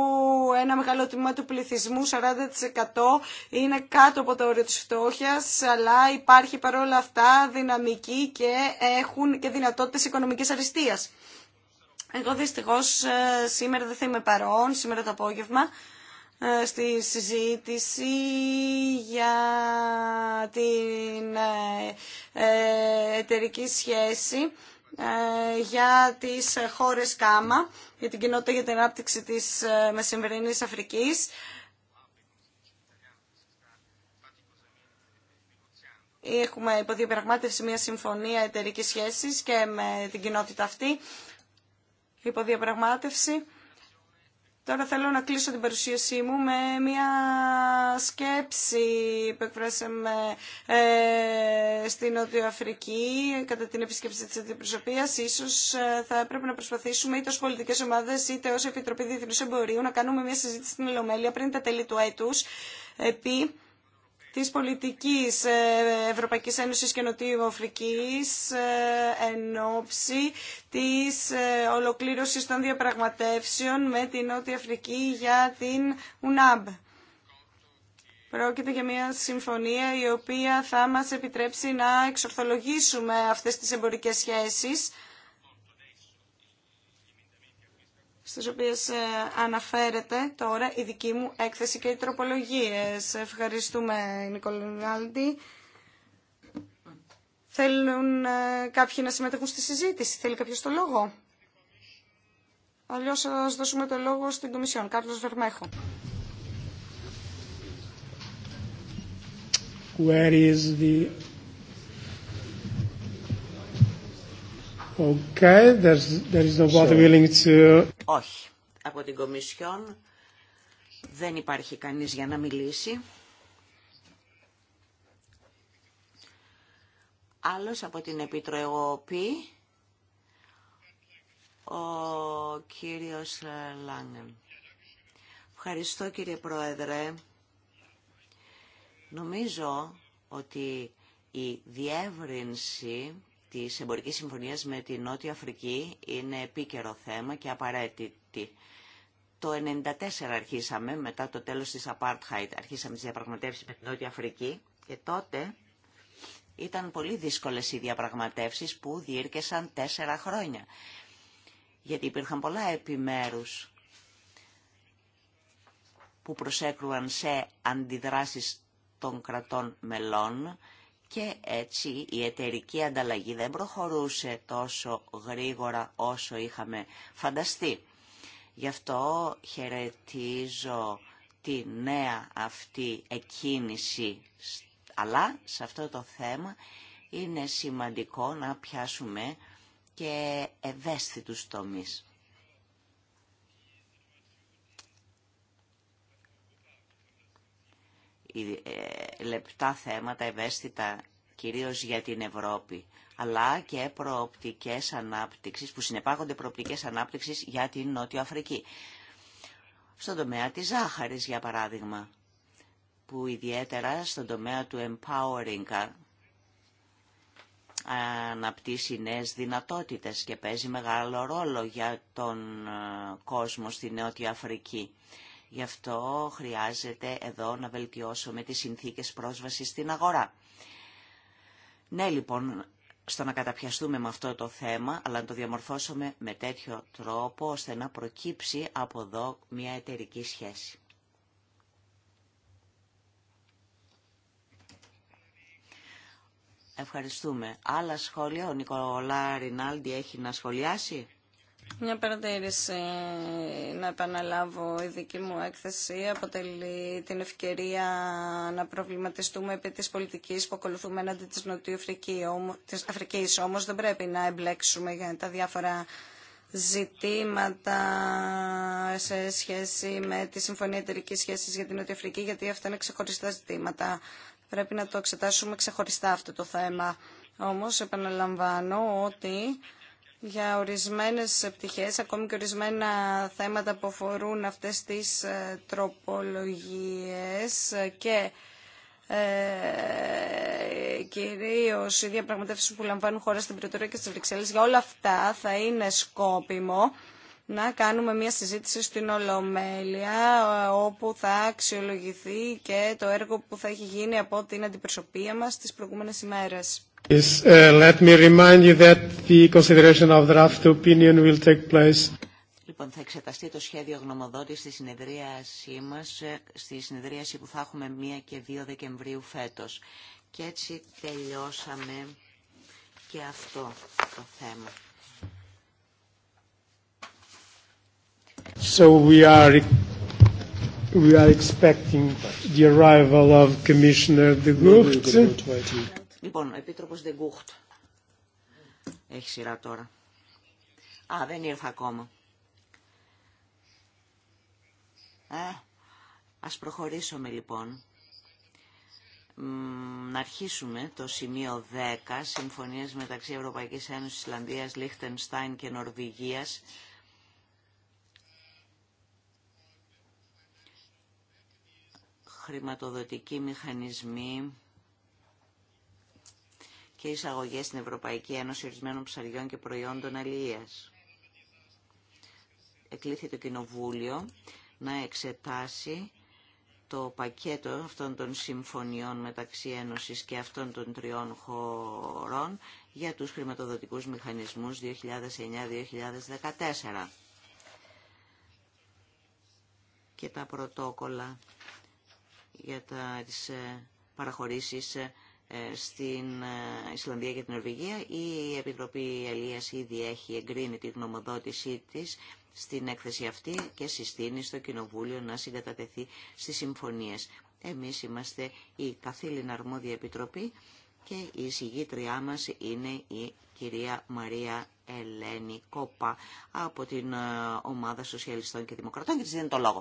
ένα μεγάλο τμήμα του πληθυσμού, 40% είναι κάτω από το όριο τη φτώχεια, αλλά υπάρχει παρόλα αυτά δυναμική και έχουν και δυνατότητε οικονομική αριστεία. Εγώ δυστυχώ ε, σήμερα δεν θα είμαι παρόν, σήμερα το απόγευμα. Ε, στη συζήτηση για την ε, ε, εταιρική σχέση για τις χώρες ΚΑΜΑ, για την κοινότητα για την ανάπτυξη της Μεσημβρινής Αφρικής. Έχουμε υποδιαπραγμάτευση μια συμφωνία εταιρική σχέσης και με την κοινότητα αυτή. Υποδιαπραγμάτευση Τώρα θέλω να κλείσω την παρουσίασή μου με μια σκέψη που εκφράσαμε ε, στην Νότια Αφρική κατά την επισκέψη της αντιπροσωπείας. Ίσως ε, θα έπρεπε να προσπαθήσουμε είτε ως πολιτικές ομάδες είτε ως Επιτροπή Διεθνούς Εμπορίου να κάνουμε μια συζήτηση στην Ελλομέλεια πριν τα τέλη του έτους επί της πολιτικής ε, Ευρωπαϊκής Ένωσης και Νοτιού Αφρικής ε, εν ώψη της ε, ολοκλήρωσης των διαπραγματεύσεων με την Νότια Αφρική για την UNAB. Πρόκειται για μια συμφωνία η οποία θα μας επιτρέψει να εξορθολογήσουμε αυτές τις εμπορικές σχέσεις στις οποίες ε, αναφέρεται τώρα η δική μου έκθεση και οι τροπολογίες. Ευχαριστούμε, Νικολινάλντι. Θέλουν ε, κάποιοι να συμμετέχουν στη συζήτηση. Θέλει κάποιος το λόγο. Αλλιώς θα δώσουμε το λόγο στην Κομισιόν. Κάρλος Βερμέχο. Where is the Okay, Όχι. Από την Κομισιόν δεν υπάρχει κανείς για να μιλήσει. Άλλος από την Επιτροπή, ο κύριος Λάγκεν. Ευχαριστώ κύριε Πρόεδρε. Νομίζω ότι η διεύρυνση της εμπορική συμφωνίας με την Νότια Αφρική είναι επίκαιρο θέμα και απαραίτητη. Το 1994 αρχίσαμε, μετά το τέλος της Apartheid, αρχίσαμε τι διαπραγματεύσει με την Νότια Αφρική και τότε ήταν πολύ δύσκολες οι διαπραγματεύσεις που διήρκεσαν τέσσερα χρόνια. Γιατί υπήρχαν πολλά επιμέρους που προσέκρουαν σε αντιδράσει των κρατών μελών και έτσι η εταιρική ανταλλαγή δεν προχωρούσε τόσο γρήγορα όσο είχαμε φανταστεί. Γι' αυτό χαιρετίζω τη νέα αυτή εκκίνηση, αλλά σε αυτό το θέμα είναι σημαντικό να πιάσουμε και ευαίσθητους τομείς. Ε, λεπτά θέματα ευαίσθητα κυρίως για την Ευρώπη, αλλά και προοπτικές ανάπτυξης, που συνεπάγονται προοπτικές ανάπτυξης για την Νότιο Αφρική. Στον τομέα της ζάχαρης, για παράδειγμα, που ιδιαίτερα στον τομέα του empowering αναπτύσσει νέες δυνατότητες και παίζει μεγάλο ρόλο για τον ε, κόσμο στη Νότια Αφρική. Γι' αυτό χρειάζεται εδώ να βελτιώσουμε τις συνθήκες πρόσβασης στην αγορά. Ναι λοιπόν, στο να καταπιαστούμε με αυτό το θέμα, αλλά να το διαμορφώσουμε με τέτοιο τρόπο, ώστε να προκύψει από εδώ μια εταιρική σχέση. Ευχαριστούμε. Άλλα σχόλια, ο Νικολά Ρινάλντι έχει να σχολιάσει. Μια παρατήρηση να επαναλάβω η δική μου έκθεση αποτελεί την ευκαιρία να προβληματιστούμε επί της πολιτικής που ακολουθούμε έναντι της Νοτιού Όμως δεν πρέπει να εμπλέξουμε για τα διάφορα ζητήματα σε σχέση με τη Συμφωνία εταιρική Σχέσης για την Νοτιοαφρική γιατί αυτά είναι ξεχωριστά ζητήματα. Πρέπει να το εξετάσουμε ξεχωριστά αυτό το θέμα. Όμως επαναλαμβάνω ότι για ορισμένες πτυχές, ακόμη και ορισμένα θέματα που αφορούν αυτές τις ε, τροπολογίες και ε, κυρίως οι διαπραγματεύσεις που λαμβάνουν χώρα στην Πρωτορία και στις Βρυξέλλες. Για όλα αυτά θα είναι σκόπιμο να κάνουμε μια συζήτηση στην Ολομέλεια όπου θα αξιολογηθεί και το έργο που θα έχει γίνει από την αντιπροσωπεία μας τις προηγούμενες ημέρες. Yes, uh, let me remind you that the consideration of draft opinion will take place. Λοιπόν, θα εξεταστεί το σχέδιο γνωμοδότης στη συνεδρίασή μας, ε, στη συνεδρίαση που θα έχουμε 1 και 2 Δεκεμβρίου φέτος. Και έτσι τελειώσαμε και αυτό το θέμα. So we are we are expecting the arrival of Commissioner De Gucht. Λοιπόν, ο Επίτροπος Δεγκούχτ. Έχει σειρά τώρα. Α, δεν ήρθα ακόμα. Α, ε, ας προχωρήσουμε λοιπόν. Να αρχίσουμε το σημείο 10, συμφωνίες μεταξύ Ευρωπαϊκής Ένωσης, Ισλανδίας, Λίχτενστάιν και Νορβηγίας. Χρηματοδοτικοί μηχανισμοί και εισαγωγές στην Ευρωπαϊκή Ένωση ορισμένων ψαριών και προϊόντων αλληλείας. Εκλήθη το Κοινοβούλιο να εξετάσει το πακέτο αυτών των συμφωνιών μεταξύ Ένωσης και αυτών των τριών χωρών για τους χρηματοδοτικούς μηχανισμούς 2009-2014 και τα πρωτόκολλα για τα, τις ε, παραχωρήσεις ε, ε, στην ε, Ισλανδία και την Νορβηγία. Η Επιτροπή Ελίας ήδη έχει εγκρίνει τη γνωμοδότησή της στην έκθεση αυτή και συστήνει στο Κοινοβούλιο να συγκατατεθεί στις συμφωνίες. Εμείς είμαστε η καθήλυνα αρμόδια Επιτροπή και η συγγήτριά μας είναι η κυρία Μαρία Ελένη Κόπα από την ε, Ομάδα Σοσιαλιστών και Δημοκρατών και της δίνει το λόγο.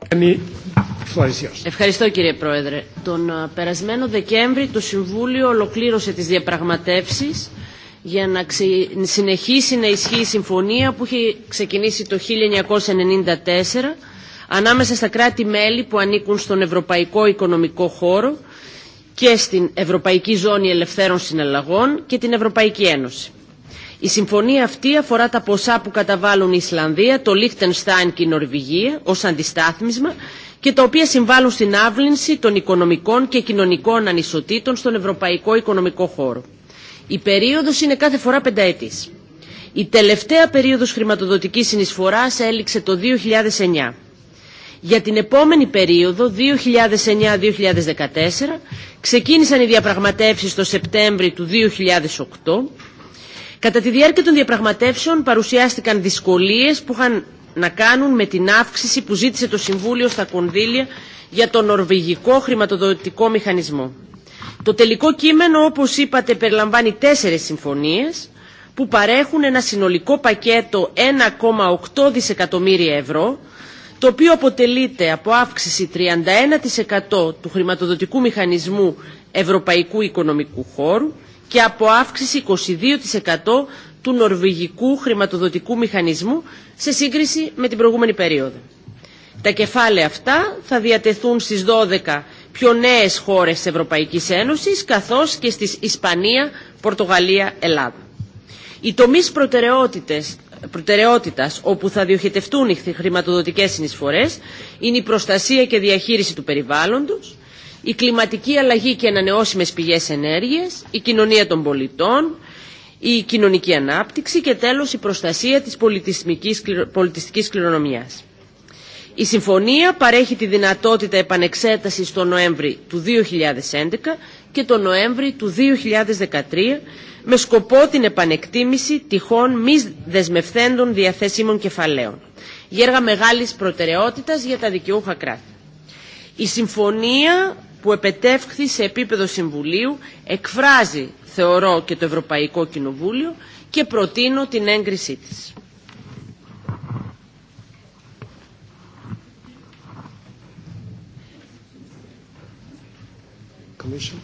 Ευχαριστώ κύριε Πρόεδρε. Τον ε, περασμένο Δεκέμβρη το Συμβούλιο ολοκλήρωσε τις διαπραγματεύσεις για να συνεχίσει να ισχύει η συμφωνία που είχε ξεκινήσει το 1994 ανάμεσα στα κράτη-μέλη που ανήκουν στον Ευρωπαϊκό Οικονομικό Χώρο και στην Ευρωπαϊκή Ζώνη Ελευθέρων Συναλλαγών και την Ευρωπαϊκή Ένωση. Η συμφωνία αυτή αφορά τα ποσά που καταβάλουν η Ισλανδία, το Λίχτενστάιν και η Νορβηγία ως αντιστάθμισμα και τα οποία συμβάλλουν στην άβλυνση των οικονομικών και κοινωνικών ανισοτήτων στον ευρωπαϊκό οικονομικό χώρο. Η περίοδος είναι κάθε φορά πενταετής. Η τελευταία περίοδος χρηματοδοτικής συνεισφοράς έληξε το 2009 για την επόμενη περίοδο 2009-2014 ξεκίνησαν οι διαπραγματεύσεις το Σεπτέμβριο του 2008. Κατά τη διάρκεια των διαπραγματεύσεων παρουσιάστηκαν δυσκολίες που είχαν να κάνουν με την αύξηση που ζήτησε το Συμβούλιο στα κονδύλια για τον νορβηγικό χρηματοδοτικό μηχανισμό. Το τελικό κείμενο, όπως είπατε, περιλαμβάνει τέσσερες συμφωνίες που παρέχουν ένα συνολικό πακέτο 1,8 δισεκατομμύρια ευρώ το οποίο αποτελείται από αύξηση 31% του χρηματοδοτικού μηχανισμού Ευρωπαϊκού Οικονομικού Χώρου και από αύξηση 22% του νορβηγικού χρηματοδοτικού μηχανισμού σε σύγκριση με την προηγούμενη περίοδο. Τα κεφάλαια αυτά θα διατεθούν στις 12 πιο νέες χώρες της Ευρωπαϊκής Ένωσης, καθώς και στις Ισπανία, Πορτογαλία, Ελλάδα. Οι τομείς προτεραιότητες προτεραιότητας όπου θα διοχετευτούν οι χρηματοδοτικές συνεισφορές είναι η προστασία και διαχείριση του περιβάλλοντος, η κλιματική αλλαγή και ανανεώσιμες πηγές ενέργειας, η κοινωνία των πολιτών, η κοινωνική ανάπτυξη και τέλος η προστασία της πολιτιστικής κληρονομιάς. Η Συμφωνία παρέχει τη δυνατότητα επανεξέτασης τον Νοέμβρη του 2011 και τον Νοέμβρη του 2013 με σκοπό την επανεκτίμηση τυχών μη δεσμευθέντων διαθέσιμων κεφαλαίων. Γέργα μεγάλης προτεραιότητας για τα δικαιούχα κράτη. Η συμφωνία που επετεύχθη σε επίπεδο Συμβουλίου εκφράζει, θεωρώ, και το Ευρωπαϊκό Κοινοβούλιο και προτείνω την έγκρισή της. Commission.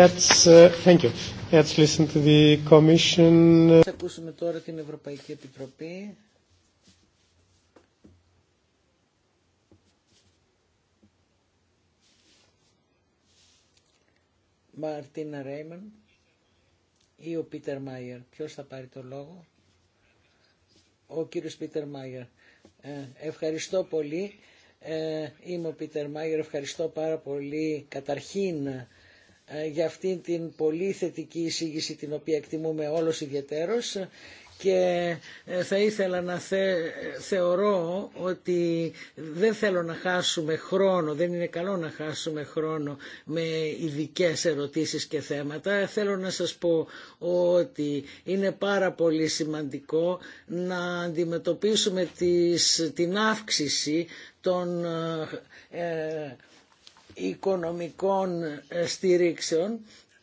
Let's, uh, thank you. Let's listen to the Commission. Θα ακούσουμε τώρα την Ευρωπαϊκή Επιτροπή. Μαρτίνα Ρέιμαν ή ο Πίτερ Μάιερ. Ποιος θα πάρει το λόγο. Ο κύριος Πίτερ Μάιερ. Ε, ευχαριστώ πολύ. Ε, είμαι ο Πίτερ Μάγερ, ευχαριστώ πάρα πολύ καταρχήν ε, για αυτήν την πολύ θετική εισήγηση την οποία εκτιμούμε όλος ιδιαίτερος και ε, θα ήθελα να θε, θεωρώ ότι δεν θέλω να χάσουμε χρόνο, δεν είναι καλό να χάσουμε χρόνο με ειδικέ ερωτήσεις και θέματα. Θέλω να σας πω ότι είναι πάρα πολύ σημαντικό να αντιμετωπίσουμε τις, την αύξηση των ε, ε, οικονομικών ε, στηρίξεων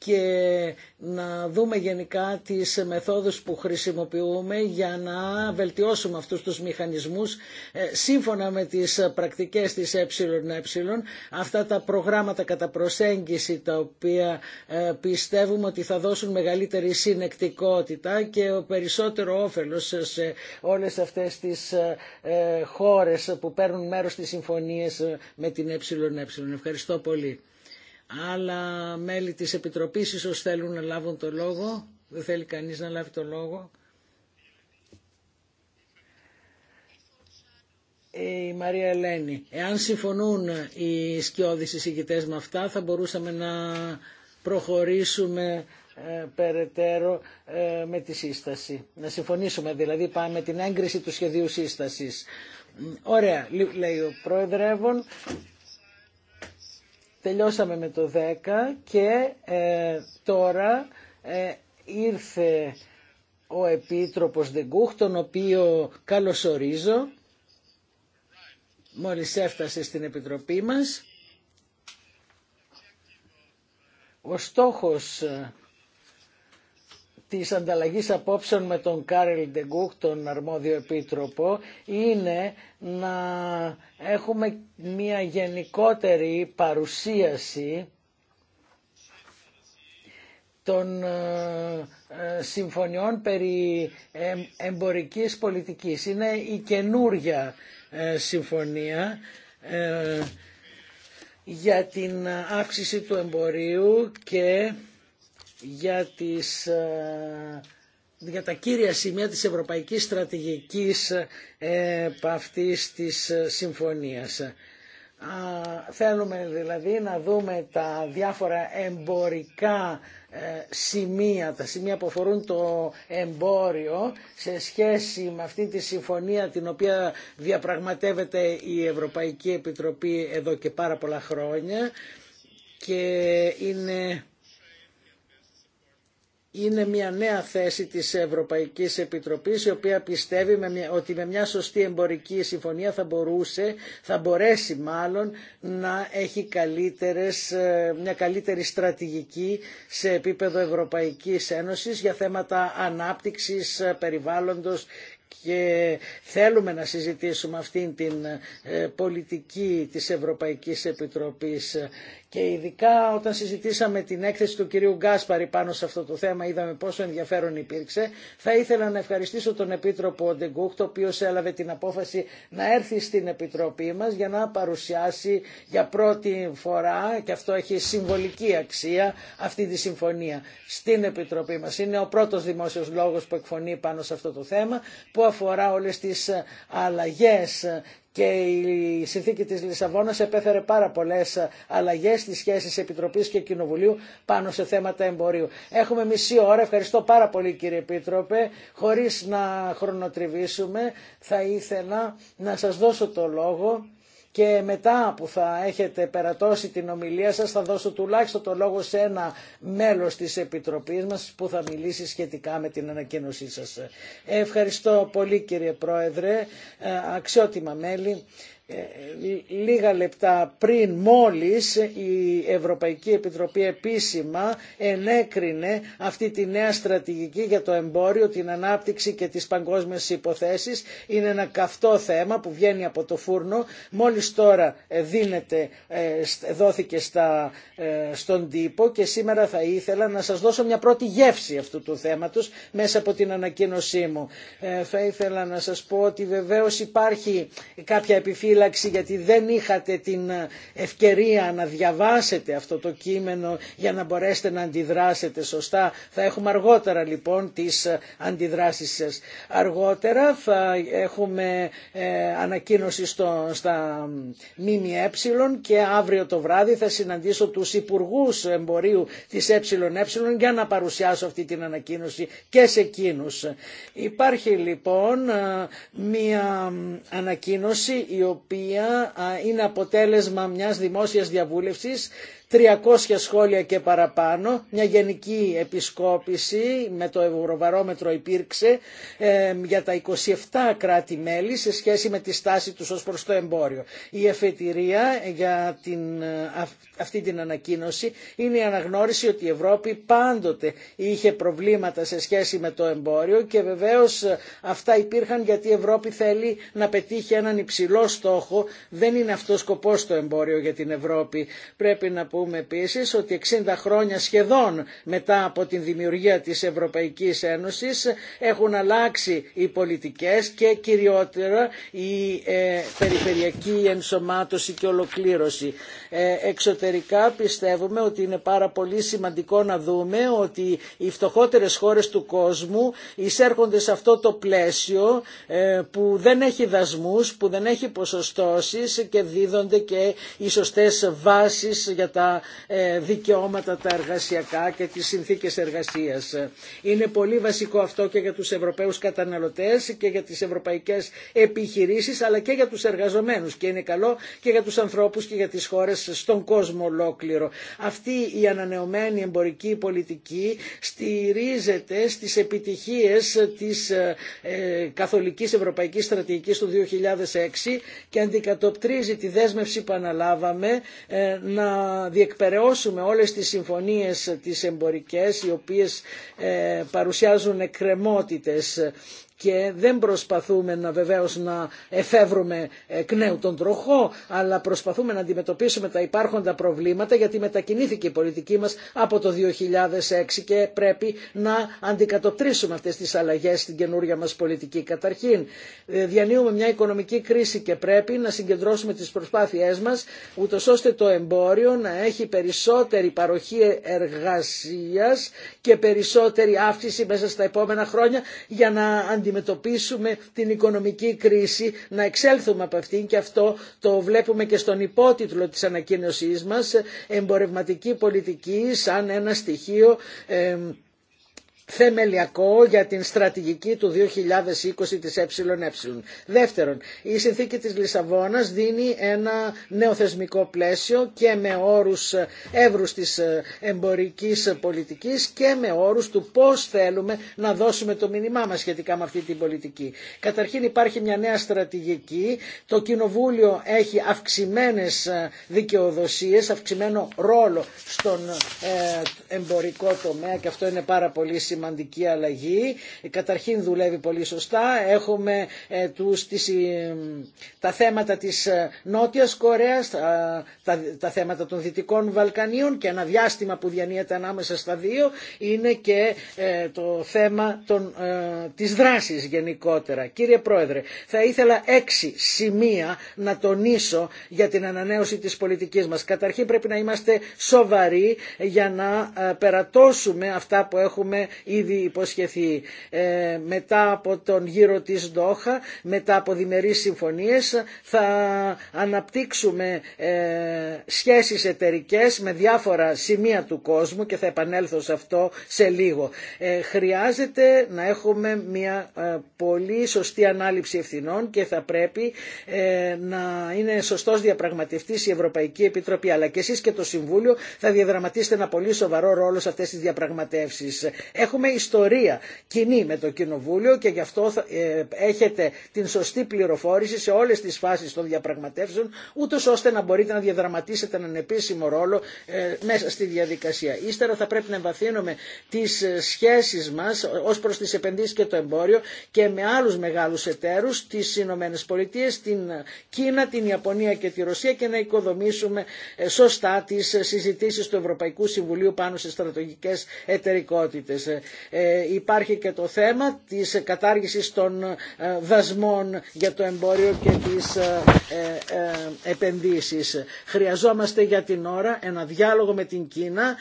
και να δούμε γενικά τις μεθόδους που χρησιμοποιούμε για να βελτιώσουμε αυτούς τους μηχανισμούς ε, σύμφωνα με τις πρακτικές της ΕΕ. Αυτά τα προγράμματα κατά προσέγγιση τα οποία ε, πιστεύουμε ότι θα δώσουν μεγαλύτερη συνεκτικότητα και ο περισσότερο όφελος σε όλες αυτές τις ε, χώρες που παίρνουν μέρος στις συμφωνίες με την ΕΕ. Ευχαριστώ πολύ άλλα μέλη της Επιτροπής ίσως θέλουν να λάβουν το λόγο. Δεν θέλει κανείς να λάβει το λόγο. Ε, η Μαρία Ελένη, εάν συμφωνούν οι σκιώδεις εισηγητές με αυτά θα μπορούσαμε να προχωρήσουμε ε, περαιτέρω ε, με τη σύσταση. Να συμφωνήσουμε δηλαδή πάμε με την έγκριση του σχεδίου σύστασης. Ωραία, λέει ο Προεδρεύων. Τελειώσαμε με το 10 και ε, τώρα ε, ήρθε ο Επίτροπος Δεγκούχ, τον οποίο καλωσορίζω. Μόλις έφτασε στην Επιτροπή μας. Ο στόχος ε, της ανταλλαγής απόψεων με τον Κάρελ Ντεγκούχ, τον αρμόδιο επίτροπο, είναι να έχουμε μια γενικότερη παρουσίαση των ε, ε, συμφωνιών περί ε, εμπορικής πολιτικής. Είναι η καινούρια συμφωνία για την αύξηση του εμπορίου και για, τις, ε, για τα κύρια σημεία της ευρωπαϊκής στρατηγικής από ε, αυτής της ε, συμφωνίας. Θέλουμε δηλαδή να δούμε τα διάφορα εμπορικά σημεία, τα σημεία που αφορούν το εμπόριο σε σχέση με αυτή τη συμφωνία την οποία διαπραγματεύεται η Ευρωπαϊκή Επιτροπή εδώ και πάρα πολλά χρόνια και είναι είναι μια νέα θέση της Ευρωπαϊκής Επιτροπής η οποία πιστεύει με ότι με μια σωστή εμπορική συμφωνία θα μπορούσε, θα μπορέσει μάλλον να έχει καλύτερες, ε, μια καλύτερη στρατηγική σε επίπεδο Ευρωπαϊκής Ένωσης για θέματα ανάπτυξης ε, περιβάλλοντος και θέλουμε να συζητήσουμε αυτήν την ε, πολιτική της Ευρωπαϊκής Επιτροπής και ειδικά όταν συζητήσαμε την έκθεση του κυρίου Γκάσπαρη πάνω σε αυτό το θέμα είδαμε πόσο ενδιαφέρον υπήρξε. Θα ήθελα να ευχαριστήσω τον Επίτροπο Ντεγκούχ, το οποίο έλαβε την απόφαση να έρθει στην Επιτροπή μας για να παρουσιάσει για πρώτη φορά, και αυτό έχει συμβολική αξία, αυτή τη συμφωνία στην Επιτροπή μας. Είναι ο πρώτος δημόσιος λόγος που εκφωνεί πάνω σε αυτό το θέμα, που αφορά όλες τις ε, αλλαγές ε, και η συνθήκη της Λισαβόνας επέφερε πάρα πολλές ε, αλλαγές στις σχέσεις Επιτροπής και Κοινοβουλίου πάνω σε θέματα εμπορίου. Έχουμε μισή ώρα, ευχαριστώ πάρα πολύ κύριε Επίτροπε, χωρίς να χρονοτριβήσουμε θα ήθελα να σας δώσω το λόγο και μετά που θα έχετε περατώσει την ομιλία σας θα δώσω τουλάχιστον το λόγο σε ένα μέλος της Επιτροπής μας που θα μιλήσει σχετικά με την ανακοίνωσή σας. Ευχαριστώ πολύ κύριε Πρόεδρε, ε, αξιότιμα μέλη λίγα λεπτά πριν μόλις η Ευρωπαϊκή Επιτροπή επίσημα ενέκρινε αυτή τη νέα στρατηγική για το εμπόριο, την ανάπτυξη και τις παγκόσμιες υποθέσεις. Είναι ένα καυτό θέμα που βγαίνει από το φούρνο. Μόλις τώρα ε, δίνεται, ε, δόθηκε στα, ε, στον τύπο και σήμερα θα ήθελα να σας δώσω μια πρώτη γεύση αυτού του θέματος μέσα από την ανακοίνωσή μου. Θα ήθελα να σας πω ότι βεβαίως υπάρχει κάποια επιφύλαξη επιφύλαξη γιατί δεν είχατε την ε, ευκαιρία να διαβάσετε αυτό το κείμενο για να μπορέσετε να αντιδράσετε σωστά. Θα έχουμε αργότερα λοιπόν τις ε, αντιδράσεις σας. Αργότερα θα έχουμε ε, ανακοίνωση στο, στα ΜΜΕ και αύριο το βράδυ θα συναντήσω τους Υπουργούς Εμπορίου της ΕΕ για να παρουσιάσω αυτή την ανακοίνωση και σε εκείνους. Υπάρχει λοιπόν μια ανακοίνωση η οποία οποία είναι αποτέλεσμα μιας δημόσιας διαβούλευσης 300 σχόλια και παραπάνω, μια γενική επισκόπηση με το Ευρωβαρόμετρο υπήρξε για τα 27 κράτη-μέλη σε σχέση με τη στάση τους ως προς το εμπόριο. Η εφετηρία για την, αυτή την ανακοίνωση είναι η αναγνώριση ότι η Ευρώπη πάντοτε είχε προβλήματα σε σχέση με το εμπόριο και βεβαίως ε, αυτά υπήρχαν γιατί η Ευρώπη θέλει να πετύχει έναν υψηλό στόχο. Δεν είναι αυτό σκοπός το εμπόριο για την Ευρώπη. Πρέπει να πούμε επίσης ότι 60 χρόνια σχεδόν μετά από την δημιουργία της Ευρωπαϊκής Ένωσης έχουν αλλάξει οι πολιτικές και κυριότερα η ε, περιφερειακή ενσωμάτωση και ολοκλήρωση. Ε, εξωτερικά πιστεύουμε ότι είναι πάρα πολύ σημαντικό να δούμε ότι οι φτωχότερες χώρες του κόσμου εισέρχονται σε αυτό το πλαίσιο ε, που δεν έχει δασμούς, που δεν έχει ποσοστώσεις και δίδονται και οι σωστές βάσεις για τα ε, δικαιώματα τα εργασιακά και τις συνθήκες εργασίας. Είναι πολύ βασικό αυτό και για τους Ευρωπαίους καταναλωτές και για τις ευρωπαϊκές επιχειρήσεις αλλά και για τους εργαζομένους και είναι καλό και για τους ανθρώπους και για τις χώρες στον κόσμο ολόκληρο. Αυτή η ανανεωμένη εμπορική πολιτική στηρίζεται στις επιτυχίες της ε, ε, Καθολικής Ευρωπαϊκής Στρατηγικής του 2006 και αντικατοπτρίζει τη δέσμευση που αναλάβαμε να διεκπαιρεώσουμε όλες τις συμφωνίες ε, τις εμπορικές οι οποίες ε, παρουσιάζουν εκκρεμότητες και δεν προσπαθούμε να βεβαίως να εφεύρουμε εκ νέου τον τροχό αλλά προσπαθούμε να αντιμετωπίσουμε τα υπάρχοντα προβλήματα γιατί μετακινήθηκε η πολιτική μας από το 2006 και πρέπει να αντικατοπτρίσουμε αυτές τις αλλαγές στην καινούρια μας πολιτική. Καταρχήν ε, διανύουμε μια οικονομική κρίση και πρέπει να συγκεντρώσουμε τις προσπάθειές μας ούτω ώστε το εμπόριο να έχει περισσότερη παροχή εργασίας και περισσότερη αύξηση μέσα στα επόμενα χρόνια για να αντιμετωπίσουμε αντιμετωπίσουμε την οικονομική κρίση, να εξέλθουμε από αυτήν και αυτό το βλέπουμε και στον υπότιτλο της ανακοίνωσής μας, εμπορευματική πολιτική σαν ένα στοιχείο ε, θεμελιακό για την στρατηγική του 2020 της ΕΕ. Δεύτερον, η συνθήκη της Λισαβόνας δίνει ένα νεοθεσμικό πλαίσιο και με όρους εύρους της ε, εμπορικής πολιτικής και με όρους του πώς θέλουμε να δώσουμε το μήνυμά μας σχετικά με αυτή την πολιτική. Καταρχήν υπάρχει μια νέα στρατηγική, το Κοινοβούλιο έχει αυξημένες ε, δικαιοδοσίες, αυξημένο ρόλο στον ε, εμπορικό τομέα και αυτό είναι πάρα πολύ σημαντικό σημαντική αλλαγή. Καταρχήν δουλεύει πολύ σωστά. Έχουμε ε, τους, τις, ε, τα θέματα της ε, Νότιας Κορέας, τα, τα, θέματα των Δυτικών Βαλκανίων και ένα διάστημα που διανύεται ανάμεσα στα δύο είναι και το θέμα των, της δράσης γενικότερα. Κύριε Πρόεδρε, θα ήθελα έξι σημεία να τονίσω για την ανανέωση της πολιτικής μας. Καταρχήν πρέπει να είμαστε σοβαροί για να περατώσουμε αυτά που έχουμε ήδη υποσχεθεί. Ε, μετά από τον γύρο της Ντόχα, μετά από διμερείς συμφωνίες θα αναπτύξουμε ε, σχέσεις εταιρικές με διάφορα σημεία του κόσμου και θα επανέλθω σε αυτό σε λίγο. Ε, χρειάζεται να έχουμε μια ε, πολύ σωστή ανάληψη ευθυνών και θα πρέπει να είναι σωστός διαπραγματευτής η Ευρωπαϊκή Επιτροπή αλλά και εσείς και το Συμβούλιο θα διαδραματίσετε ένα πολύ σοβαρό ρόλο σε αυτές τις διαπραγματεύσεις. Έχουμε ιστορία κοινή με το Κοινοβούλιο και γι' αυτό ε, έχετε την σωστή πληροφόρηση σε όλες τις φάσεις των διαπραγματεύσεων ούτως ώστε να μπορείτε να διαδραματίσετε έναν επίσημο ρόλο ε, μέσα στη διαδικασία. Ύστερα θα πρέπει να εμβαθύνουμε τις ε, σχέσεις μας ως προς τις επενδύσεις και το εμπόριο και με άλλους μεγάλους εταίρους, τις Ηνωμένε Πολιτείε, την Κίνα, την Ιαπωνία και τη Ρωσία και να οικοδομήσουμε σωστά τις συζητήσεις του Ευρωπαϊκού Συμβουλίου πάνω σε στρατογικές εταιρικότητες. Ε, υπάρχει και το θέμα της κατάργησης των ε, δασμών για το εμπόριο και τις ε, επενδύσεις. Χρειαζόμαστε για την ώρα ένα διάλογο με την Κίνα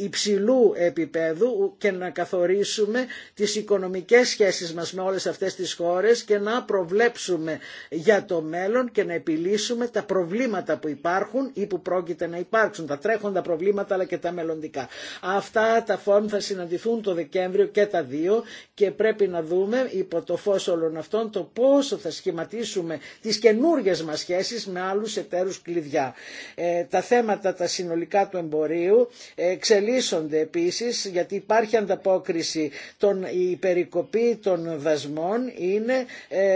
υψηλού επίπεδου και να καθορίσουμε τις οικονομικές σχέσεις μας με όλες αυτές τις χώρες και να προβλέψουμε για το μέλλον και να επιλύσουμε τα προβλήματα που υπάρχουν ή που πρόκειται να υπάρξουν, τα τρέχοντα προβλήματα αλλά και τα μελλοντικά. Αυτά τα φόρμ θα συναντηθούν το Δεκέμβριο και τα δύο και πρέπει να δούμε υπό το φως όλων αυτών το πόσο θα σχηματίσουμε τις καινούριε μας σχέσεις με άλλους εταίρους κλειδιά. Ε, τα θέματα τα συνολικά του εμπορίου εξελίσσονται επίσης γιατί υπάρχει ανταπόκριση των, η περικοπή των δασμών είναι ε,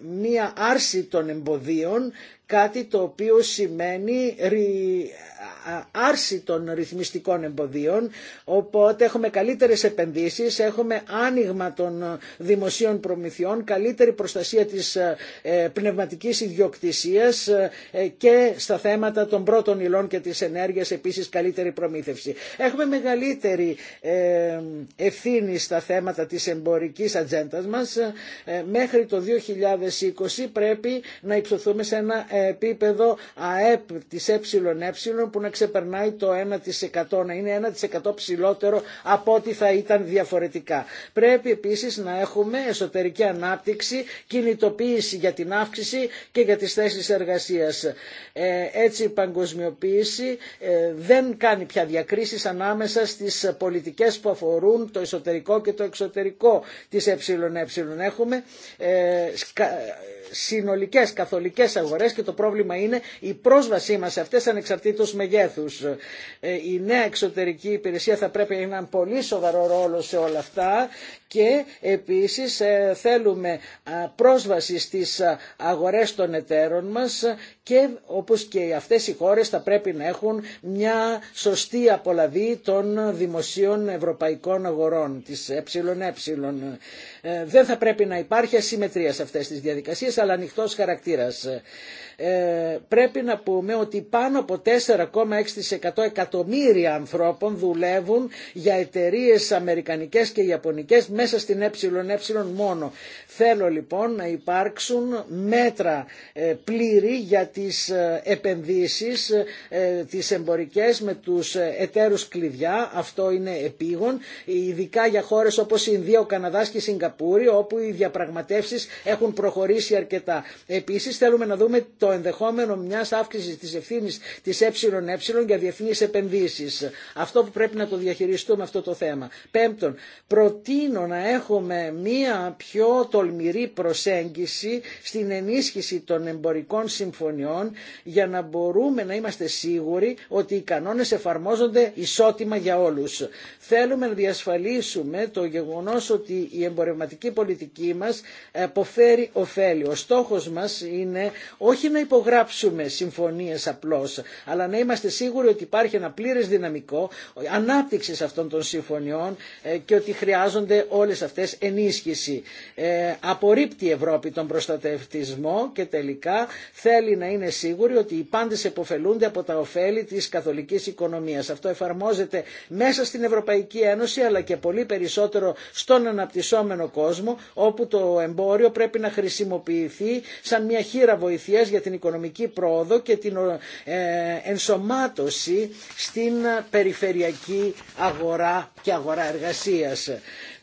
μία άρση των εμποδίων κάτι το οποίο σημαίνει άρση των ρυθμιστικών εμποδίων, οπότε έχουμε καλύτερες επενδύσεις, έχουμε άνοιγμα των δημοσίων προμηθειών, καλύτερη προστασία της ε, ε, πνευματικής ιδιοκτησίας ε, και στα θέματα των πρώτων υλών και της ενέργειας επίσης καλύτερη προμήθευση. Έχουμε μεγαλύτερη ευθύνη στα θέματα της εμπορικής ατζέντα μας. Μέχρι το 2020 πρέπει να υψωθούμε σε ένα επίπεδο ΑΕΠ της ΕΕ που να ξεπερνάει το 1%, να είναι 1% ψηλότερο από ό,τι θα ήταν διαφορετικά. Πρέπει επίσης να έχουμε εσωτερική ανάπτυξη, κινητοποίηση για την αύξηση και για τις θέσεις εργασίας. Ε, έτσι η παγκοσμιοποίηση ε, δεν κάνει πια διακρίσεις ανάμεσα στις πολιτικές που αφορούν το εσωτερικό και το εξωτερικό της ΕΕ. Έχουμε ε, συνολικές καθολικές αγορές και το πρόβλημα είναι η πρόσβασή μας σε αυτές ανεξαρτήτως μεγέθους. Ε, η νέα εξωτερική υπηρεσία θα πρέπει να έχει έναν πολύ σοβαρό ρόλο σε όλα αυτά και επίσης ε, θέλουμε πρόσβαση στις αγορές των εταίρων μας και όπως και αυτές οι χώρες θα πρέπει να έχουν μια σωστή απολαβή των δημοσίων ευρωπαϊκών αγορών της ΕΕ. Δεν θα πρέπει να υπάρχει ασυμμετρία σε αυτές τις διαδικασίες αλλά ανοιχτό χαρακτήρας. Ε, πρέπει να πούμε ότι πάνω από 4,6% εκατομμύρια ανθρώπων δουλεύουν για εταιρείε αμερικανικές και ιαπωνικές μέσα στην ΕΕ μόνο. Θέλω λοιπόν να υπάρξουν μέτρα ε, πλήρη για τις επενδύσεις, τις εμπορικές με τους εταίρους κλειδιά. Αυτό είναι επίγον, ειδικά για χώρες όπως η Ινδία, ο Καναδάς και η Σιγκαπούρη, όπου οι διαπραγματεύσεις έχουν προχωρήσει αρκετά. Επίσης θέλουμε να δούμε το ενδεχόμενο μια αύξηση τη ευθύνη τη ΕΕ για διεθνεί επενδύσει. Αυτό που πρέπει να το διαχειριστούμε αυτό το θέμα. Πέμπτον, προτείνω να έχουμε μία πιο τολμηρή προσέγγιση στην ενίσχυση των εμπορικών συμφωνιών για να μπορούμε να είμαστε σίγουροι ότι οι κανόνες εφαρμόζονται ισότιμα για όλους. Θέλουμε να διασφαλίσουμε το γεγονός ότι η εμπορευματική πολιτική μας ε, αποφέρει ωφέλη. Ο στόχος μας είναι όχι να υπογράψουμε συμφωνίες απλώς, αλλά να είμαστε σίγουροι ότι υπάρχει ένα πλήρες δυναμικό ανάπτυξης αυτών των συμφωνιών ε, και ότι χρειάζονται όλες αυτές ενίσχυση. Ε, απορρίπτει η Ευρώπη τον προστατευτισμό και τελικά θέλει να είναι σίγουρη ότι οι πάντες εποφελούνται από τα ωφέλη της καθολικής οικονομίας. Αυτό εφαρμόζεται μέσα στην Ευρωπαϊκή Ένωση αλλά και πολύ περισσότερο στον αναπτυσσόμενο κόσμο όπου το εμπόριο πρέπει να χρησιμοποιηθεί σαν μια χείρα βοηθείας την οικονομική πρόοδο και την ε, ενσωμάτωση στην περιφερειακή αγορά και αγορά εργασίας.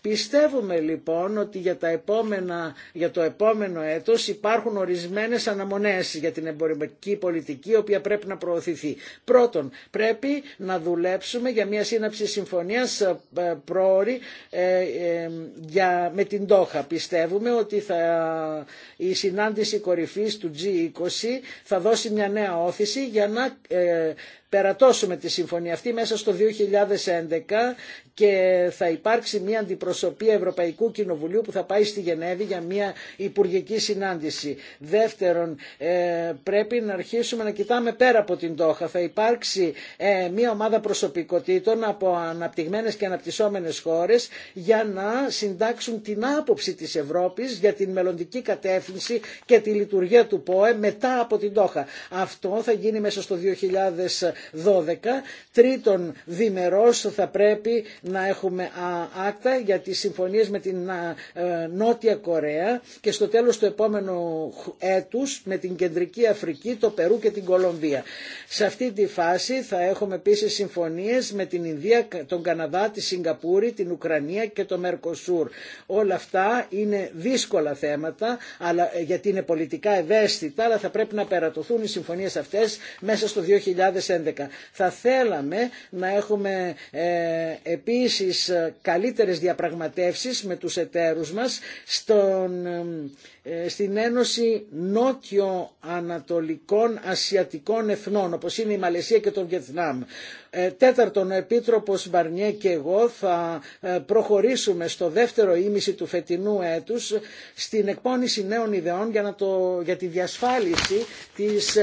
Πιστεύουμε λοιπόν ότι για, τα επόμενα, για το επόμενο έτος υπάρχουν ορισμένες αναμονές για την εμπορική πολιτική, η οποία πρέπει να προωθηθεί. Πρώτον, πρέπει να δουλέψουμε για μια σύναψη συμφωνίας ε, πρόορη ε, ε, για, με την Τόχα. Πιστεύουμε ότι θα, η συνάντηση κορυφής του G20 θα δώσει μια νέα όθηση για να περατώσουμε τη συμφωνία αυτή μέσα στο 2011 και θα υπάρξει μια αντιπροσωπεία Ευρωπαϊκού Κοινοβουλίου που θα πάει στη Γενέβη για μια υπουργική συνάντηση. Δεύτερον, ε, πρέπει να αρχίσουμε να κοιτάμε πέρα από την Τόχα. Θα υπάρξει ε, μια ομάδα προσωπικότητων από αναπτυγμένες και αναπτυσσόμενες χώρες για να συντάξουν την άποψη της Ευρώπης για την μελλοντική κατεύθυνση και τη λειτουργία του ΠΟΕ μετά από την Τόχα. Αυτό θα γίνει μέσα στο 2011 12. Τρίτον, διμερός θα πρέπει να έχουμε άκτα για τις συμφωνίες με την ε, Νότια Κορέα και στο τέλος του επόμενου έτους με την Κεντρική Αφρική, το Περού και την Κολομβία. Σε αυτή τη φάση θα έχουμε επίσης συμφωνίες με την Ινδία, τον Καναδά, τη Σιγκαπούρη, την Ουκρανία και το Μερκοσούρ. Όλα αυτά είναι δύσκολα θέματα αλλά, ε, γιατί είναι πολιτικά ευαίσθητα αλλά θα πρέπει να περατωθούν οι συμφωνίες αυτές μέσα στο 2011. Θα θέλαμε να έχουμε ε, επίσης ε, καλύτερες διαπραγματεύσεις με τους εταίρους μας στον, ε, στην Ένωση Νότιο-Ανατολικών Ασιατικών Εθνών όπως είναι η Μαλαισία και το Βιετνάμ. Τέταρτον, ο Επίτροπος Μπαρνιέ και εγώ θα προχωρήσουμε στο δεύτερο ήμιση του φετινού έτους στην εκπόνηση νέων ιδεών για, να το, για τη διασφάλιση της,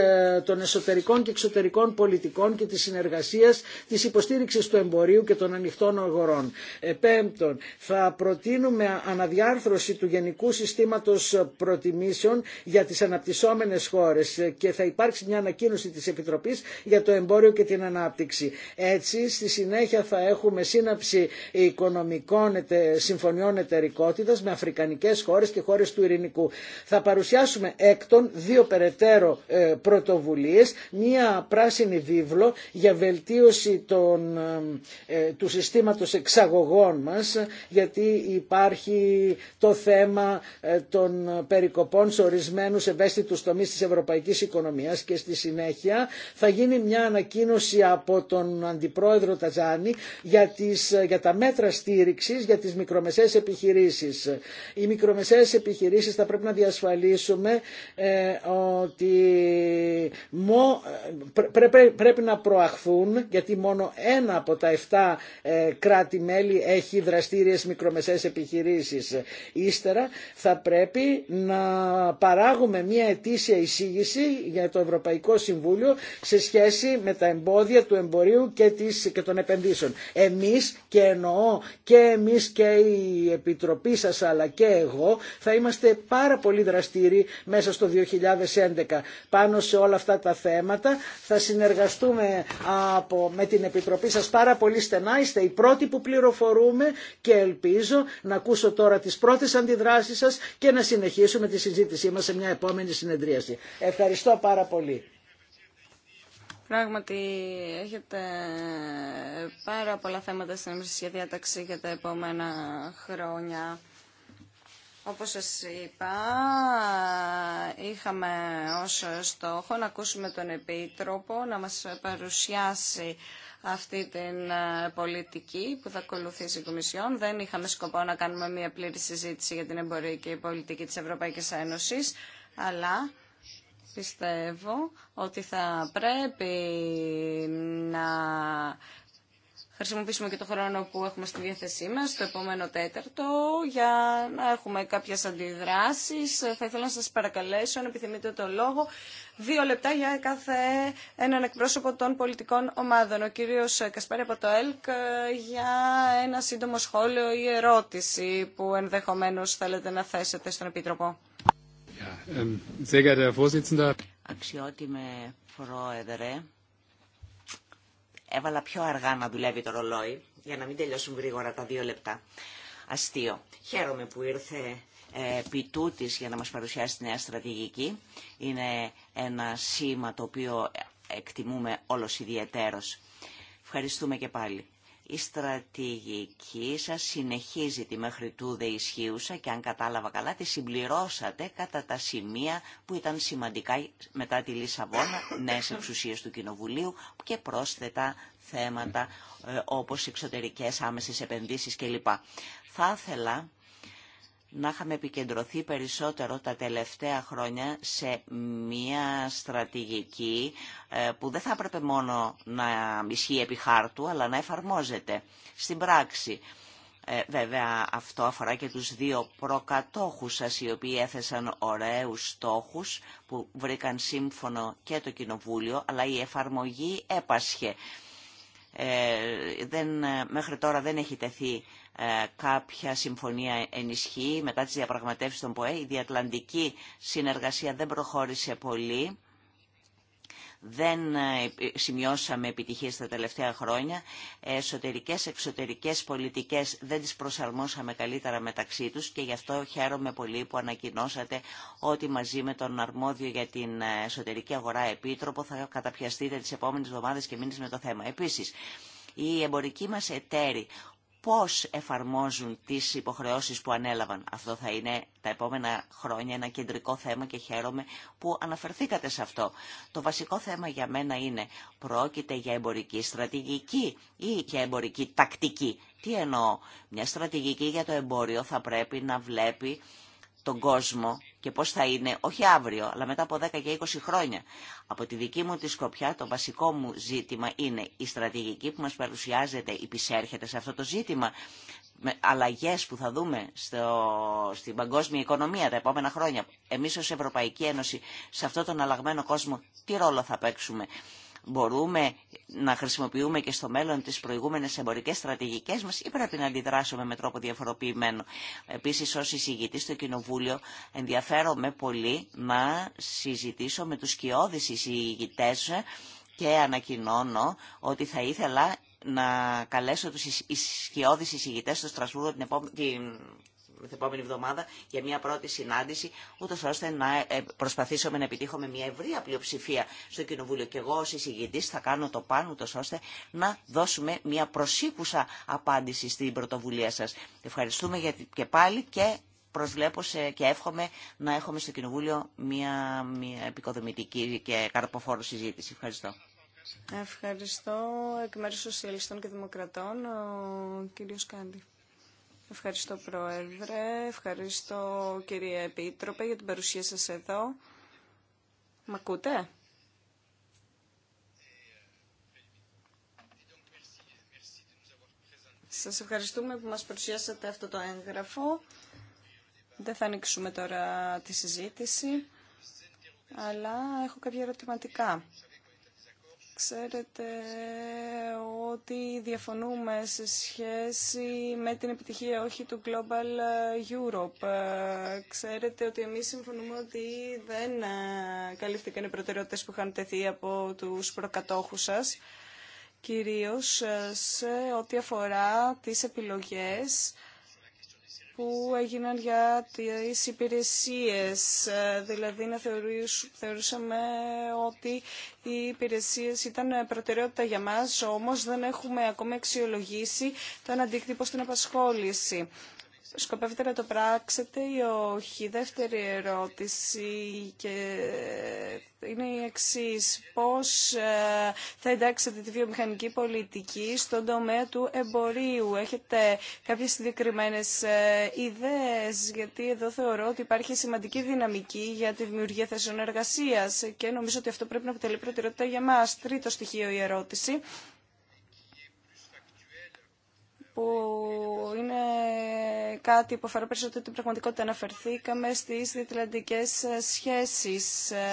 των εσωτερικών και εξωτερικών πολιτικών και της συνεργασίας, της υποστήριξης του εμπορίου και των ανοιχτών αγορών. Πέμπτον, θα προτείνουμε αναδιάρθρωση του γενικού συστήματος προτιμήσεων για τις αναπτυσσόμενες χώρες και θα υπάρξει μια ανακοίνωση της Επιτροπής για το εμπόριο και την ανάπτυξη. Έτσι, στη συνέχεια θα έχουμε σύναψη οικονομικών συμφωνιών εταιρικότητας με αφρικανικές χώρες και χώρες του ειρηνικού. Θα παρουσιάσουμε έκτον δύο περαιτέρω ε, πρωτοβουλίες, μία πράσινη για βελτίωση ε, ε, του συστήματος εξαγωγών μας γιατί υπάρχει το θέμα ε, των περικοπών σε ορισμένους ευαίσθητους τομείς της ευρωπαϊκής οικονομίας και στη συνέχεια θα γίνει μια ανακοίνωση από τον Αντιπρόεδρο Ταζάνη για, τις, για τα μέτρα στήριξης για τις μικρομεσαίες επιχειρήσεις. Οι μικρομεσαίες επιχειρήσεις θα πρέπει να διασφαλίσουμε ότι μο, πρέ, πρέπει να προαχθούν γιατί μόνο ένα από τα 7 ε, κράτη-μέλη έχει δραστήριες μικρομεσαίες επιχειρήσεις. Ύστερα θα πρέπει να παράγουμε μια ετήσια εισήγηση για το Ευρωπαϊκό Συμβούλιο σε σχέση με τα εμπόδια του εμπορίου και, της, και των επενδύσεων. Εμείς και εννοώ και εμείς και η Επιτροπή σας αλλά και εγώ θα είμαστε πάρα πολύ δραστήριοι μέσα στο 2011 πάνω σε όλα αυτά τα θέματα. Θα συνεργαστούμε Ευχαριστούμε από, με την Επιτροπή σας πάρα πολύ στενά. Είστε οι πρώτοι που πληροφορούμε και ελπίζω να ακούσω τώρα τις πρώτες αντιδράσεις σας και να συνεχίσουμε τη συζήτησή μας σε μια επόμενη συνεδρίαση. Ευχαριστώ πάρα πολύ. Πράγματι, έχετε πάρα πολλά θέματα στην για διάταξη για τα επόμενα χρόνια. Όπως σας είπα, είχαμε ως στόχο να ακούσουμε τον Επίτροπο να μας παρουσιάσει αυτή την ε, πολιτική που θα ακολουθήσει η Κομισιόν. Δεν είχαμε σκοπό να κάνουμε μια πλήρη συζήτηση για την εμπορική πολιτική της Ευρωπαϊκής Ένωσης, αλλά πιστεύω ότι θα πρέπει να χρησιμοποιήσουμε και το χρόνο που έχουμε στη διάθεσή μας, το επόμενο τέταρτο, για να έχουμε κάποιες αντιδράσεις. Θα ήθελα να σας παρακαλέσω, αν επιθυμείτε το λόγο, δύο λεπτά για κάθε έναν εκπρόσωπο των πολιτικών ομάδων. Ο κύριος Κασπάρη από το ΕΛΚ για ένα σύντομο σχόλιο ή ερώτηση που ενδεχομένως θέλετε να θέσετε στον Επίτροπο. Ähm, Αξιότιμε Πρόεδρε, Έβαλα πιο αργά να δουλεύει το ρολόι, για να μην τελειώσουν γρήγορα τα δύο λεπτά. Αστείο. Χαίρομαι που ήρθε ε, πιτούτης για να μας παρουσιάσει τη νέα στρατηγική. Είναι ένα σήμα το οποίο ε, εκτιμούμε όλος ιδιαιτέρως. Ευχαριστούμε και πάλι. Η στρατηγική σας συνεχίζει τη μέχρι τούδε ισχύουσα και αν κατάλαβα καλά τη συμπληρώσατε κατά τα σημεία που ήταν σημαντικά μετά τη Λισαβόνα, νέες εξουσίες του Κοινοβουλίου και πρόσθετα θέματα ε, όπως εξωτερικές άμεσες επενδύσεις κλπ. Θα ήθελα να είχαμε επικεντρωθεί περισσότερο τα τελευταία χρόνια σε μια στρατηγική ε, που δεν θα έπρεπε μόνο να ισχύει επί χάρτου, αλλά να εφαρμόζεται στην πράξη. Ε, βέβαια αυτό αφορά και τους δύο προκατόχους σας οι οποίοι έθεσαν ωραίους στόχους που βρήκαν σύμφωνο και το Κοινοβούλιο αλλά η εφαρμογή έπασχε. Ε, δεν, μέχρι τώρα δεν έχει τεθεί ε, κάποια συμφωνία ενισχύει μετά τις διαπραγματεύσεις των ΠΟΕ. Η διατλαντική συνεργασία δεν προχώρησε πολύ. Δεν ε, ε, σημειώσαμε επιτυχίες τα τελευταία χρόνια. Εσωτερικές, εξωτερικές πολιτικές δεν τις προσαρμόσαμε καλύτερα μεταξύ τους και γι' αυτό χαίρομαι πολύ που ανακοινώσατε ότι μαζί με τον αρμόδιο για την εσωτερική αγορά επίτροπο θα καταπιαστείτε τις επόμενες εβδομάδες και μήνες με το θέμα. Επίσης, οι εμπορικοί μας εταίροι πώς εφαρμόζουν τις υποχρεώσεις που ανέλαβαν. Αυτό θα είναι τα επόμενα χρόνια ένα κεντρικό θέμα και χαίρομαι που αναφερθήκατε σε αυτό. Το βασικό θέμα για μένα είναι πρόκειται για εμπορική στρατηγική ή και εμπορική τακτική. Τι εννοώ. Μια στρατηγική για το εμπόριο θα πρέπει να βλέπει τον κόσμο και πώς θα είναι, όχι αύριο, αλλά μετά από 10 και 20 χρόνια. Από τη δική μου τη σκοπιά το βασικό μου ζήτημα είναι η στρατηγική που μας παρουσιάζεται, υπησέρχεται σε αυτό το ζήτημα, με αλλαγές που θα δούμε στο, στην παγκόσμια οικονομία τα επόμενα χρόνια. Εμείς ως Ευρωπαϊκή Ένωση σε αυτόν τον αλλαγμένο κόσμο τι ρόλο θα παίξουμε μπορούμε να χρησιμοποιούμε και στο μέλλον τις προηγούμενες εμπορικές στρατηγικές μας ή πρέπει να αντιδράσουμε με τρόπο διαφοροποιημένο. Επίσης ως εισηγητή στο Κοινοβούλιο ενδιαφέρομαι πολύ να συζητήσω με τους σκιώδη εισηγητές και ανακοινώνω ότι θα ήθελα να καλέσω τους ισχυώδεις εισηγητές στο Στρασβούργο την, επόμενη, την επόμενη εβδομάδα για μια πρώτη συνάντηση, ούτω ώστε να ε, προσπαθήσουμε να επιτύχουμε μια ευρεία πλειοψηφία στο Κοινοβούλιο. Και εγώ ω εισηγητή θα κάνω το πάνω, ούτω ώστε να δώσουμε μια προσήκουσα απάντηση στην πρωτοβουλία σα. Ευχαριστούμε γιατί και πάλι και προσβλέπω και εύχομαι να έχουμε στο Κοινοβούλιο μια, μια επικοδομητική και καρποφόρο συζήτηση. Ευχαριστώ. Ευχαριστώ εκ μέρους Σοσιαλιστών και Δημοκρατών, ο κύριος Κάντι. Ευχαριστώ Πρόεδρε, ευχαριστώ κυρία Επίτροπε για την παρουσία σας εδώ. Μ' ακούτε? Σας ευχαριστούμε που μας παρουσιάσατε αυτό το έγγραφο. Δεν θα ανοίξουμε τώρα τη συζήτηση, αλλά έχω κάποια ερωτηματικά. Ξέρετε ότι διαφωνούμε σε σχέση με την επιτυχία όχι του Global Europe. Ξέρετε ότι εμείς συμφωνούμε ότι δεν καλύφθηκαν οι προτεραιότητες που είχαν τεθεί από τους προκατόχους σας, κυρίως σε ό,τι αφορά τις επιλογές που έγιναν για τις υπηρεσίες. Ε, δηλαδή να θεωρούσαμε ότι οι υπηρεσίες ήταν προτεραιότητα για μας, όμως δεν έχουμε ακόμα αξιολογήσει τον αντίκτυπο στην απασχόληση σκοπεύετε να το πράξετε ή όχι. Η δεύτερη ερώτηση και είναι η εξή. Πώς ε, θα εντάξετε τη βιομηχανική πολιτική στον τομέα του εμπορίου. Έχετε κάποιες συγκεκριμένε ε, ιδέες, γιατί εδώ θεωρώ ότι υπάρχει σημαντική δυναμική για τη δημιουργία θέσεων εργασία. και νομίζω ότι αυτό πρέπει να αποτελεί προτεραιότητα για μα. Τρίτο στοιχείο η ερώτηση που είναι κάτι που αφορά περισσότερο την πραγματικότητα. Αναφερθήκαμε στις διατλαντικές ε, σχέσεις ε,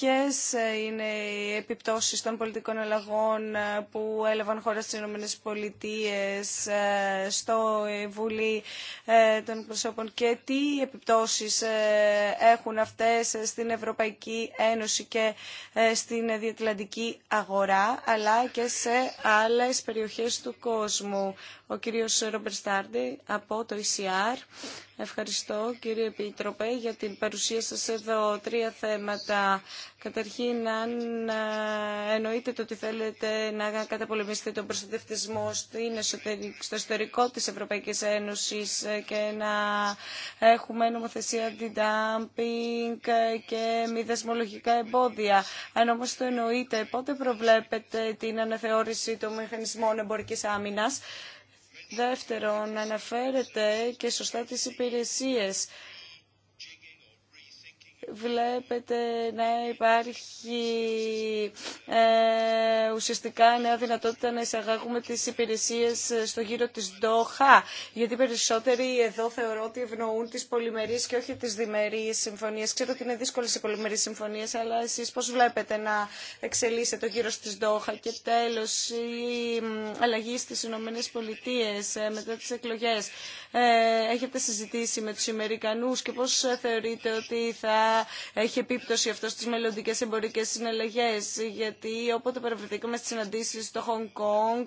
ποιες ε, είναι οι επιπτώσεις των πολιτικών αλλαγών ε, που έλαβαν χώρα στις ΗΠΑ ε, στο Βουλή των Προσώπων και τι επιπτώσεις έχουν αυτές στην Ευρωπαϊκή Ένωση και στην Διατλαντική αγορά, αλλά και σε άλλες περιοχές του κόσμου. Ο κύριος Στάρντι από το ECR Ευχαριστώ κύριε Επίτροπε για την παρουσία σας εδώ. Τρία θέματα. Καταρχήν, αν ε, εννοείτε το ότι θέλετε να καταπολεμήσετε τον προστατευτισμό στο εσωτερικό της Ευρωπαϊκής Ένωσης ε, και να έχουμε νομοθεσία αντι-dumping ε, και μη δεσμολογικά εμπόδια. Αν όμως το εννοείτε, πότε προβλέπετε την αναθεώρηση των μηχανισμών εμπορικής άμυνας Δεύτερον, αναφέρεται και σωστά τις υπηρεσίες βλέπετε να υπάρχει ε, ουσιαστικά νέα δυνατότητα να εισαγάγουμε τις υπηρεσίες ε, στο γύρο της Ντόχα, γιατί περισσότεροι εδώ θεωρώ ότι ευνοούν τις πολυμερείς και όχι τις διμερείς συμφωνίες. Ξέρω ότι είναι δύσκολες οι πολυμερείς συμφωνίες, αλλά εσείς πώς βλέπετε να εξελίσσεται το γύρο της Ντόχα και τέλος η αλλαγή στις Ηνωμένε Πολιτείε ε, μετά τις εκλογές. Ε, έχετε συζητήσει με τους Αμερικανούς και πώς θεωρείτε ότι θα έχει επίπτωση αυτό στις μελλοντικέ εμπορικές συναλλαγές. Γιατί όποτε παραβρεθήκαμε στι συναντήσεις στο Χονγκ Κόνγκ,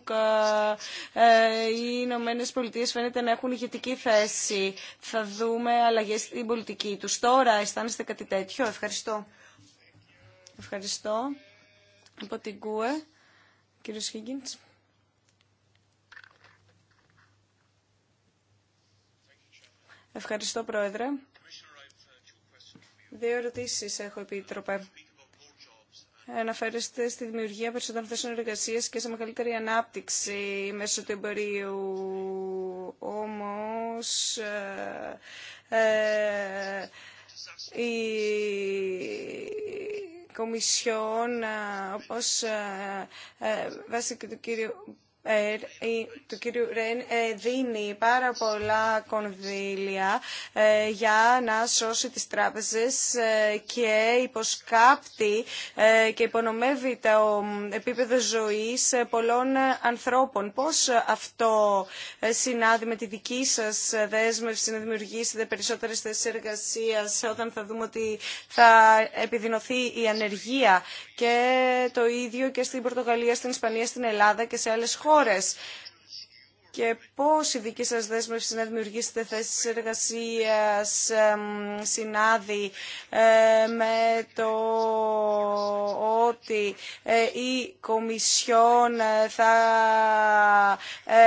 ε, ε, οι Ηνωμένε Πολιτείε φαίνεται να έχουν ηγετική θέση. Θα δούμε αλλαγές στην πολιτική του. Τώρα αισθάνεστε κάτι τέτοιο. Ευχαριστώ. Ευχαριστώ. Από την κύριος Ευχαριστώ, Πρόεδρε. Δύο ερωτήσεις έχω, Επίτροπε. Αναφέρεστε στη δημιουργία περισσότερων θέσεων εργασία και σε μεγαλύτερη ανάπτυξη μέσω του εμπορίου. Όμως, ε, ε, η Κομισιόν, ε, όπως ε, βάσει και του κύριου ε, του κύριου Ρέν ε, δίνει πάρα πολλά κονδύλια ε, για να σώσει τις τράπεζες και υποσκάπτει και υπονομεύει το επίπεδο ζωής πολλών ανθρώπων. Πώς αυτό συνάδει με τη δική σας δέσμευση να δημιουργήσετε περισσότερες θέσεις εργασίας όταν θα δούμε ότι θα επιδεινωθεί η ανεργία και το ίδιο και στην Πορτογαλία, στην Ισπανία, στην Ελλάδα και σε άλλες χώρες και πώς η δική σας δέσμευση να δημιουργήσετε θέσεις εργασίας συνάδει ε, με το ότι ε, η Κομισιόν θα ε,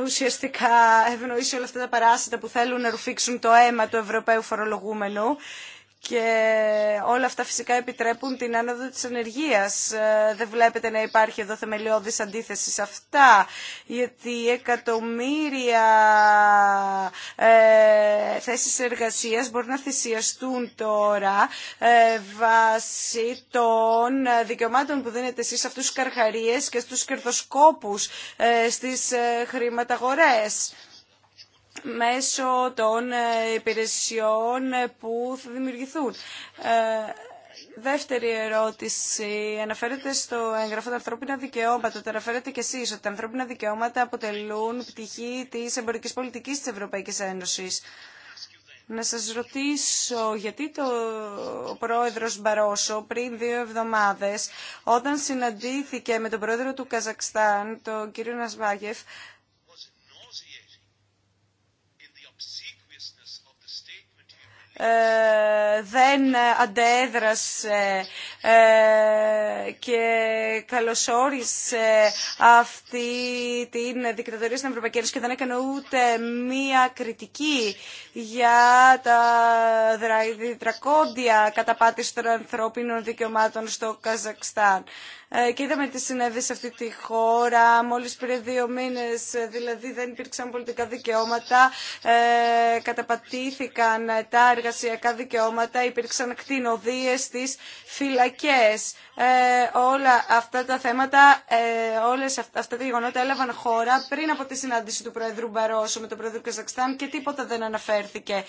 ουσιαστικά ευνοήσει όλα αυτά τα παράσιτα που θέλουν να ρουφήξουν το αίμα του Ευρωπαίου Φορολογούμενου και όλα αυτά φυσικά επιτρέπουν την άνοδο της ενεργείας. Ε, δεν βλέπετε να υπάρχει εδώ θεμελιώδης αντίθεση σε αυτά, γιατί εκατομμύρια ε, θέσεις εργασίας μπορούν να θυσιαστούν τώρα ε, βάσει των δικαιωμάτων που δίνετε εσείς σε αυτούς τους καρχαρίες και στους κερδοσκόπους ε, στις ε, χρηματαγορές μέσω των ε, υπηρεσιών ε, που θα δημιουργηθούν. Ε, δεύτερη ερώτηση. Αναφέρεται στο έγγραφο τα ανθρώπινα δικαιώματα. Το αναφέρετε και εσεί ότι τα ανθρώπινα δικαιώματα αποτελούν πτυχή τη εμπορική πολιτική τη Ευρωπαϊκή Ένωση. Να σας ρωτήσω γιατί το ο πρόεδρος Μπαρόσο πριν δύο εβδομάδες όταν συναντήθηκε με τον πρόεδρο του Καζακστάν, τον κύριο Νασβάγεφ, Ε, δεν αντέδρασε ε, και καλωσόρισε αυτή την δικτατορία στην Ευρωπαϊκή Ένωση και δεν έκανε ούτε μία κριτική για τα δρακόντια καταπάτηση των ανθρώπινων δικαιωμάτων στο Καζακστάν. Ε, και είδαμε τι συνέβη σε αυτή τη χώρα Μόλι πριν δύο μήνε δηλαδή δεν υπήρξαν πολιτικά δικαιώματα, ε, καταπατήθηκαν τα εργασιακά δικαιώματα, υπήρξαν κτηνοδίε τη φυλακή ε, όλα αυτά τα θέματα, ε, όλες αυτά τα γεγονότα έλαβαν χώρα πριν από τη συνάντηση του Προεδρού Μπαρόσο με τον Προεδρό Καζακστάν και τίποτα δεν αναφέρθηκε.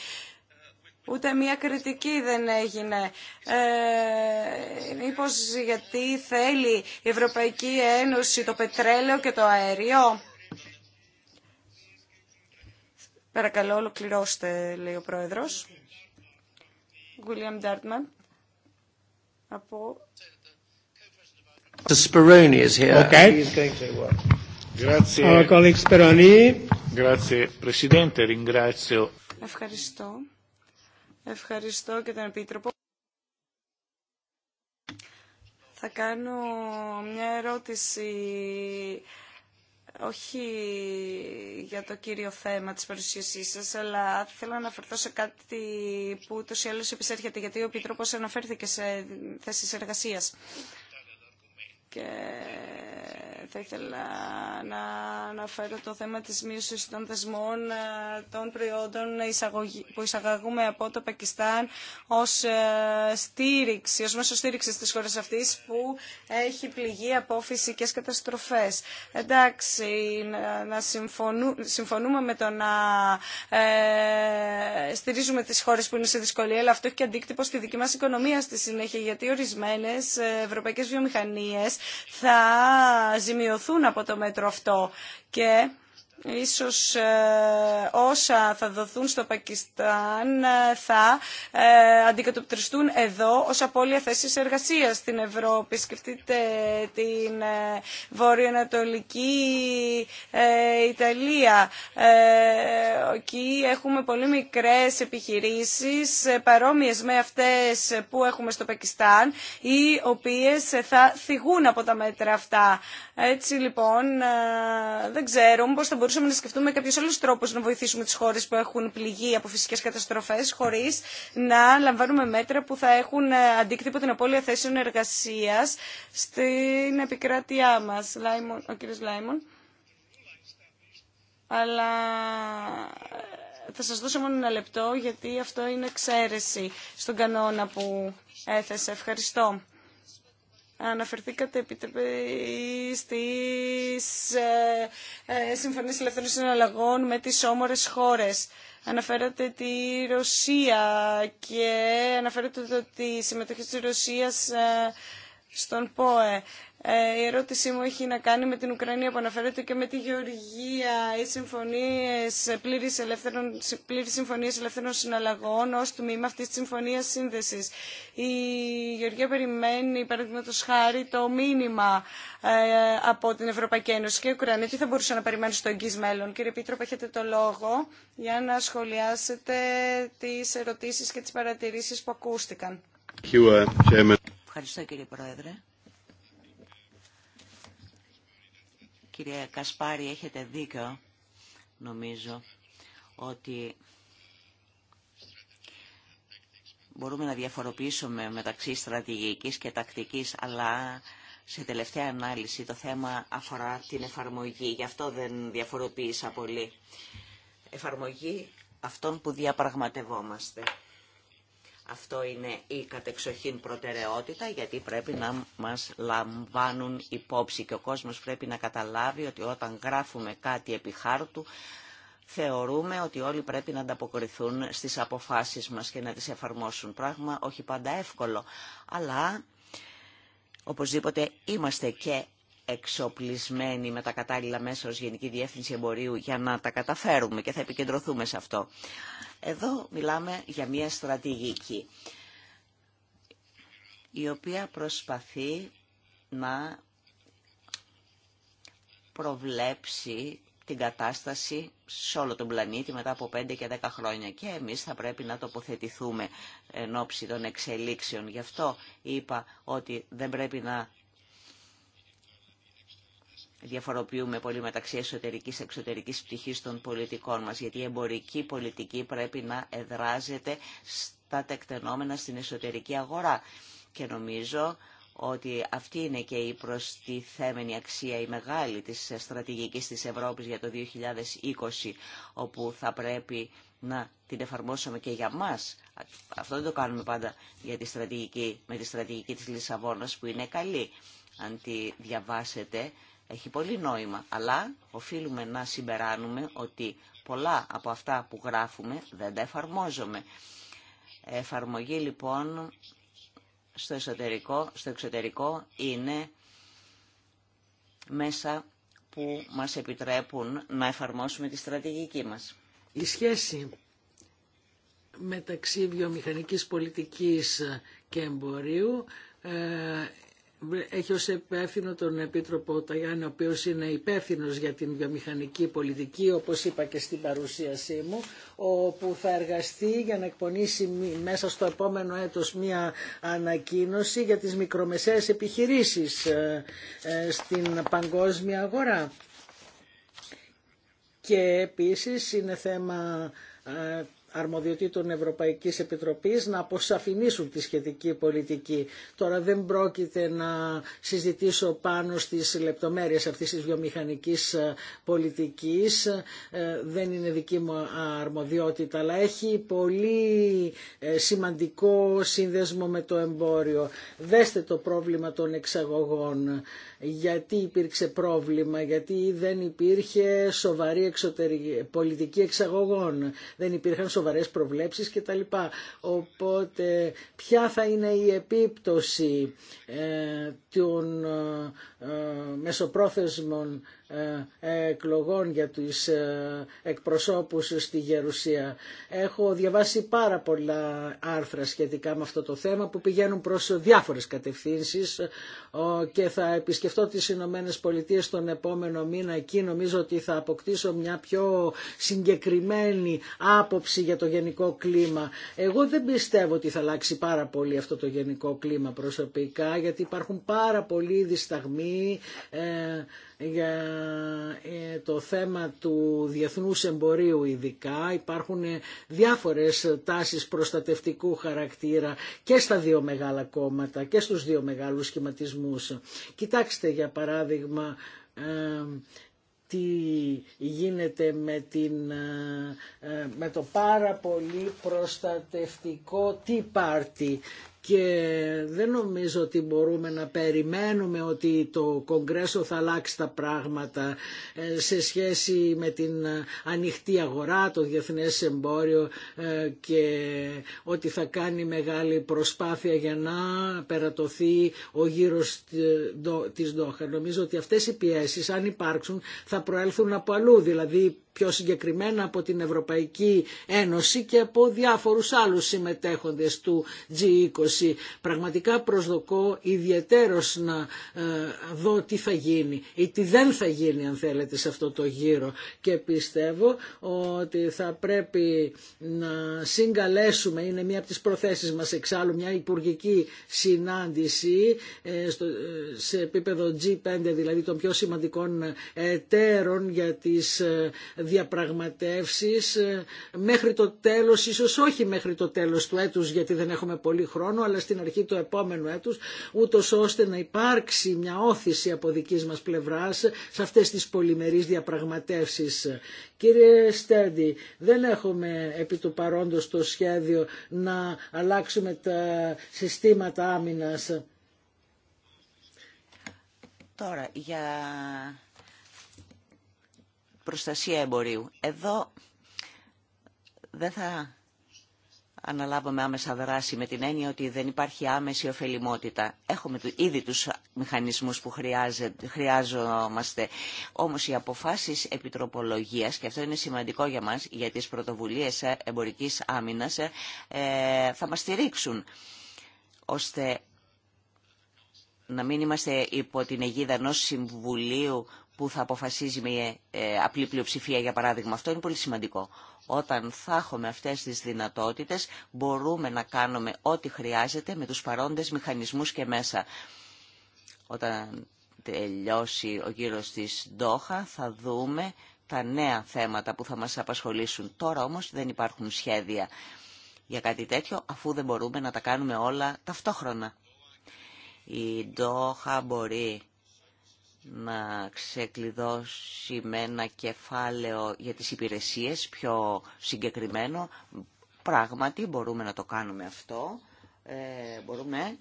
Ούτε μία κριτική δεν έγινε. Ε, μήπως γιατί θέλει η Ευρωπαϊκή Ένωση το πετρέλαιο και το αέριο. Παρακαλώ, ολοκληρώστε, λέει ο Πρόεδρος. William Dartman από... Speroni is here. Okay. He is going to work. Grazie. Our colleague Speroni. Grazie, Presidente. Ringrazio. Ευχαριστώ. Ευχαριστώ και τον Επίτροπο. Θα κάνω μια ερώτηση όχι για το κύριο θέμα της παρουσίασή σας, αλλά θέλω να αναφερθώ σε κάτι που ούτως ή άλλως επισέρχεται, γιατί ο Επιτρόπος αναφέρθηκε σε θέσεις εργασίας και θα ήθελα να αναφέρω το θέμα της μείωσης των δεσμών ε, των προϊόντων που εισαγαγούμε από το Πακιστάν ως ε, στήριξη, ως μέσο στήριξης της χώρας αυτής που έχει πληγεί από φυσικές καταστροφές. Εντάξει, να συμφωνούμε με το να ε, στηρίζουμε τις χώρες που είναι σε δυσκολία, αλλά αυτό έχει και αντίκτυπο στη δική μας οικονομία στη συνέχεια, γιατί ορισμένες ευρωπαϊκές βιομηχανίες θα ζημιωθούν από το μέτρο αυτό και Ίσως ε, όσα θα δοθούν στο Πακιστάν ε, θα ε, αντικατοπτριστούν εδώ ως απώλεια θέσης εργασίας στην Ευρώπη. Σκεφτείτε την βορειοανατολική Ιταλία. Εκεί έχουμε πολύ μικρές επιχειρήσεις παρόμοιες με αυτές που έχουμε στο Πακιστάν οι οποίες θα θυγούν από τα μέτρα αυτά. Έτσι λοιπόν δεν ξέρουμε πώς θα μπορούσαμε να σκεφτούμε κάποιου άλλου τρόπου να βοηθήσουμε τι χώρε που έχουν πληγεί από φυσικέ καταστροφέ, χωρί να λαμβάνουμε μέτρα που θα έχουν ε, αντίκτυπο την απώλεια θέσεων εργασία στην επικράτειά μα. Ο κ. Λάιμον. Αλλά ε, θα σας δώσω μόνο ένα λεπτό γιατί αυτό είναι εξαίρεση στον κανόνα που έθεσε. Ευχαριστώ. Αναφερθήκατε, Επίτροπε, στις ε, ε, συμφωνίες ελευθερών συναλλαγών με τις όμορες χώρες. Αναφέρατε τη Ρωσία και αναφέρατε ότι η συμμετοχή της Ρωσίας ε, στον ΠΟΕ. Ε, η ερώτησή μου έχει να κάνει με την Ουκρανία που αναφέρεται και με τη Γεωργία. Οι συμφωνίες πλήρης, ελεύθερων, πλήρης συμφωνίες ελεύθερων συναλλαγών ως τμήμα αυτής της συμφωνίας σύνδεσης. Η Γεωργία περιμένει, παραδείγματο χάρη, το μήνυμα ε, από την Ευρωπαϊκή Ένωση και η Ουκρανία. Τι θα μπορούσε να περιμένει στο εγγύς μέλλον. Κύριε που έχετε το λόγο για να σχολιάσετε τις ερωτήσεις και τις παρατηρήσεις που ακούστηκαν. Uh, Ευχαριστώ κύριε Πρόεδρε. Κύριε Κασπάρη, έχετε δίκιο, νομίζω, ότι μπορούμε να διαφοροποιήσουμε μεταξύ στρατηγικής και τακτικής, αλλά σε τελευταία ανάλυση το θέμα αφορά την εφαρμογή. Γι' αυτό δεν διαφοροποίησα πολύ. Εφαρμογή αυτών που διαπραγματευόμαστε. Αυτό είναι η κατεξοχήν προτεραιότητα γιατί πρέπει να μας λαμβάνουν υπόψη και ο κόσμος πρέπει να καταλάβει ότι όταν γράφουμε κάτι επί χάρτου θεωρούμε ότι όλοι πρέπει να ανταποκριθούν στις αποφάσεις μας και να τις εφαρμόσουν. Πράγμα όχι πάντα εύκολο, αλλά οπωσδήποτε είμαστε και εξοπλισμένοι με τα κατάλληλα μέσα ως Γενική Διεύθυνση Εμπορίου για να τα καταφέρουμε και θα επικεντρωθούμε σε αυτό. Εδώ μιλάμε για μια στρατηγική η οποία προσπαθεί να προβλέψει την κατάσταση σε όλο τον πλανήτη μετά από 5 και 10 χρόνια. Και εμείς θα πρέπει να τοποθετηθούμε εν ώψη των εξελίξεων. Γι' αυτό είπα ότι δεν πρέπει να διαφοροποιούμε πολύ μεταξύ εσωτερικής και εξωτερικής πτυχής των πολιτικών μας, γιατί η εμπορική πολιτική πρέπει να εδράζεται στα τεκτενόμενα στην εσωτερική αγορά. Και νομίζω ότι αυτή είναι και η προστιθέμενη αξία η μεγάλη της στρατηγικής της Ευρώπης για το 2020, όπου θα πρέπει να την εφαρμόσουμε και για μας. Αυτό δεν το κάνουμε πάντα για τη στρατηγική, με τη στρατηγική της Λισαβόνας που είναι καλή. Αν τη διαβάσετε, έχει πολύ νόημα, αλλά οφείλουμε να συμπεράνουμε ότι πολλά από αυτά που γράφουμε δεν τα εφαρμόζουμε. Εφαρμογή λοιπόν στο εσωτερικό, στο εξωτερικό είναι μέσα που μας επιτρέπουν να εφαρμόσουμε τη στρατηγική μας. Η σχέση μεταξύ βιομηχανικής πολιτικής και εμπορίου ε, έχει ως υπεύθυνο τον Επίτροπο Ταγιάννη, ο οποίος είναι υπεύθυνο για την βιομηχανική πολιτική, όπως είπα και στην παρουσίασή μου, όπου θα εργαστεί για να εκπονήσει μέσα στο επόμενο έτος μια ανακοίνωση για τις μικρομεσαίες επιχειρήσεις ε, ε, στην παγκόσμια αγορά. Και επίσης είναι θέμα ε, αρμοδιοτήτων Ευρωπαϊκής Επιτροπής να αποσαφηνίσουν τη σχετική πολιτική. Τώρα δεν πρόκειται να συζητήσω πάνω στις λεπτομέρειες αυτής της βιομηχανικής ε, πολιτικής, ε, δεν είναι δική μου αρμοδιότητα, αλλά έχει πολύ ε, σημαντικό σύνδεσμο με το εμπόριο. Δέστε το πρόβλημα των εξαγωγών γιατί υπήρξε πρόβλημα, γιατί δεν υπήρχε σοβαρή εξωτερική, πολιτική εξαγωγών, δεν υπήρχαν σοβαρές προβλέψεις κτλ. Οπότε ποια θα είναι η επίπτωση ε, των ε, ε, μεσοπρόθεσμων ε, εκλογών για τους ε, εκπροσώπους στη Γερουσία. Έχω διαβάσει πάρα πολλά άρθρα σχετικά με αυτό το θέμα που πηγαίνουν προς διάφορες κατευθύνσεις και θα επισκεφτώ τις Ηνωμένε Πολιτείε τον επόμενο μήνα. Εκεί νομίζω ότι θα αποκτήσω μια πιο συγκεκριμένη άποψη για το γενικό κλίμα. Εγώ δεν πιστεύω ότι θα αλλάξει πάρα πολύ αυτό το γενικό κλίμα προσωπικά γιατί υπάρχουν πάρα πολλοί δισταγμοί ε, για το θέμα του διεθνούς εμπορίου ειδικά υπάρχουν διάφορες τάσεις προστατευτικού χαρακτήρα και στα δύο μεγάλα κόμματα και στους δύο μεγάλους σχηματισμούς. Κοιτάξτε για παράδειγμα τι γίνεται ε, με, το πάρα πολύ προστατευτικό Tea Party και δεν νομίζω ότι μπορούμε να περιμένουμε ότι το Κογκρέσο θα αλλάξει τα πράγματα ε, σε σχέση με την ε, ανοιχτή αγορά, το διεθνές εμπόριο ε, και ότι θα κάνει μεγάλη προσπάθεια για να περατωθεί ο γύρος της Ντόχα. Νομίζω ότι αυτές οι πιέσεις αν υπάρξουν θα προέλθουν από αλλού, δηλαδή πιο συγκεκριμένα από την Ευρωπαϊκή Ένωση και από διάφορους άλλους συμμετέχοντες του G20. Πραγματικά προσδοκώ ιδιαιτέρως να ε, δω τι θα γίνει ή τι δεν θα γίνει αν θέλετε σε αυτό το γύρο και πιστεύω ότι θα πρέπει να συγκαλέσουμε, είναι μία από τις προθέσεις μας εξάλλου, μια υπουργική συνάντηση ε, ε, σε επίπεδο G5 δηλαδή των πιο σημαντικών εταίρων για τις διαπραγματεύσεις ε, μέχρι το τέλος, ίσως όχι μέχρι το τέλος του έτους γιατί δεν έχουμε πολύ χρόνο, αλλά στην αρχή του επόμενου έτους, ούτω ώστε να υπάρξει μια όθηση από δική μας πλευράς σε αυτές τις πολυμερείς διαπραγματεύσεις. Κύριε Στέντι, δεν έχουμε επί του παρόντος το σχέδιο να αλλάξουμε τα συστήματα άμυνας. Τώρα, για προστασία εμπορίου. Εδώ δεν θα αναλάβουμε άμεσα δράση με την έννοια ότι δεν υπάρχει άμεση ωφελημότητα. Έχουμε ήδη τους μηχανισμούς που χρειάζομαστε. Όμως οι αποφάσεις επιτροπολογίας, και αυτό είναι σημαντικό για μας, για τις πρωτοβουλίες ε, εμπορικής άμυνας, ε, θα μας στηρίξουν, ώστε να μην είμαστε υπό την αιγίδα ενός συμβουλίου που θα αποφασίζει με ε, απλή πλειοψηφία, για παράδειγμα. Αυτό είναι πολύ σημαντικό. Όταν θα έχουμε αυτές τις δυνατότητες, μπορούμε να κάνουμε ό,τι χρειάζεται με τους παρόντες μηχανισμούς και μέσα. Όταν τελειώσει ο γύρος της Ντόχα, θα δούμε τα νέα θέματα που θα μας απασχολήσουν. Τώρα όμως δεν υπάρχουν σχέδια για κάτι τέτοιο, αφού δεν μπορούμε να τα κάνουμε όλα ταυτόχρονα. Η Ντόχα μπορεί να ξεκλειδώσει με ένα κεφάλαιο για τις υπηρεσίες πιο συγκεκριμένο. Πράγματι μπορούμε να το κάνουμε αυτό. Ε, μπορούμε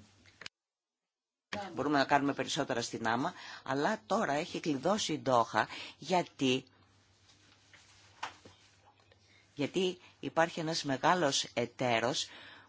Μπορούμε να κάνουμε περισσότερα στην άμα, αλλά τώρα έχει κλειδώσει η Ντόχα γιατί, γιατί υπάρχει ένας μεγάλος εταίρος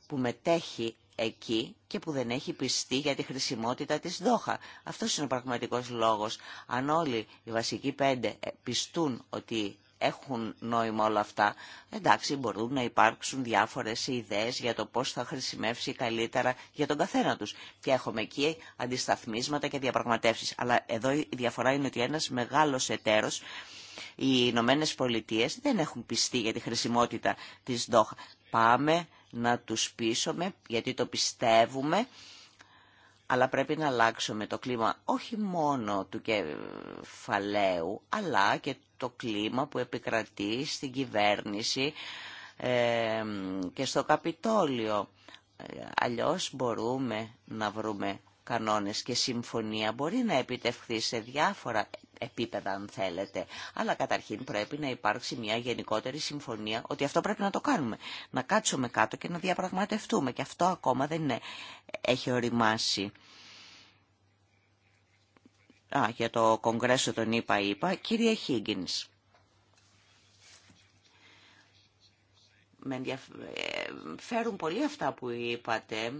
που μετέχει εκεί και που δεν έχει πιστεί για τη χρησιμότητα της Δόχα. Αυτός είναι ο πραγματικός λόγος. Αν όλοι οι βασικοί πέντε ε, πιστούν ότι έχουν νόημα όλα αυτά, εντάξει μπορούν να υπάρξουν διάφορες ιδέες για το πώς θα χρησιμεύσει καλύτερα για τον καθένα τους. Και έχουμε εκεί αντισταθμίσματα και διαπραγματεύσεις. Αλλά εδώ η διαφορά είναι ότι ένας μεγάλος εταίρος οι Ηνωμένε Πολιτείε δεν έχουν πιστεί για τη χρησιμότητα της Δόχα. Πάμε να τους πείσουμε, γιατί το πιστεύουμε, αλλά πρέπει να αλλάξουμε το κλίμα όχι μόνο του κεφαλαίου, αλλά και το κλίμα που επικρατεί στην κυβέρνηση και στο Καπιτόλιο. Ε, αλλιώς μπορούμε να βρούμε κανόνες και συμφωνία μπορεί να επιτευχθεί σε διάφορα επίπεδα αν θέλετε. Αλλά καταρχήν πρέπει να υπάρξει μια γενικότερη συμφωνία ότι αυτό πρέπει να το κάνουμε. Να κάτσουμε κάτω και να διαπραγματευτούμε. Και αυτό ακόμα δεν έχει οριμάσει. Α, για το κογκρέσο τον είπα, είπα. Κύριε Χίγκινς. Με ε, πολύ αυτά που είπατε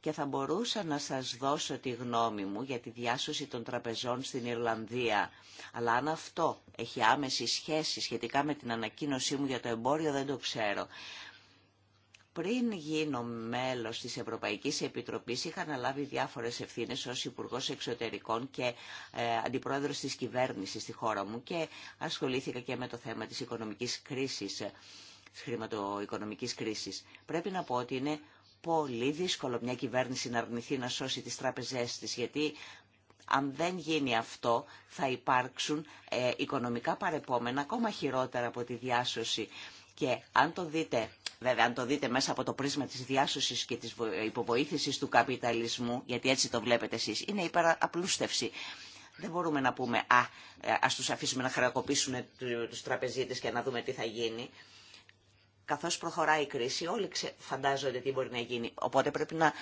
και θα μπορούσα να σας δώσω τη γνώμη μου για τη διάσωση των τραπεζών στην Ιρλανδία. Αλλά αν αυτό έχει άμεση σχέση σχετικά με την ανακοίνωσή μου για το εμπόριο δεν το ξέρω. Πριν γίνω μέλος της Ευρωπαϊκής Επιτροπής είχα αναλάβει διάφορες ευθύνες ως Υπουργός Εξωτερικών και ε, Αντιπρόεδρος της Κυβέρνησης στη χώρα μου και ασχολήθηκα και με το θέμα της οικονομικής κρίσης, της χρηματοοικονομικής κρίσης. Πρέπει να πω ότι είναι πολύ δύσκολο μια κυβέρνηση να αρνηθεί να σώσει τις τράπεζές της, γιατί αν δεν γίνει αυτό θα υπάρξουν ε, οικονομικά παρεπόμενα ακόμα χειρότερα από τη διάσωση. Και αν το δείτε, βέβαια αν το δείτε μέσα από το πρίσμα της διάσωσης και της υποβοήθησης του καπιταλισμού, γιατί έτσι το βλέπετε εσείς, είναι υπεραπλούστευση. Δεν μπορούμε να πούμε «Α, ε, ας τους αφήσουμε να χρεοκοπήσουν ε, τους τραπεζίτες και να δούμε τι θα γίνει» καθώς προχωράει η κρίση, όλοι ξε... φαντάζονται τι μπορεί να γίνει. Οπότε πρέπει να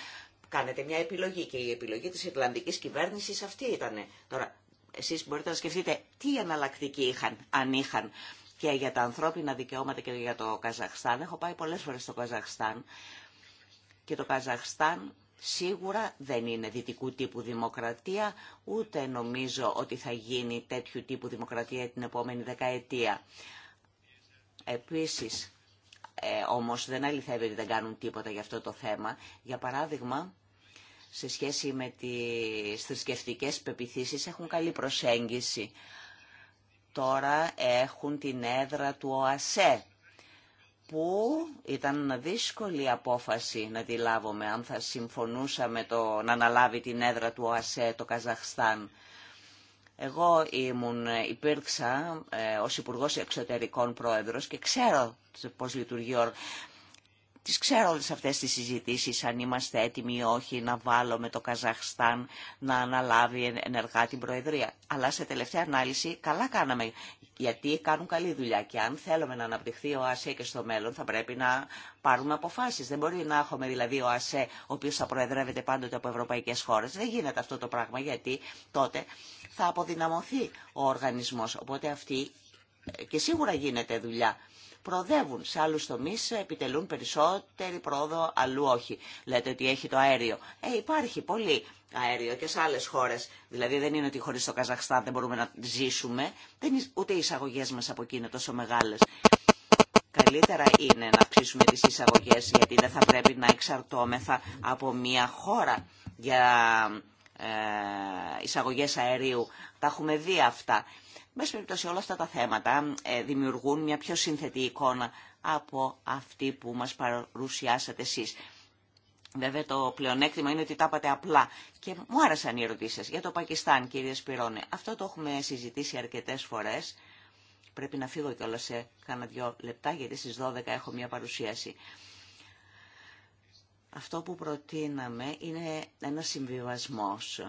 κάνετε μια επιλογή και η επιλογή της Ιρλανδικής κυβέρνησης αυτή ήταν. Τώρα, εσείς μπορείτε να σκεφτείτε τι εναλλακτική είχαν, αν είχαν. Και για τα ανθρώπινα δικαιώματα και για το Καζαχστάν, έχω πάει πολλές φορές στο Καζαχστάν και το Καζαχστάν σίγουρα δεν είναι δυτικού τύπου δημοκρατία, ούτε νομίζω ότι θα γίνει τέτοιου τύπου δημοκρατία την επόμενη δεκαετία. Επίσης, ε, όμως δεν αληθεύει ότι δεν κάνουν τίποτα για αυτό το θέμα. Για παράδειγμα, σε σχέση με τις θρησκευτικές πεπιθήσεις έχουν καλή προσέγγιση. Τώρα έχουν την έδρα του ΟΑΣΕ που ήταν δύσκολη απόφαση να τη λάβουμε αν θα συμφωνούσαμε να αναλάβει την έδρα του ΟΑΣΕ το Καζαχστάν. Εγώ ήμουν, υπήρξα ε, ως Υπουργός Εξωτερικών Πρόεδρος και ξέρω πώς λειτουργεί ο Τις ξέρω όλες αυτές τις συζητήσεις, αν είμαστε έτοιμοι ή όχι να βάλουμε το Καζαχστάν να αναλάβει ενεργά την Προεδρία. Αλλά σε τελευταία ανάλυση καλά κάναμε, γιατί κάνουν καλή δουλειά και αν θέλουμε να αναπτυχθεί ο ΑΣΕ και στο μέλλον θα πρέπει να πάρουμε αποφάσεις. Δεν μπορεί να έχουμε δηλαδή ο ΑΣΕ ο οποίος θα προεδρεύεται πάντοτε από ευρωπαϊκές χώρες. Δεν γίνεται αυτό το πράγμα γιατί τότε θα αποδυναμωθεί ο οργανισμός. Οπότε αυτή και σίγουρα γίνεται δουλειά προοδεύουν. Σε άλλους τομείς επιτελούν περισσότερη πρόοδο, αλλού όχι. Λέτε ότι έχει το αέριο. Ε, υπάρχει πολύ αέριο και σε άλλες χώρες. Δηλαδή δεν είναι ότι χωρίς το Καζαχστάν δεν μπορούμε να ζήσουμε. Δεν, ούτε οι εισαγωγές μας από εκεί είναι τόσο μεγάλες. Καλύτερα είναι να αυξήσουμε τις εισαγωγές γιατί δεν θα πρέπει να εξαρτώμεθα από μια χώρα για ε, εισαγωγές αερίου. Τα έχουμε δει αυτά. Μέσα περιπτώσει όλα αυτά τα θέματα ε, δημιουργούν μια πιο σύνθετη εικόνα από αυτή που μας παρουσιάσατε εσείς. Βέβαια το πλεονέκτημα είναι ότι τα είπατε απλά. Και μου άρεσαν οι ερωτήσεις για το Πακιστάν, κύριε Σπυρώνε. Αυτό το έχουμε συζητήσει αρκετές φορές. Πρέπει να φύγω κιόλα σε κάνα δυο λεπτά, γιατί στις 12 έχω μια παρουσίαση. Αυτό που προτείναμε είναι ένα συμβιβασμός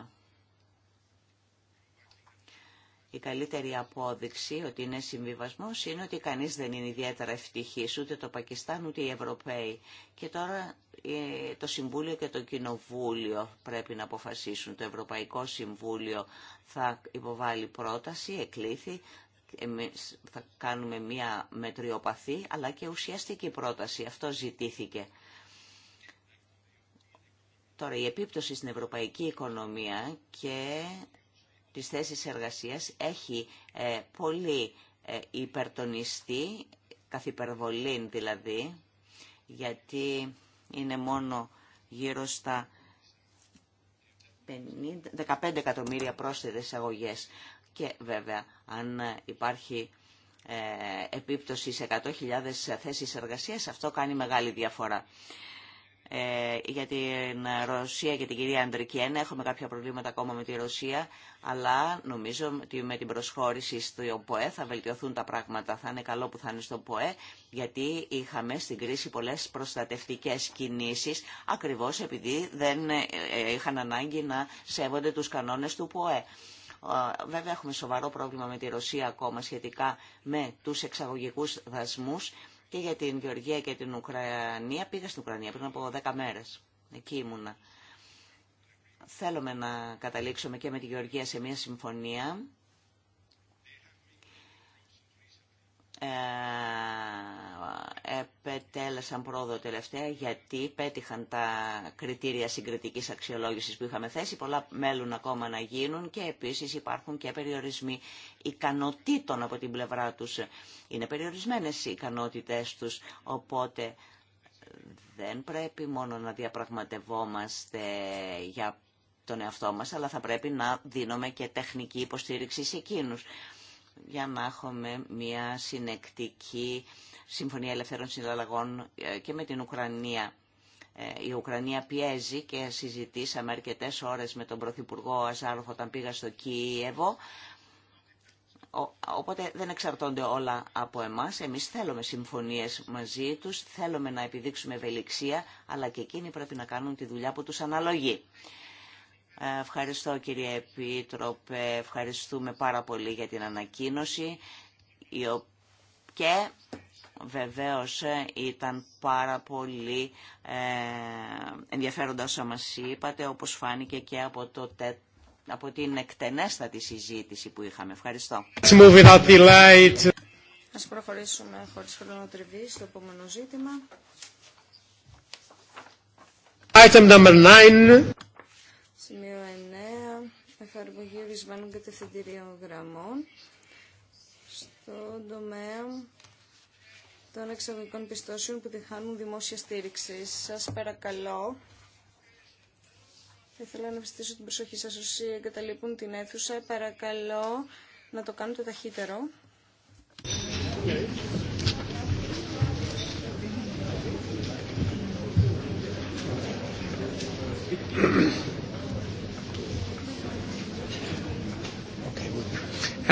η καλύτερη απόδειξη ότι είναι συμβιβασμός είναι ότι κανεί δεν είναι ιδιαίτερα ευτυχή, ούτε το Πακιστάν ούτε οι Ευρωπαίοι. Και τώρα ε, το Συμβούλιο και το Κοινοβούλιο πρέπει να αποφασίσουν. Το Ευρωπαϊκό Συμβούλιο θα υποβάλει πρόταση, εκλήθη, θα κάνουμε μια μετριοπαθή αλλά και ουσιαστική πρόταση. Αυτό ζητήθηκε. Τώρα η επίπτωση στην ευρωπαϊκή οικονομία και τις θέσεις εργασίας έχει ε, πολύ ε, υπερτονιστεί, καθ' δηλαδή, γιατί είναι μόνο γύρω στα 15 εκατομμύρια πρόσθετες αγωγές. Και βέβαια, αν υπάρχει ε, επίπτωση σε 100.000 θέσεις εργασίας, αυτό κάνει μεγάλη διαφορά. Ε, για την Ρωσία και την κυρία Αντρικιένα. Έχουμε κάποια προβλήματα ακόμα με τη Ρωσία, αλλά νομίζω ότι με την προσχώρηση στο ΠΟΕ θα βελτιωθούν τα πράγματα. Θα είναι καλό που θα είναι στο ΠΟΕ, γιατί είχαμε στην κρίση πολλές προστατευτικές κινήσεις, ακριβώς επειδή δεν ε, ε, είχαν ανάγκη να σέβονται τους κανόνες του ΠΟΕ. Βέβαια έχουμε σοβαρό πρόβλημα με τη Ρωσία ακόμα σχετικά με τους εξαγωγικούς δασμούς και για την Γεωργία και την Ουκρανία. Πήγα στην Ουκρανία πριν από 10 μέρες. Εκεί ήμουνα. Θέλουμε να καταλήξουμε και με τη Γεωργία σε μια συμφωνία. Ε, επετέλεσαν πρόοδο τελευταία γιατί πέτυχαν τα κριτήρια συγκριτικής αξιολόγησης που είχαμε θέσει. Πολλά μέλουν ακόμα να γίνουν και επίσης υπάρχουν και περιορισμοί ικανοτήτων από την πλευρά τους. Είναι περιορισμένες οι ικανότητές τους, οπότε δεν πρέπει μόνο να διαπραγματευόμαστε για τον εαυτό μας, αλλά θα πρέπει να δίνουμε και τεχνική υποστήριξη σε εκείνους για να έχουμε μια συνεκτική Συμφωνία Ελευθερών Συναλλαγών ε, και με την Ουκρανία. Ε, η Ουκρανία πιέζει και συζητήσαμε αρκετέ ώρες με τον Πρωθυπουργό Αζάροφ όταν πήγα στο Κίεβο. Οπότε δεν εξαρτώνται όλα από εμάς. Εμείς θέλουμε συμφωνίε μαζί τους, θέλουμε να επιδείξουμε ευελιξία, αλλά και εκείνοι πρέπει να κάνουν τη δουλειά που του αναλογεί. Ε, ευχαριστώ κύριε Επίτροπε, ευχαριστούμε πάρα πολύ για την ανακοίνωση και Βεβαίως ε, ήταν πάρα πολύ ε, ενδιαφέροντα όσα μας είπατε, όπως φάνηκε και από, το από την εκτενέστατη συζήτηση που είχαμε. Ευχαριστώ. Ας προχωρήσουμε χωρίς χρονοτριβή στο επόμενο ζήτημα. Item number 9. Σημείο 9. Εφαρμογή ορισμένων κατευθυντηρίων γραμμών στον τομέα των εξαγωγικών πιστώσεων που τη χάνουν δημόσια στήριξη. Σας παρακαλώ. Θα ήθελα να ευχαριστήσω την προσοχή σα όσοι εγκαταλείπουν την αίθουσα. Παρακαλώ να το κάνετε ταχύτερο.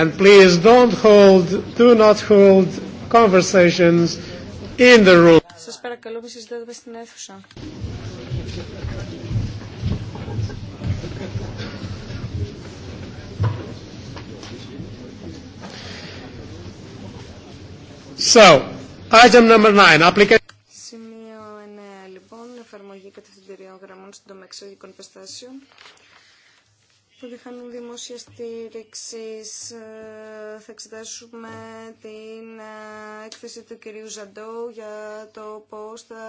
And please don't hold, do not hold conversations in the room. Σας παρακαλώ μη συζητάτε στην αίθουσα. So, item number nine, application. Σημείο 9, λοιπόν, εφαρμογή κατευθυντηριών γραμμών στον τομέα εξωγικών περιστάσεων που διχανούν δημόσια στήριξη. Θα εξετάσουμε την ε, έκθεση του κυρίου Ζαντό για το πώς θα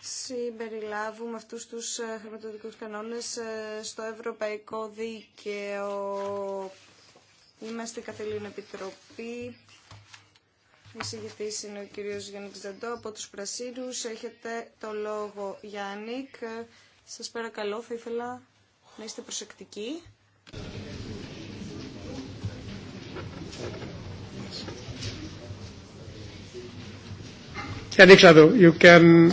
συμπεριλάβουμε αυτούς τους ε, χρηματοδοτικούς κανόνες ε, στο Ευρωπαϊκό Δίκαιο. Είμαστε η Καθελήν Επιτροπή. Εισηγητής είναι ο κύριος Γιάννη Ζαντό από τους Πρασίνους. Έχετε το λόγο, Γιάννη. Σας παρακαλώ, θα ήθελα να είστε προσεκτικοί. Και you can...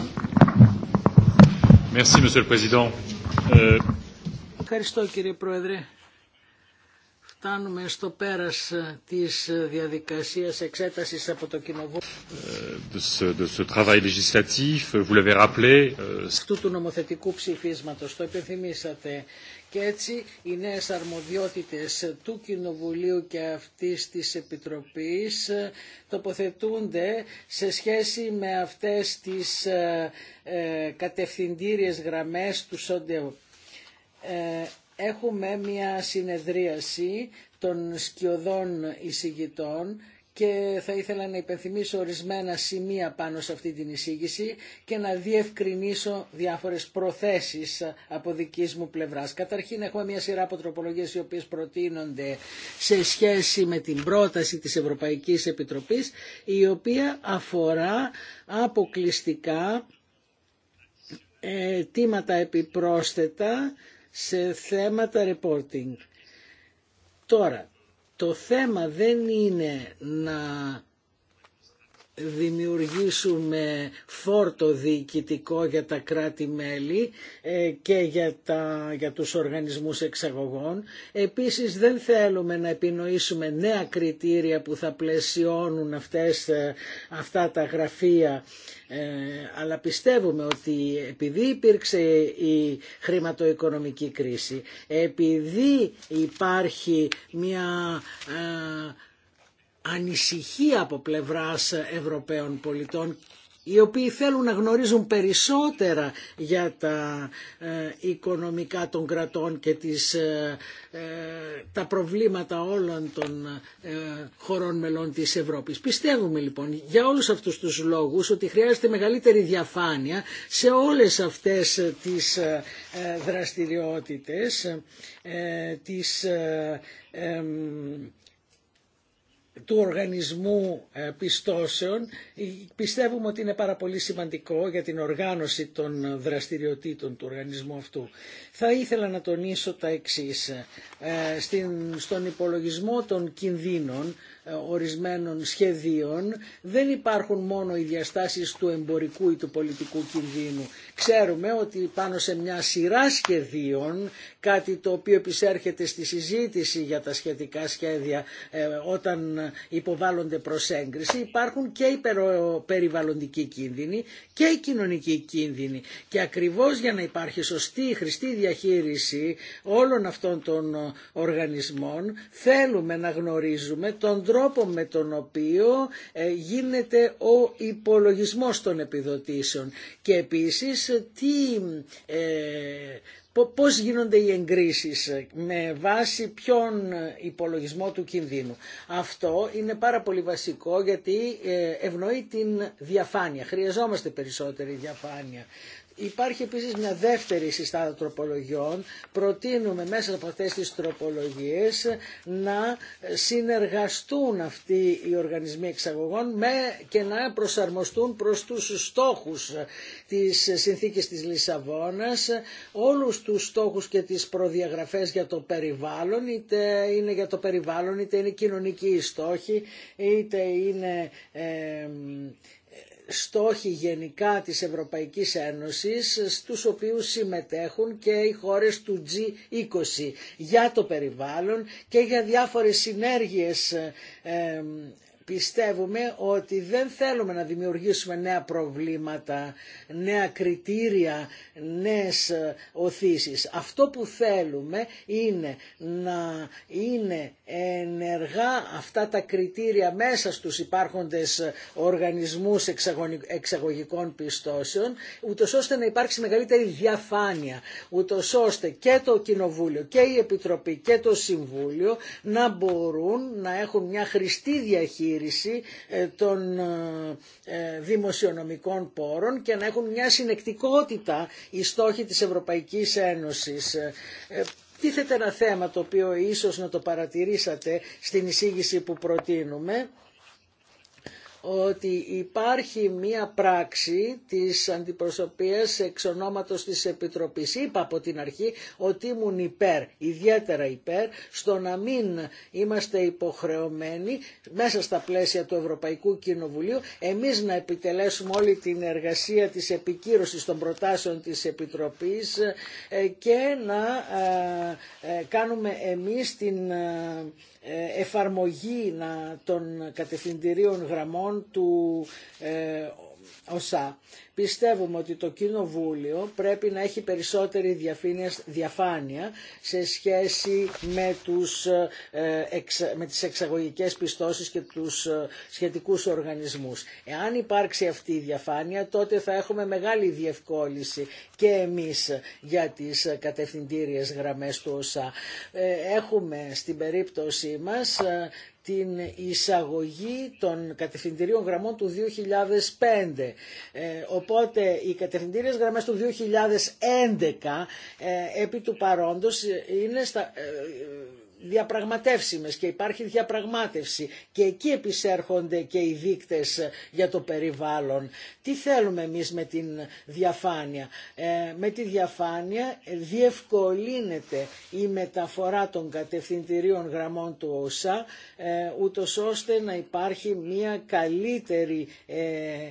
Merci, Monsieur le Président. Ε, Ευχαριστώ κύριε Πρόεδρε φτάνουμε στο πέρας ε, της ε, διαδικασίας εξέτασης από το Κοινοβούλιο. Αυτού του νομοθετικού ψηφίσματος το επιθυμήσατε. και έτσι οι νέες αρμοδιότητες του Κοινοβουλίου και αυτής της Επιτροπής ε, τοποθετούνται σε σχέση με αυτές τις κατευθυντήριες γραμμές του ΣΟΝΤΕΟ έχουμε μια συνεδρίαση των σκιωδών εισηγητών και θα ήθελα να υπενθυμίσω ορισμένα σημεία πάνω σε αυτή την εισήγηση και να διευκρινίσω διάφορες προθέσεις από δική μου πλευράς. Καταρχήν έχουμε μια σειρά από τροπολογίες οι οποίες προτείνονται σε σχέση με την πρόταση της Ευρωπαϊκής Επιτροπής η οποία αφορά αποκλειστικά ε, τίματα επιπρόσθετα σε θέματα reporting. Τώρα, το θέμα δεν είναι να δημιουργήσουμε φόρτο διοικητικό για τα κράτη-μέλη ε, και για, τα, για τους οργανισμούς εξαγωγών. Επίσης δεν θέλουμε να επινοήσουμε νέα κριτήρια που θα πλαισιώνουν αυτές, ε, αυτά τα γραφεία ε, αλλά πιστεύουμε ότι επειδή υπήρξε η χρηματοοικονομική κρίση, επειδή υπάρχει μια ανησυχία από πλευράς Ευρωπαίων πολιτών οι οποίοι θέλουν να γνωρίζουν περισσότερα για τα ε, οικονομικά των κρατών και τις, ε, ε, τα προβλήματα όλων των χωρών μελών της Ευρώπης. Πιστεύουμε λοιπόν για όλους αυτούς τους λόγους ότι χρειάζεται μεγαλύτερη διαφάνεια σε όλες αυτές τις δραστηριότητες της του οργανισμού ε, πιστώσεων ε, πιστεύουμε ότι είναι πάρα πολύ σημαντικό για την οργάνωση των δραστηριοτήτων του οργανισμού αυτού. Θα ήθελα να τονίσω τα εξής. Ε, στον υπολογισμό των κινδύνων ε, ορισμένων σχεδίων δεν υπάρχουν μόνο οι διαστάσεις του εμπορικού ή του πολιτικού κινδύνου. Ξέρουμε ότι πάνω σε μια σειρά σχεδίων, κάτι το οποίο επισέρχεται στη συζήτηση για τα σχετικά σχέδια ε, όταν υποβάλλονται προς έγκριση, υπάρχουν και οι περιβαλλοντικοί κίνδυνοι και οι κοινωνικοί κίνδυνοι. Και ακριβώς για να υπάρχει σωστή χρηστή διαχείριση όλων αυτών των οργανισμών θέλουμε να γνωρίζουμε τον τρόπο με τον οποίο ε, γίνεται ο υπολογισμός των επιδοτήσεων και επίσης τι ε, πώς γίνονται οι εγκρίσεις, ε, με βάση ποιον υπολογισμό του κινδύνου. Αυτό είναι πάρα πολύ βασικό γιατί ευνοεί την διαφάνεια. Χρειαζόμαστε περισσότερη διαφάνεια. Υπάρχει επίσης μια δεύτερη συστάδα τροπολογιών. Προτείνουμε μέσα από αυτές τις τροπολογίες να συνεργαστούν αυτοί οι οργανισμοί εξαγωγών με και να προσαρμοστούν προς τους στόχους της συνθήκης της Λισαβόνας, όλους τους στόχους και τις προδιαγραφές για το περιβάλλον, είτε είναι για το περιβάλλον, είτε είναι κοινωνικοί στόχοι, είτε είναι... Ε, στόχοι γενικά της Ευρωπαϊκής Ένωσης στους οποίους συμμετέχουν και οι χώρες του G20 για το περιβάλλον και για διάφορες συνέργειες ε, πιστεύουμε ότι δεν θέλουμε να δημιουργήσουμε νέα προβλήματα, νέα κριτήρια, νέες ε, οθήσεις. Αυτό που θέλουμε είναι να είναι ενεργά αυτά τα κριτήρια μέσα στους υπάρχοντες ε, οργανισμούς εξαγωγικών πιστώσεων, ούτως ώστε να υπάρξει μεγαλύτερη διαφάνεια, ούτως ώστε και το Κοινοβούλιο και η Επιτροπή και το Συμβούλιο να μπορούν να έχουν μια χρηστή διαχείριση ε, των ε, ε, δημοσιονομικών πόρων και να έχουν μια συνεκτικότητα οι στόχοι της Ευρωπαϊκής Ένωσης. Τίθεται ένα θέμα το οποίο ίσως να το παρατηρήσατε στην εισήγηση που προτείνουμε ότι υπάρχει μία πράξη της αντιπροσωπείας εξ ονόματος της Επιτροπής. Είπα από την αρχή ότι ήμουν υπέρ, ιδιαίτερα υπέρ, στο να μην είμαστε υποχρεωμένοι μέσα στα πλαίσια του Ευρωπαϊκού Κοινοβουλίου εμείς να επιτελέσουμε όλη την εργασία της επικύρωσης των προτάσεων της Επιτροπής ε, και να ε, ε, κάνουμε εμείς την ε, εφαρμογή των κατευθυντηρίων γραμμών του ε, ΟΣΑ. Πιστεύουμε ότι το Κοινοβούλιο πρέπει να έχει περισσότερη διαφάνεια σε σχέση με, τους, ε, με τις εξαγωγικές πιστώσεις και τους σχετικούς οργανισμούς. Εάν υπάρξει αυτή η διαφάνεια τότε θα έχουμε μεγάλη διευκόλυνση και εμείς για τις κατευθυντήριες γραμμές του ΟΣΑ. Έχουμε στην περίπτωση μας ε, την εισαγωγή των κατευθυντηρίων γραμμών του 2005. Ε, οπότε οι κατευθυντήριες γραμμές του 2011 ε, επί του παρόντος είναι στα, διαπραγματεύσιμες και υπάρχει διαπραγμάτευση και εκεί επισέρχονται και οι δείκτες για το περιβάλλον. Τι θέλουμε εμείς με την διαφάνεια. Ε, με τη διαφάνεια διευκολύνεται η μεταφορά των κατευθυντηρίων γραμμών του ΟΣΑ ε, ούτως ώστε να υπάρχει μια καλύτερη ε, ε,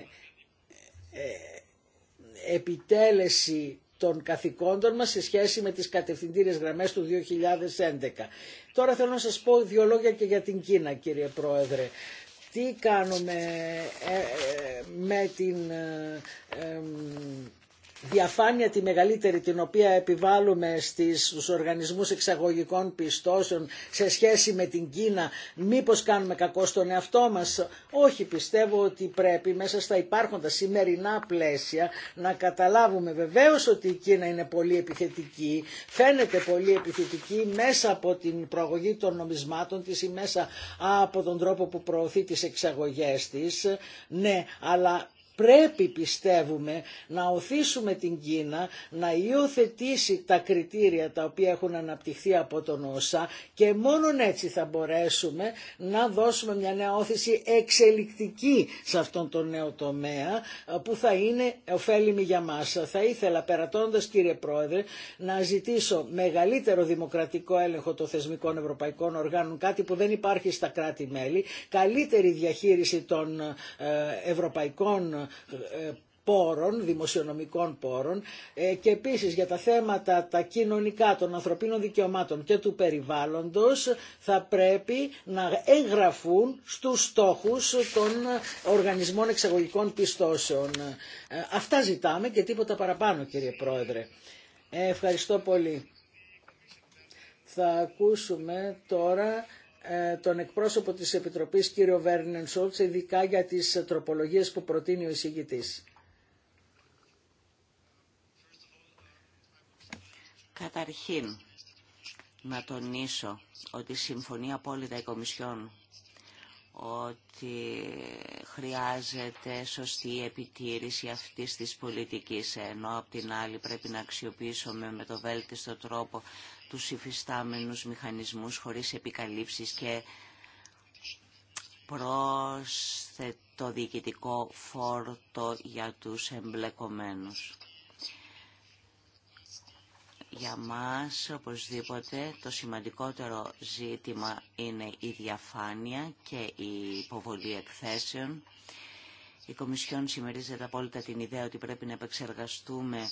επιτέλεση των καθηκόντων μας σε σχέση με τις κατευθυντήριες γραμμές του 2011. Τώρα θέλω να σας πω δύο λόγια και για την Κίνα κύριε Πρόεδρε. Τι κάνουμε ε, ε, με την ε, διαφάνεια τη μεγαλύτερη την οποία επιβάλλουμε στις, στους οργανισμούς εξαγωγικών πιστώσεων σε σχέση με την Κίνα μήπως κάνουμε κακό στον εαυτό μας όχι πιστεύω ότι πρέπει μέσα στα υπάρχοντα σημερινά πλαίσια να καταλάβουμε βεβαίως ότι η Κίνα είναι πολύ επιθετική φαίνεται πολύ επιθετική μέσα από την προαγωγή των νομισμάτων της ή μέσα από τον τρόπο που προωθεί τις εξαγωγές της ναι αλλά πρέπει πιστεύουμε να οθήσουμε την Κίνα να υιοθετήσει τα κριτήρια τα οποία έχουν αναπτυχθεί από τον ΩΣΑ και μόνον έτσι θα μπορέσουμε να δώσουμε μια νέα όθηση εξελικτική σε αυτόν τον νέο τομέα ε, που θα είναι ωφέλιμη για μας. Θα ήθελα περατώντας κύριε Πρόεδρε να ζητήσω μεγαλύτερο δημοκρατικό έλεγχο των θεσμικών ευρωπαϊκών οργάνων, κάτι που δεν υπάρχει στα κράτη-μέλη, καλύτερη διαχείριση των ε, ευρωπαϊκών ε, πόρων, δημοσιονομικών πόρων ε, και επίσης για τα θέματα τα κοινωνικά των ανθρωπίνων δικαιωμάτων και του περιβάλλοντος θα πρέπει να εγγραφούν στους στόχους των οργανισμών εξαγωγικών πιστώσεων. Ε, αυτά ζητάμε και τίποτα παραπάνω κύριε Πρόεδρε. Ευχαριστώ πολύ. Θα ακούσουμε τώρα ε, τον εκπρόσωπο της Επιτροπής κύριο Βέρνεν Σόλτς ειδικά για τις ε, τροπολογίες που προτείνει ο εισηγητής. Καταρχήν, να τονίσω ότι συμφωνεί απόλυτα η Κομισιόν ότι χρειάζεται σωστή επιτήρηση αυτής της πολιτικής, ενώ απ' την άλλη πρέπει να αξιοποιήσουμε με το βέλτιστο τρόπο τους υφιστάμενους μηχανισμούς χωρίς επικαλύψεις και πρόσθετο διοικητικό φόρτο για τους εμπλεκομένους. Για μας, οπωσδήποτε, το σημαντικότερο ζήτημα είναι η διαφάνεια και η υποβολή εκθέσεων. Η Κομισιόν συμμερίζεται απόλυτα την ιδέα ότι πρέπει να επεξεργαστούμε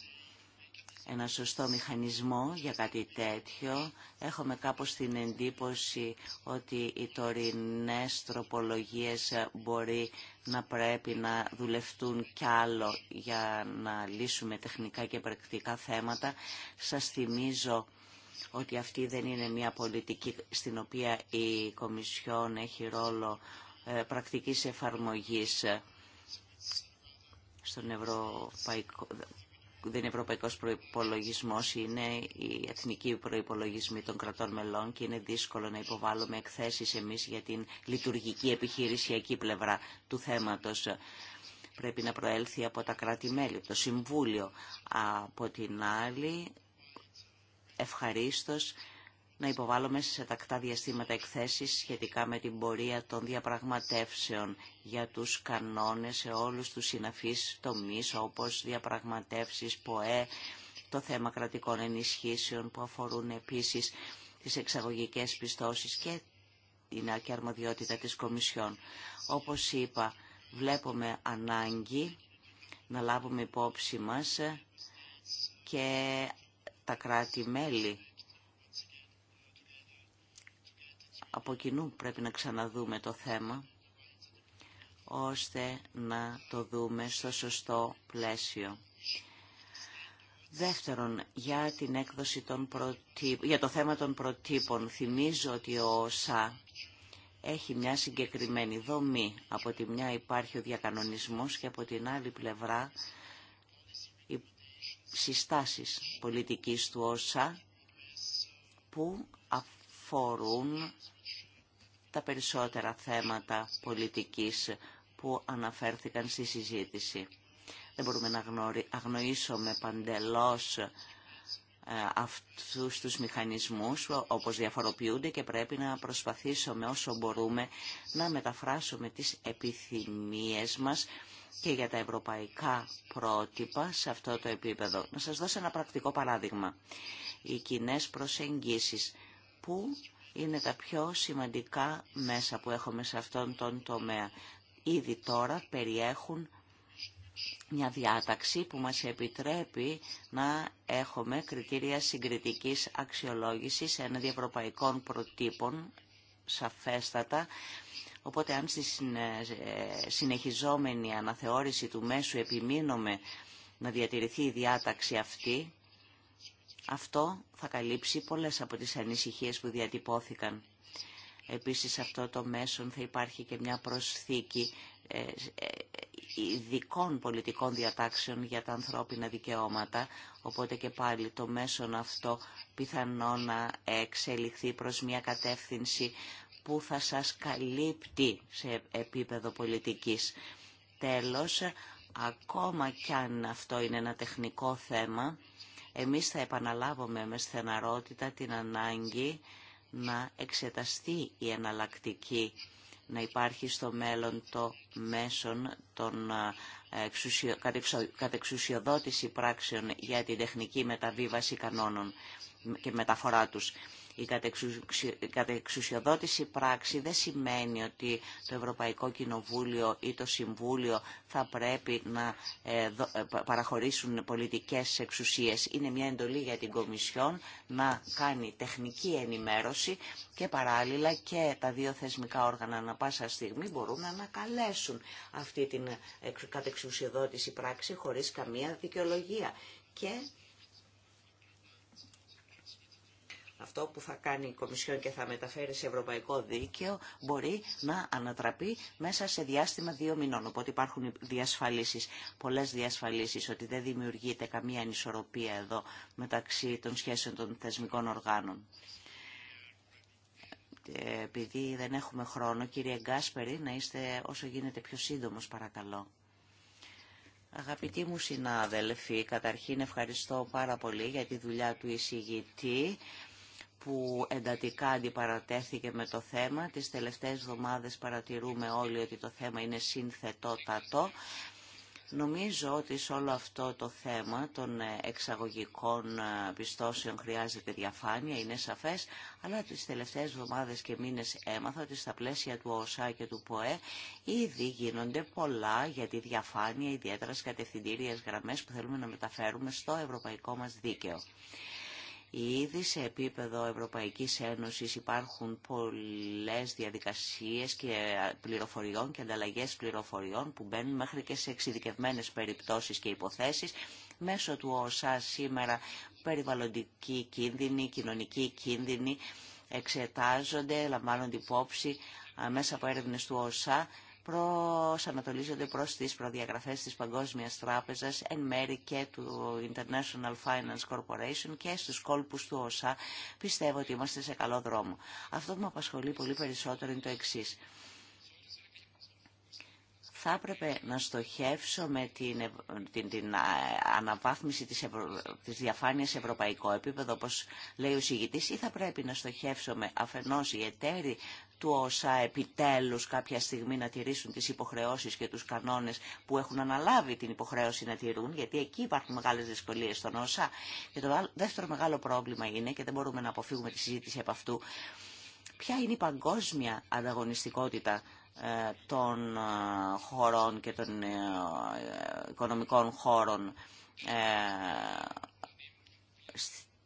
ένα σωστό μηχανισμό για κάτι τέτοιο. Έχουμε κάπως την εντύπωση ότι οι τωρινές τροπολογίες μπορεί να πρέπει να δουλευτούν κι άλλο για να λύσουμε τεχνικά και πρακτικά θέματα. Σας θυμίζω ότι αυτή δεν είναι μια πολιτική στην οποία η Κομισιόν έχει ρόλο ε, πρακτικής εφαρμογής ε, στον Ευρωπαϊκό δεν είναι ευρωπαϊκός προϋπολογισμός, είναι η εθνική προϋπολογισμοί των κρατών μελών και είναι δύσκολο να υποβάλουμε εκθέσεις εμείς για την λειτουργική επιχειρησιακή πλευρά του θέματος. Πρέπει να προέλθει από τα κράτη-μέλη, το Συμβούλιο. Από την άλλη, ευχαρίστως να υποβάλλουμε σε τακτά διαστήματα εκθέσεις σχετικά με την πορεία των διαπραγματεύσεων για τους κανόνες σε όλους τους συναφείς τομείς όπως διαπραγματεύσεις, ΠΟΕ, το θέμα κρατικών ενισχύσεων που αφορούν επίσης τις εξαγωγικές πιστώσεις και την και αρμοδιότητα της Κομισιόν. Όπως είπα, βλέπουμε ανάγκη να λάβουμε υπόψη μας και τα κράτη-μέλη από κοινού πρέπει να ξαναδούμε το θέμα, ώστε να το δούμε στο σωστό πλαίσιο. Δεύτερον, για την έκδοση των για το θέμα των προτύπων, θυμίζω ότι ο ΩΣΑ έχει μια συγκεκριμένη δομή. Από τη μια υπάρχει ο διακανονισμός και από την άλλη πλευρά οι συστάσεις πολιτικής του ΩΣΑ που αφορούν τα περισσότερα θέματα πολιτικής που αναφέρθηκαν στη συζήτηση. Δεν μπορούμε να αγνοήσουμε παντελώς ε, αυτούς τους μηχανισμούς όπως διαφοροποιούνται και πρέπει να προσπαθήσουμε όσο μπορούμε να μεταφράσουμε τις επιθυμίες μας και για τα ευρωπαϊκά πρότυπα σε αυτό το επίπεδο. Να σας δώσω ένα πρακτικό παράδειγμα. Οι κοινέ προσεγγίσεις που είναι τα πιο σημαντικά μέσα που έχουμε σε αυτόν τον τομέα. Ήδη τώρα περιέχουν μια διάταξη που μας επιτρέπει να έχουμε κριτήρια συγκριτικής αξιολόγησης έναντι ευρωπαϊκών προτύπων, σαφέστατα, Οπότε αν στη ε, συνεχιζόμενη αναθεώρηση του μέσου επιμείνουμε να διατηρηθεί η διάταξη αυτή, αυτό θα καλύψει πολλές από τις ανησυχίες που διατυπώθηκαν. Επίσης σε αυτό το μέσον θα υπάρχει και μια προσθήκη ε, ε, ειδικών πολιτικών διατάξεων για τα ανθρώπινα δικαιώματα, οπότε και πάλι το μέσον αυτό πιθανό να εξελιχθεί προς μια κατεύθυνση που θα σας καλύπτει σε επίπεδο πολιτικής. Τέλος, ακόμα κι αν αυτό είναι ένα τεχνικό θέμα, εμείς θα επαναλάβουμε με στεναρότητα την ανάγκη να εξεταστεί η εναλλακτική, να υπάρχει στο μέλλον το μέσον των κατεξουσιοδότηση πράξεων για την τεχνική μεταβίβαση κανόνων και μεταφορά τους. Η κατεξουσιοδότηση πράξη δεν σημαίνει ότι το Ευρωπαϊκό Κοινοβούλιο ή το Συμβούλιο θα πρέπει να ε, ε, παραχωρήσουν πολιτικές εξουσίες. Είναι μια εντολή για την Κομισιόν να κάνει τεχνική ενημέρωση και παράλληλα και τα δύο θεσμικά όργανα να πάσα στιγμή μπορούν να ανακαλέσουν αυτή την κατεξουσιοδότηση πράξη χωρίς καμία δικαιολογία. Και Αυτό που θα κάνει η Κομισιόν και θα μεταφέρει σε ευρωπαϊκό δίκαιο μπορεί να ανατραπεί μέσα σε διάστημα δύο μηνών. Οπότε υπάρχουν διασφαλίσεις, πολλές διασφαλίσεις, ότι δεν δημιουργείται καμία ανισορροπία εδώ μεταξύ των σχέσεων των θεσμικών οργάνων. Επειδή δεν έχουμε χρόνο, κύριε Γκάσπερη, να είστε όσο γίνεται πιο σύντομος παρακαλώ. Αγαπητοί μου συνάδελφοι, καταρχήν ευχαριστώ πάρα πολύ για τη δουλειά του εισηγητή που εντατικά αντιπαρατέθηκε με το θέμα. Τις τελευταίες εβδομάδες παρατηρούμε όλοι ότι το θέμα είναι σύνθετότατο. Νομίζω ότι σε όλο αυτό το θέμα των εξαγωγικών πιστώσεων χρειάζεται διαφάνεια, είναι σαφές, αλλά τις τελευταίες εβδομάδες και μήνες έμαθα ότι στα πλαίσια του ΟΣΑ και του ΠΟΕ ήδη γίνονται πολλά για τη διαφάνεια, ιδιαίτερα στις κατευθυντήριες γραμμές που θέλουμε να μεταφέρουμε στο ευρωπαϊκό μας δίκαιο. Ήδη σε επίπεδο Ευρωπαϊκής Ένωσης υπάρχουν πολλές διαδικασίες και πληροφοριών και ανταλλαγές πληροφοριών που μπαίνουν μέχρι και σε εξειδικευμένες περιπτώσεις και υποθέσεις. Μέσω του ΩΣΑ σήμερα περιβαλλοντικοί κίνδυνοι, κοινωνικοί κίνδυνοι εξετάζονται, λαμβάνονται υπόψη ε, μέσα από έρευνες του ΟΣΑ προσανατολίζονται προς τις προδιαγραφές της Παγκόσμιας Τράπεζας, εν μέρη και του International Finance Corporation και στους κόλπους του ΩΣΑ. Πιστεύω ότι είμαστε σε καλό δρόμο. Αυτό που με απασχολεί πολύ περισσότερο είναι το εξής θα έπρεπε να στοχεύσουμε την, την, την αναβάθμιση της, ευρω, της διαφάνειας σε ευρωπαϊκό επίπεδο, όπως λέει ο συγητής, ή θα πρέπει να στοχεύσουμε αφενός οι εταίροι του οσα επιτέλους κάποια στιγμή να τηρήσουν τις υποχρεώσεις και τους κανόνες που έχουν αναλάβει την υποχρέωση να τηρούν, γιατί εκεί υπάρχουν μεγάλες δυσκολίες στον ΩΣΑ. Και το δεύτερο μεγάλο πρόβλημα είναι, και δεν μπορούμε να αποφύγουμε τη συζήτηση από αυτού, ποια είναι η παγκόσμια ανταγωνιστικότητα ε, των ε, χωρών και των ε, οικονομικών χώρων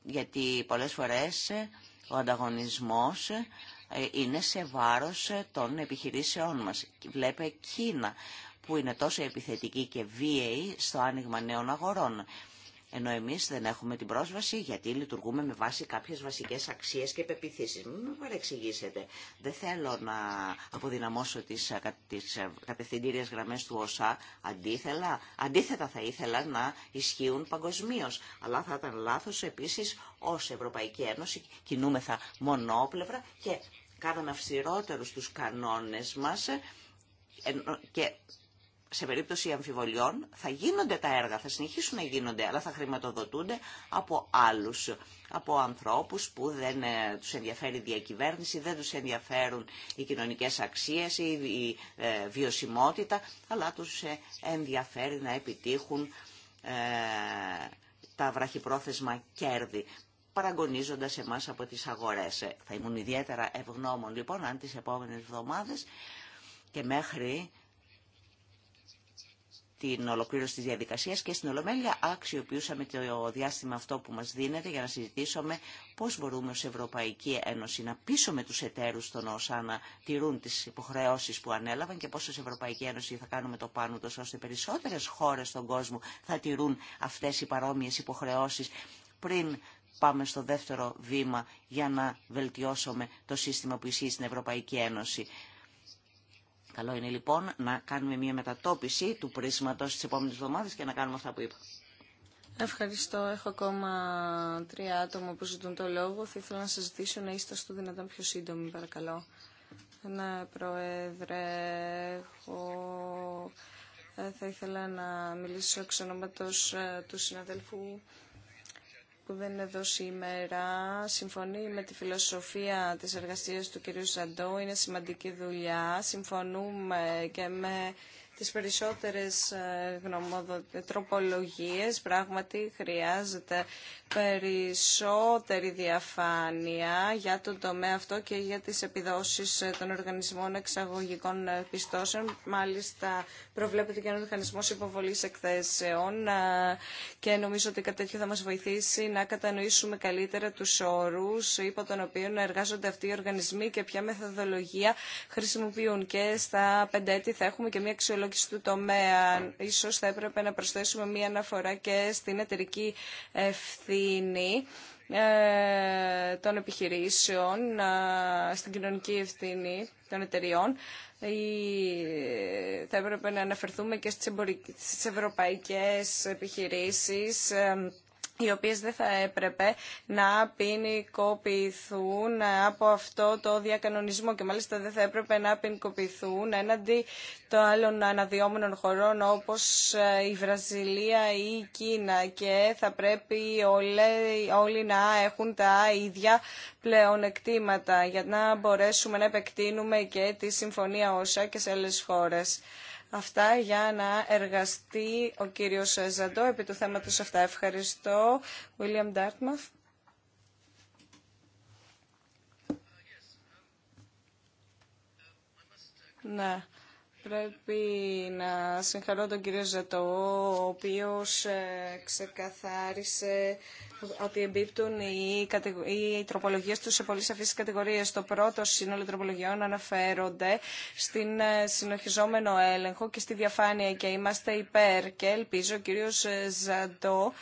γιατί πολλές φορές ο ανταγωνισμός είναι σε βάρος των επιχειρήσεών μας. Βλέπε Κίνα που είναι τόσο επιθετική και βίαιη στο άνοιγμα νέων αγορών ενώ εμείς δεν έχουμε την πρόσβαση γιατί λειτουργούμε με βάση κάποιες βασικές αξίες και πεπιθήσεις. Μην με παρεξηγήσετε. Δεν θέλω να αποδυναμώσω τις, κατευθυντήριε κατευθυντήριες γραμμές του ΩΣΑ. Αντίθελα, αντίθετα θα ήθελα να ισχύουν παγκοσμίω. Αλλά θα ήταν λάθος επίσης ως Ευρωπαϊκή Ένωση κινούμεθα μονόπλευρα και κάναμε αυστηρότερους τους κανόνες μας ε, και σε περίπτωση αμφιβολιών θα γίνονται τα έργα, θα συνεχίσουν να γίνονται, αλλά θα χρηματοδοτούνται από άλλους, από ανθρώπους που δεν ε, τους ενδιαφέρει η διακυβέρνηση, δεν τους ενδιαφέρουν οι κοινωνικές αξίες, η η ε, βιωσιμότητα, αλλά τους ε, ενδιαφέρει να επιτύχουν τα βραχυπρόθεσμα κέρδη παραγωνίζοντας εμάς από τις αγορές. Θα ήμουν ιδιαίτερα ευγνώμων λοιπόν αν τις επόμενες εβδομάδες και μέχρι την ολοκλήρωση της διαδικασίας και στην Ολομέλεια αξιοποιούσαμε το διάστημα αυτό που μας δίνεται για να συζητήσουμε πώς μπορούμε ως Ευρωπαϊκή Ένωση να πείσουμε τους εταίρους των ΩΣΑ να τηρούν τις υποχρεώσεις που ανέλαβαν και πώς ως Ευρωπαϊκή Ένωση θα κάνουμε το πάνω τόσο ώστε περισσότερες χώρες στον κόσμο θα τηρούν αυτές οι παρόμοιες υποχρεώσεις πριν πάμε στο δεύτερο βήμα για να βελτιώσουμε το σύστημα που ισχύει στην Ευρωπαϊκή Ένωση. Καλό είναι λοιπόν να κάνουμε μια μετατόπιση του πρίσματος της επόμενης εβδομάδα και να κάνουμε αυτά που είπα. Ευχαριστώ. Έχω ακόμα τρία άτομα που ζητούν το λόγο. Θα ήθελα να σας ζητήσω να είστε στο δυνατόν πιο σύντομοι, παρακαλώ. Ναι, Πρόεδρε, ε, θα ήθελα να μιλήσω εξ ονόματος ε, του συναδέλφου που δεν είναι εδώ σήμερα συμφωνεί με τη φιλοσοφία της εργασίας του κυρίου Σαντό. Είναι σημαντική δουλειά. Συμφωνούμε και με τις περισσότερες ε, τροπολογίες. Πράγματι χρειάζεται περισσότερη διαφάνεια για τον τομέα αυτό και για τις επιδόσεις ε, των οργανισμών εξαγωγικών ε, πιστώσεων. Μάλιστα προβλέπεται και ένα οργανισμό υποβολής εκθέσεων και νομίζω ότι κάτι τέτοιο θα μας βοηθήσει να κατανοήσουμε καλύτερα τους όρους υπό τον οποίο εργάζονται αυτοί οι οργανισμοί και ποια μεθοδολογία χρησιμοποιούν. Και στα πεντέτη θα έχουμε και μια αξιολογία στο τομέα. Ίσως θα έπρεπε να προσθέσουμε μία αναφορά και στην εταιρική ευθύνη ε, των επιχειρήσεων, ε, στην κοινωνική ευθύνη των εταιριών. Θα έπρεπε να αναφερθούμε και στις ευρωπαϊκές επιχειρήσεις ε, οι οποίες δεν θα έπρεπε να ποινικοποιηθούν από αυτό το διακανονισμό και μάλιστα δεν θα έπρεπε να ποινικοποιηθούν έναντι των άλλων αναδυόμενων χωρών όπως ε, η Βραζιλία ή η Κίνα και θα πρέπει όλοι, όλοι να έχουν τα ίδια πλεονεκτήματα για να μπορέσουμε να επεκτείνουμε και τη Συμφωνία ΩΣΑ και σε άλλες χώρες αυτά για να εργαστεί ο κύριος Ζαντό επί του θέματος αυτά. Ευχαριστώ. William Dartmouth. Ναι. Πρέπει να συγχαρώ τον κύριο Ζατό, ο οποίος ε, ξεκαθάρισε ότι εμπίπτουν οι, οι τροπολογίες του σε πολύ σαφείς κατηγορίες. Το πρώτο σύνολο τροπολογιών αναφέρονται στην ε, συνοχιζόμενο έλεγχο και στη διαφάνεια και είμαστε υπέρ και ελπίζω ο κύριος ε, Ζαντό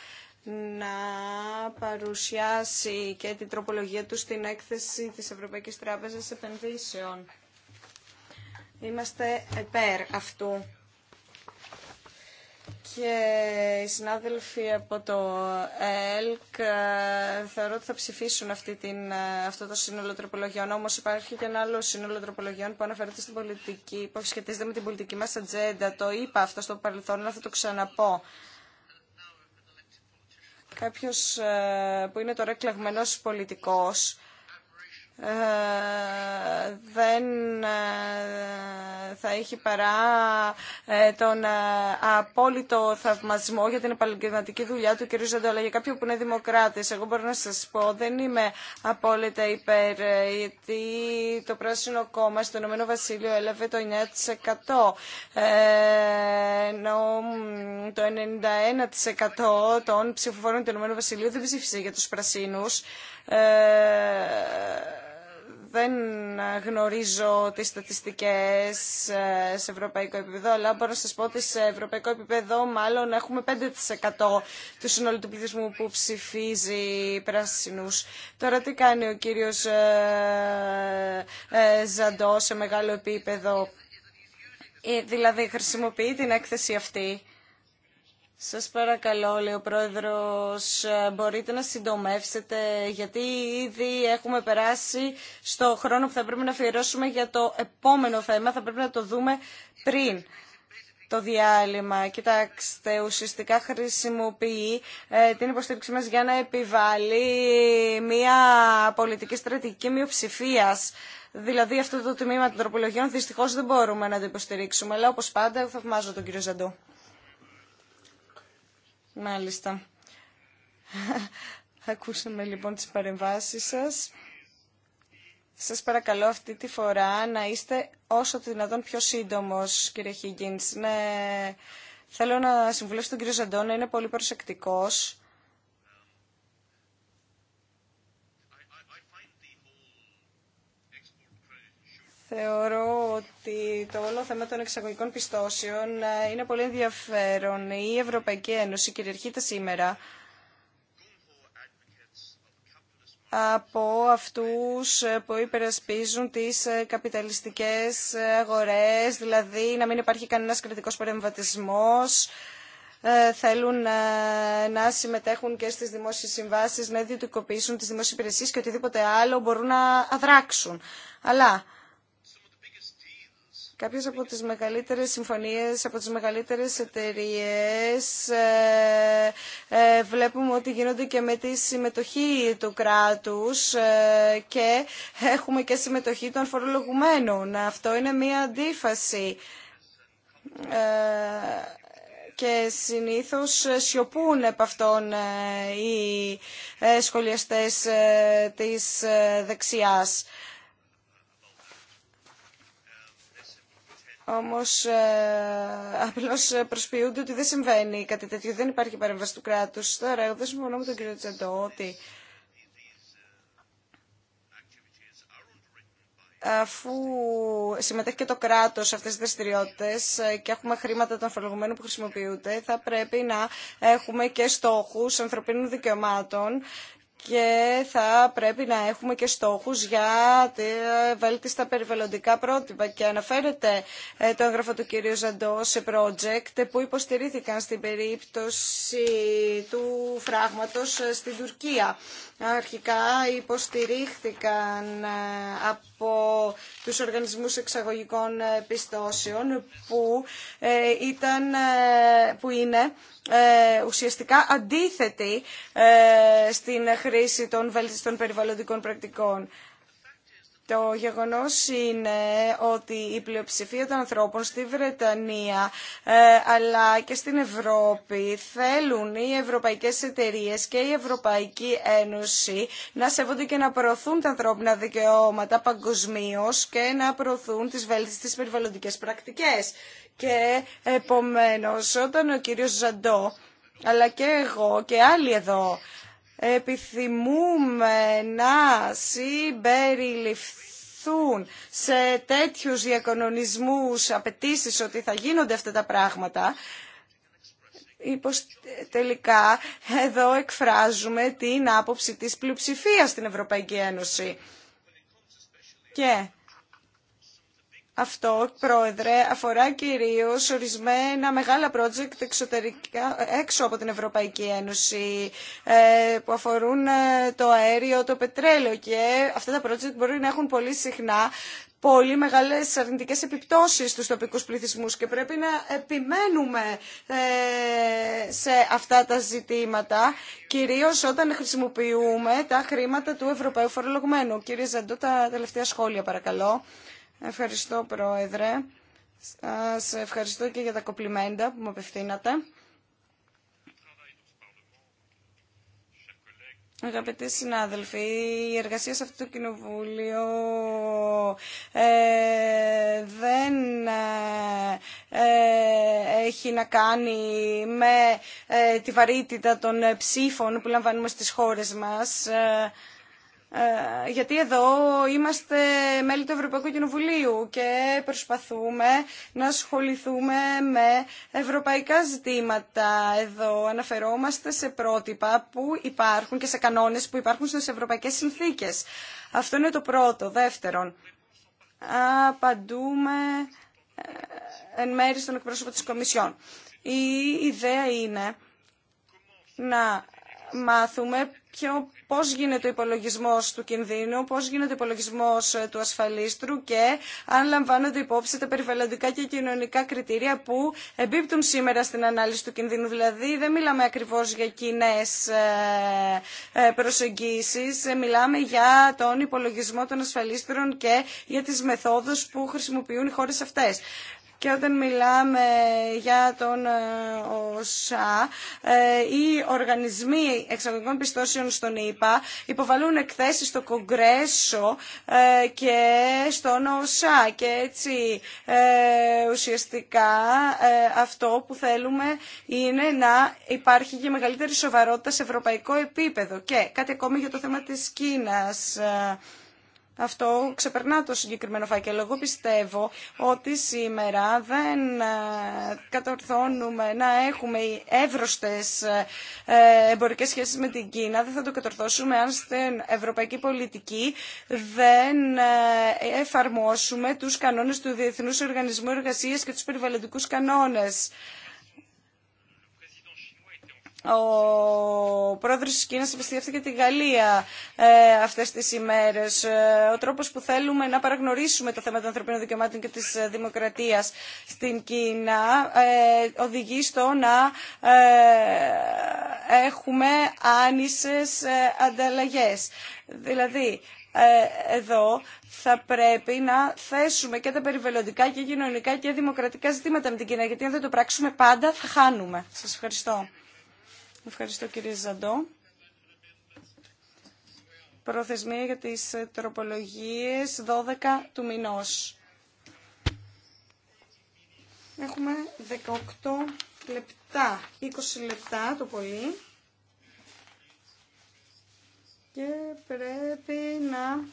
να παρουσιάσει και την τροπολογία του στην έκθεση της Ευρωπαϊκής Τράπεζας Επενδύσεων. Είμαστε επέρ αυτού. Και οι συνάδελφοι από το ΕΛΚ ε, θεωρώ ότι θα ψηφίσουν αυτή την, ε, αυτό το σύνολο τροπολογιών. Όμω υπάρχει και ένα άλλο σύνολο τροπολογιών που αναφέρεται στην πολιτική, που σχετίζεται με την πολιτική μα ατζέντα. Το είπα αυτό στο παρελθόν, αλλά θα το ξαναπώ. Κάποιο ε, που είναι τώρα εκλεγμένο πολιτικό δεν ε, θα έχει παρά ε, τον ε, απόλυτο θαυμασμό για την επαγγελματική δουλειά του κ. Ζαντόλα. Για κάποιον που είναι δημοκράτης, εγώ μπορώ να σας πω, δεν είμαι απόλυτα υπέρ, γιατί το Πράσινο Κόμμα στο Ηνωμένο Βασίλειο έλαβε το 9%. ενώ το 91% των ψηφοφόρων του Ηνωμένου Βασιλείου δεν ψήφισε για τους Πρασίνους δεν γνωρίζω τις στατιστικές ε, σε ευρωπαϊκό επίπεδο, αλλά μπορώ να σας πω ότι σε ευρωπαϊκό επίπεδο μάλλον έχουμε 5% του συνολικού του πληθυσμού που ψηφίζει πράσινους. Τώρα τι κάνει ο κύριος ε, ε, Ζαντό σε μεγάλο επίπεδο, δηλαδή χρησιμοποιεί την έκθεση αυτή σας παρακαλώ, λέει ο Πρόεδρος, ε, μπορείτε να συντομεύσετε, γιατί ήδη έχουμε περάσει στο χρόνο που θα πρέπει να αφιερώσουμε για το επόμενο θέμα, θα πρέπει να το δούμε πριν το διάλειμμα. Κοιτάξτε, ουσιαστικά χρησιμοποιεί ε, την υποστήριξη μας για να επιβάλλει μια πολιτική στρατηγική μειοψηφία. Δηλαδή αυτό το τμήμα των τροπολογιών δυστυχώς δεν μπορούμε να το υποστηρίξουμε, αλλά όπως πάντα θαυμάζω τον κύριο Ζαντού. Μάλιστα. Ακούσαμε λοιπόν τις παρεμβάσεις σας. Σας παρακαλώ αυτή τη φορά να είστε όσο το δυνατόν πιο σύντομος, κύριε Χίγκινς. Ναι, θέλω να συμβουλεύσω τον κύριο Ζαντό είναι πολύ προσεκτικός Θεωρώ ότι το όλο θέμα των εξαγωγικών πιστώσεων ε, είναι πολύ ενδιαφέρον. Η Ευρωπαϊκή Ένωση κυριαρχείται σήμερα από αυτούς ε, που υπερασπίζουν τις ε, καπιταλιστικές αγορές, δηλαδή να μην υπάρχει κανένας κριτικός παρεμβατισμός, θέλουν να συμμετέχουν και στις δημόσιες συμβάσεις, να ιδιωτικοποιήσουν τις δημόσιες υπηρεσίες και οτιδήποτε άλλο μπορούν να αδράξουν. Αλλά Κάποιες από τις μεγαλύτερες συμφωνίες, από τις μεγαλύτερες εταιρείες ε, ε, βλέπουμε ότι γίνονται και με τη συμμετοχή του κράτους ε, και έχουμε και συμμετοχή των φορολογουμένων. Αυτό είναι μία αντίφαση και συνήθως σιωπούν από αυτόν οι σχολιαστές της δεξιάς. Όμως ε, απλώς προσποιούνται ότι δεν συμβαίνει κάτι τέτοιο, δεν υπάρχει παρέμβαση του κράτους. Τώρα, εγώ δεν συμφωνώ με τον κύριο Τσεντό ότι αφού συμμετέχει και το κράτος σε αυτές τις δραστηριότητε ε, και έχουμε χρήματα των φορολογουμένων που χρησιμοποιούνται, θα πρέπει να έχουμε και στόχους ανθρωπίνων δικαιωμάτων και θα πρέπει να έχουμε και στόχους για τη βέλτιστα περιβαλλοντικά πρότυπα. Και αναφέρεται ε, το έγγραφο του κυρίου Ζαντό σε project που υποστηρίθηκαν στην περίπτωση του φράγματος ε, στην Τουρκία. Αρχικά υποστηρίχθηκαν ε, από τους οργανισμούς εξαγωγικών ε, πιστώσεων που, ε, ήταν, ε, που είναι ουσιαστικά αντίθετη στην χρήση των βελτιστών περιβαλλοντικών πρακτικών. Το γεγονός είναι ότι η πλειοψηφία των ανθρώπων στη Βρετανία ε, αλλά και στην Ευρώπη θέλουν οι ευρωπαϊκές εταιρείες και η Ευρωπαϊκή Ένωση να σέβονται και να προωθούν τα ανθρώπινα δικαιώματα παγκοσμίω και να προωθούν τις βέλτιστες περιβαλλοντικές πρακτικές. Και επομένως όταν ο κύριος Ζαντό αλλά και εγώ και άλλοι εδώ επιθυμούμε να συμπεριληφθούν σε τέτοιους διακονονισμούς απαιτήσει ότι θα γίνονται αυτά τα πράγματα, τελικά εδώ εκφράζουμε την άποψη της πλειοψηφίας στην Ευρωπαϊκή Ένωση. Και αυτό, Πρόεδρε, αφορά κυρίω ορισμένα μεγάλα project εξωτερικά, έξω από την Ευρωπαϊκή Ένωση ε, που αφορούν ε, το αέριο, το πετρέλαιο και αυτά τα project μπορεί να έχουν πολύ συχνά πολύ μεγάλες αρνητικές επιπτώσεις στους τοπικούς πληθυσμούς και πρέπει να επιμένουμε ε, σε αυτά τα ζητήματα, κυρίως όταν χρησιμοποιούμε τα χρήματα του Ευρωπαίου Φορολογμένου. Κύριε Ζαντού, τα τελευταία σχόλια παρακαλώ. Ευχαριστώ, Πρόεδρε. Σε ευχαριστώ και για τα κοπλιμέντα που μου απευθύνατε. Αγαπητοί συνάδελφοι, η εργασία σε αυτό το κοινοβούλιο ε, δεν ε, έχει να κάνει με ε, τη βαρύτητα των ψήφων που λαμβάνουμε στις χώρες μας. Ε, γιατί εδώ είμαστε μέλη του Ευρωπαϊκού Κοινοβουλίου και προσπαθούμε να ασχοληθούμε με ευρωπαϊκά ζητήματα. Εδώ αναφερόμαστε σε πρότυπα που υπάρχουν και σε κανόνες που υπάρχουν στις ευρωπαϊκές συνθήκες. Αυτό είναι το πρώτο. Δεύτερον, απαντούμε ε, εν μέρη στον εκπρόσωπο της Κομισιόν. Η ιδέα είναι να μάθουμε ποιο, πώς γίνεται ο υπολογισμός του κινδύνου, πώς γίνεται ο υπολογισμός ε, του ασφαλίστρου και αν λαμβάνονται υπόψη τα περιβαλλοντικά και κοινωνικά κριτήρια που εμπίπτουν σήμερα στην ανάλυση του κινδύνου. Δηλαδή δεν μιλάμε ακριβώς για κοινέ ε, ε, προσεγγίσεις, μιλάμε για τον υπολογισμό των ασφαλίστρων και για τις μεθόδους που χρησιμοποιούν οι χώρες αυτές. Και όταν μιλάμε για τον ε, ΟΣΑ, ε, οι οργανισμοί εξαγωγικών πιστώσεων στον ΙΠΑ υποβαλούν εκθέσεις στο Κογκρέσο ε, και στον ΟΣΑ. Και έτσι ουσιαστικά αυτό που θέλουμε είναι να υπάρχει και μεγαλύτερη σοβαρότητα σε ευρωπαϊκό επίπεδο. Και κάτι ακόμη για το θέμα της Κίνας. Αυτό ξεπερνά το συγκεκριμένο φάκελο. Εγώ πιστεύω ότι σήμερα δεν ε, κατορθώνουμε να έχουμε εύρωστες ε, εμπορικές σχέσεις με την Κίνα. Δεν θα το κατορθώσουμε αν στην ευρωπαϊκή πολιτική δεν ε, εφαρμόσουμε τους κανόνες του Διεθνούς Οργανισμού Εργασίας και τους περιβαλλοντικούς κανόνες ο πρόεδρος της Κίνας και τη Γαλλία ε, αυτές τις ημέρες. Ε, ο τρόπος που θέλουμε να παραγνωρίσουμε τα θέματα των ανθρωπίνων δικαιωμάτων και της ε, δημοκρατίας στην Κίνα ε, οδηγεί στο να έχουμε άνισες ανταλλαγές. Δηλαδή, εδώ θα πρέπει να θέσουμε και τα περιβαλλοντικά και κοινωνικά και δημοκρατικά ζητήματα με την Κίνα, γιατί αν δεν το πράξουμε πάντα θα χάνουμε. Σας ευχαριστώ. Ευχαριστώ κύριε Ζαντό. Προθεσμία για τις ε, τροπολογίες 12 του μηνός. Έχουμε 18 λεπτά, 20 λεπτά το πολύ. Και πρέπει να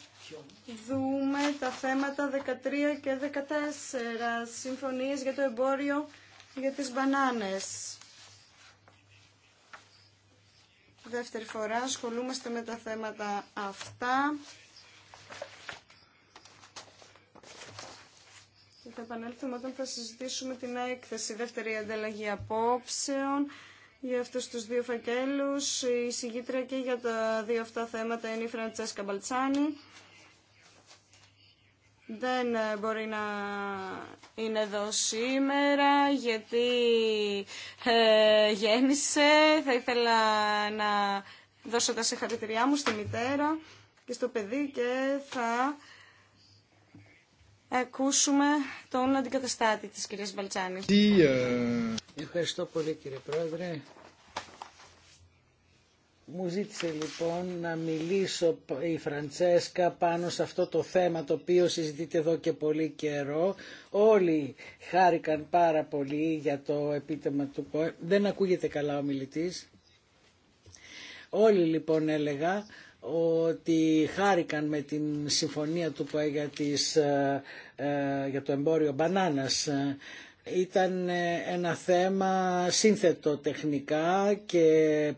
δούμε τα θέματα 13 και 14, συμφωνίες για το εμπόριο για τις μπανάνες δεύτερη φορά ασχολούμαστε με τα θέματα αυτά. Και θα επανέλθουμε όταν θα συζητήσουμε την έκθεση δεύτερη ανταλλαγή απόψεων για αυτούς τους δύο φακέλους. Η συγγήτρια και για τα δύο αυτά θέματα είναι η Φραντσέσκα Μπαλτσάνη δεν ε, μπορεί να είναι εδώ σήμερα γιατί ε, γέννησε. Θα ήθελα να δώσω τα συγχαρητηριά μου στη μητέρα και στο παιδί και θα ακούσουμε τον αντικαταστάτη της κυρίας Μπαλτσάνη. Ε, Ευχαριστώ πολύ κύριε Πρόεδρε. Μου ζήτησε λοιπόν να μιλήσω η Φραντσέσκα πάνω σε αυτό το θέμα το οποίο συζητείται εδώ και πολύ καιρό. Όλοι χάρηκαν πάρα πολύ για το επίτεμα του ΠΟΕ. Δεν ακούγεται καλά ο μιλητής. Όλοι λοιπόν έλεγα ότι χάρηκαν με την συμφωνία του ΠΟΕ για, τις, ε, ε, για το εμπόριο μπανάνας ήταν ε, ένα θέμα σύνθετο τεχνικά και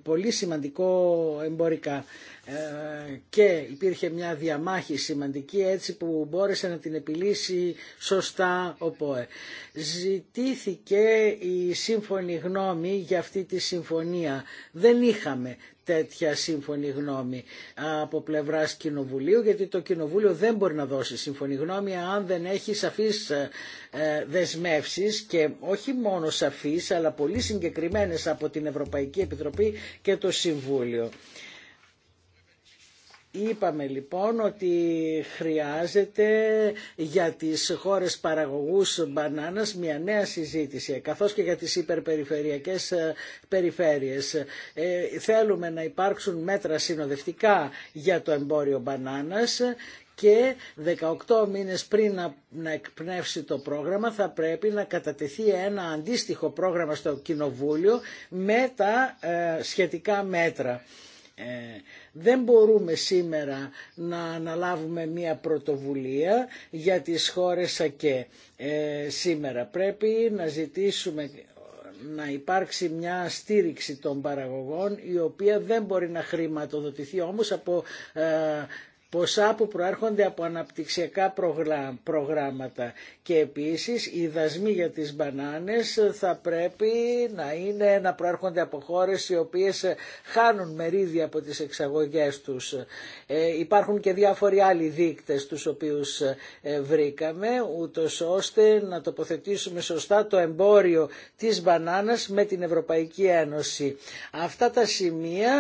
πολύ σημαντικό εμπορικά. Ε, και υπήρχε μια διαμάχη σημαντική έτσι που μπόρεσε να την επιλύσει σωστά ο ΠΟΕ. Ζητήθηκε η σύμφωνη γνώμη για αυτή τη συμφωνία. Δεν είχαμε τέτοια σύμφωνη γνώμη από πλευράς Κοινοβουλίου, γιατί το Κοινοβούλιο δεν μπορεί να δώσει σύμφωνη γνώμη αν δεν έχει σαφείς ε, ε, δεσμεύσεις και όχι μόνο σαφείς, αλλά πολύ συγκεκριμένες από την Ευρωπαϊκή Επιτροπή και το Συμβούλιο. Είπαμε λοιπόν ότι χρειάζεται για τις χώρες παραγωγούς μπανάνας μια νέα συζήτηση, καθώς και για τις υπερπεριφερειακές ε, περιφέρειες. Ε, θέλουμε να υπάρξουν μέτρα συνοδευτικά για το εμπόριο μπανάνας και 18 μήνες πριν να εκπνεύσει το πρόγραμμα θα πρέπει να κατατεθεί ένα αντίστοιχο πρόγραμμα στο Κοινοβούλιο με τα ε, σχετικά μέτρα. Ε, δεν μπορούμε σήμερα να αναλάβουμε μια πρωτοβουλία για τις χώρες ΑΚΕ. Ε, σήμερα πρέπει να ζητήσουμε να υπάρξει μια στήριξη των παραγωγών η οποία δεν μπορεί να χρηματοδοτηθεί όμως από ε, ποσά που προέρχονται από αναπτυξιακά προγράμματα και επίσης οι δασμοί για τις μπανάνες θα πρέπει να, είναι, να προέρχονται από χώρες οι οποίες χάνουν μερίδια από τις εξαγωγές τους. Ε, υπάρχουν και διάφοροι άλλοι δείκτες τους οποίους ε, βρήκαμε ούτως ώστε να τοποθετήσουμε σωστά το εμπόριο της μπανάνας με την Ευρωπαϊκή Ένωση. Αυτά τα σημεία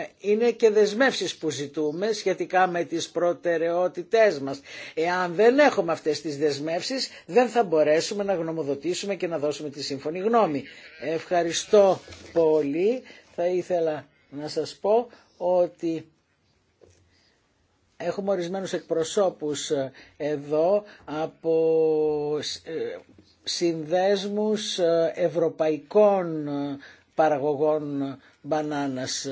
ε, είναι και δεσμεύσεις που ζητούμε σχετικά με τις προτεραιότητές μας. Εάν δεν έχουμε αυτές τις δεσμεύσεις δεν θα μπορέσουμε να γνωμοδοτήσουμε και να δώσουμε τη σύμφωνη γνώμη. Ευχαριστώ πολύ. Θα ήθελα να σας πω ότι έχουμε ορισμένους εκπροσώπους εδώ από ε, συνδέσμους ε, ευρωπαϊκών ε, παραγωγών μπανάνας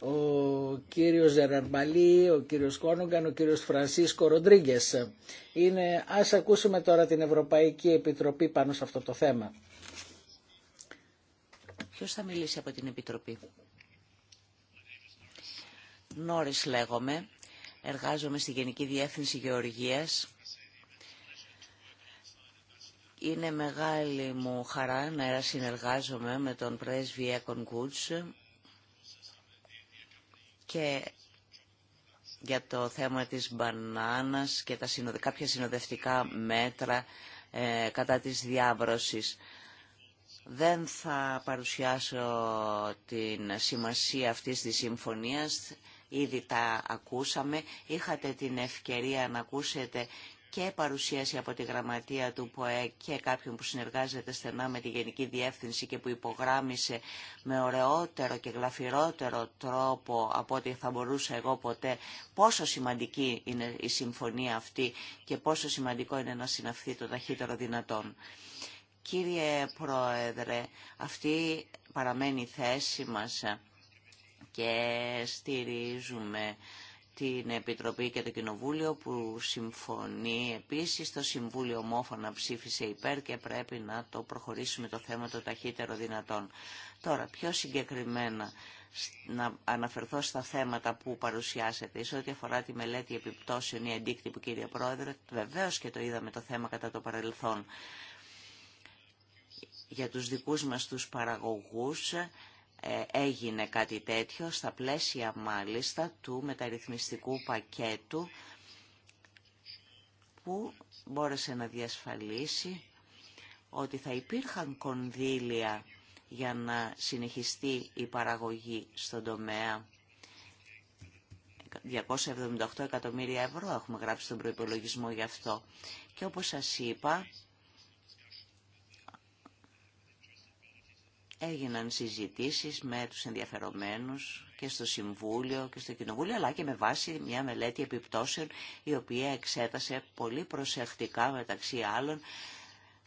ο κύριος Ζεραρμπαλή, ο κύριος Κόνογκαν, ο κύριος Φρανσίσκο Ροντρίγκε. Είναι, ας ακούσουμε τώρα την Ευρωπαϊκή Επιτροπή πάνω σε αυτό το θέμα. Ποιος θα μιλήσει από την Επιτροπή. Νόρις λέγομαι, εργάζομαι στη Γενική Διεύθυνση Γεωργίας. Είναι μεγάλη μου χαρά να συνεργάζομαι με τον πρέσβη Έκον Κούτς, και για το θέμα της μπανάνας και τα κάποια συνοδευτικά μέτρα ε, κατά της διάβρωσης. Δεν θα παρουσιάσω την σημασία αυτής της συμφωνίας, ήδη τα ακούσαμε. Είχατε την ευκαιρία να ακούσετε και παρουσίαση από τη γραμματεία του ΠΟΕ και κάποιον που συνεργάζεται στενά με τη Γενική Διεύθυνση και που υπογράμμισε με ωραιότερο και γλαφυρότερο τρόπο από ό,τι θα μπορούσα εγώ ποτέ πόσο σημαντική είναι η συμφωνία αυτή και πόσο σημαντικό είναι να συναυθεί το ταχύτερο δυνατόν. Κύριε Πρόεδρε, αυτή παραμένει η θέση μας και στηρίζουμε την Επιτροπή και το Κοινοβούλιο που συμφωνεί επίσης. Το Συμβούλιο ομόφωνα ψήφισε υπέρ και πρέπει να το προχωρήσουμε το θέμα το ταχύτερο δυνατόν. Τώρα, πιο συγκεκριμένα να αναφερθώ στα θέματα που παρουσιάσετε σε ό,τι αφορά τη μελέτη επιπτώσεων ή αντίκτυπου κύριε Πρόεδρε βεβαίως και το είδαμε το θέμα κατά το παρελθόν για τους δικούς μας τους παραγωγούς ε, έγινε κάτι τέτοιο στα πλαίσια μάλιστα του μεταρρυθμιστικού πακέτου που μπόρεσε να διασφαλίσει ότι θα υπήρχαν κονδύλια για να συνεχιστεί η παραγωγή στον τομέα. 278 εκατομμύρια ευρώ έχουμε γράψει στον προϋπολογισμό γι' αυτό. Και όπως σας είπα, Έγιναν συζητήσεις με τους ενδιαφερομένους και στο Συμβούλιο και στο Κοινοβούλιο, αλλά και με βάση μια μελέτη επιπτώσεων η οποία εξέτασε πολύ προσεκτικά μεταξύ άλλων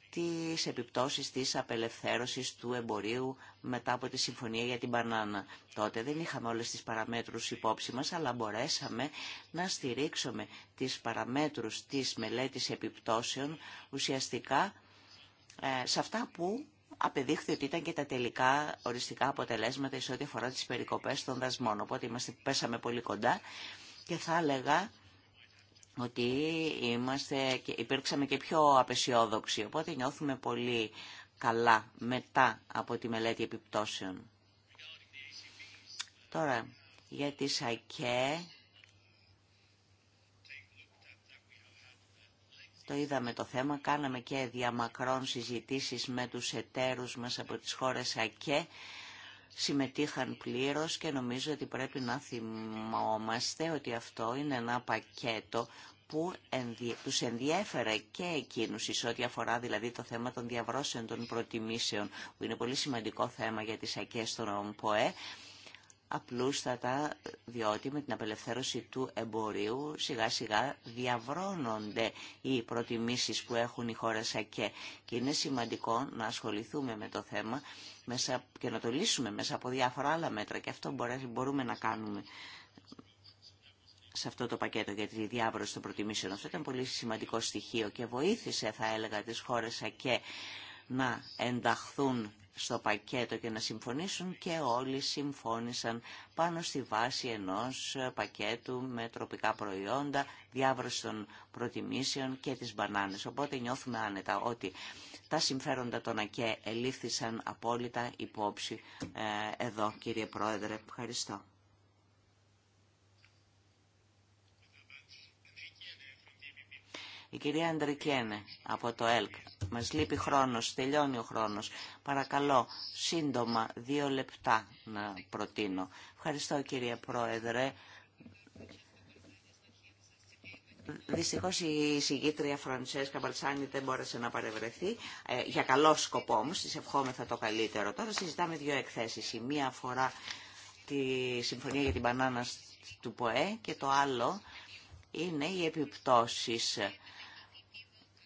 τις επιπτώσεις της απελευθέρωσης του εμπορίου μετά από τη Συμφωνία για την Μπανάνα. Τότε δεν είχαμε όλες τις παραμέτρους υπόψη μας, αλλά μπορέσαμε να στηρίξουμε τις παραμέτρους της μελέτης επιπτώσεων ουσιαστικά ε, σε αυτά που απεδείχθη ότι ήταν και τα τελικά οριστικά αποτελέσματα σε ό,τι αφορά τις περικοπές των δασμών. Οπότε είμαστε, πέσαμε πολύ κοντά και θα έλεγα ότι είμαστε, υπήρξαμε και πιο απεσιόδοξοι. Οπότε νιώθουμε πολύ καλά μετά από τη μελέτη επιπτώσεων. Τώρα, για τις ΑΚΕ Το είδαμε το θέμα, κάναμε και διαμακρών συζητήσεις με τους εταίρους μας από τις χώρες ΑΚΕ, συμμετείχαν πλήρως και νομίζω ότι πρέπει να θυμόμαστε ότι αυτό είναι ένα πακέτο που τους ενδιέφερε και εκείνους σε ό,τι αφορά δηλαδή το θέμα των διαβρώσεων των προτιμήσεων που είναι πολύ σημαντικό θέμα για τις ΑΚΕ στον ΟΜΠΟΕ απλούστατα διότι με την απελευθέρωση του εμπορίου σιγά σιγά διαβρώνονται οι προτιμήσεις που έχουν οι χώρες ΑΚΕ και είναι σημαντικό να ασχοληθούμε με το θέμα μέσα, και να το λύσουμε μέσα από διάφορα άλλα μέτρα και αυτό μπορούμε να κάνουμε σε αυτό το πακέτο για τη διάβρωση των προτιμήσεων. Αυτό ήταν πολύ σημαντικό στοιχείο και βοήθησε θα έλεγα τις χώρες ΑΚΕ να ενταχθούν στο πακέτο και να συμφωνήσουν και όλοι συμφώνησαν πάνω στη βάση ενός ε, πακέτου με τροπικά προϊόντα, διάβρωση των προτιμήσεων και τις μπανάνες. Οπότε νιώθουμε άνετα ότι τα συμφέροντα των ΑΚΕ ελήφθησαν απόλυτα υπόψη ε, εδώ κύριε Πρόεδρε. Ευχαριστώ. Η κυρία Αντρικένε από το ΕΛΚ. Μας λείπει χρόνος, τελειώνει ο χρόνος. Παρακαλώ, σύντομα, δύο λεπτά να προτείνω. Ευχαριστώ κύριε Πρόεδρε. Δυστυχώ η συγγήτρια Φραντσέσκα Μπαλσάνη δεν μπόρεσε να παρευρεθεί. Ε, για καλό σκοπό όμω, τη ευχόμεθα το καλύτερο. Τώρα συζητάμε δύο εκθέσει. Η μία αφορά τη Συμφωνία για την Πανάνα του ΠΟΕ και το άλλο είναι οι επιπτώσει.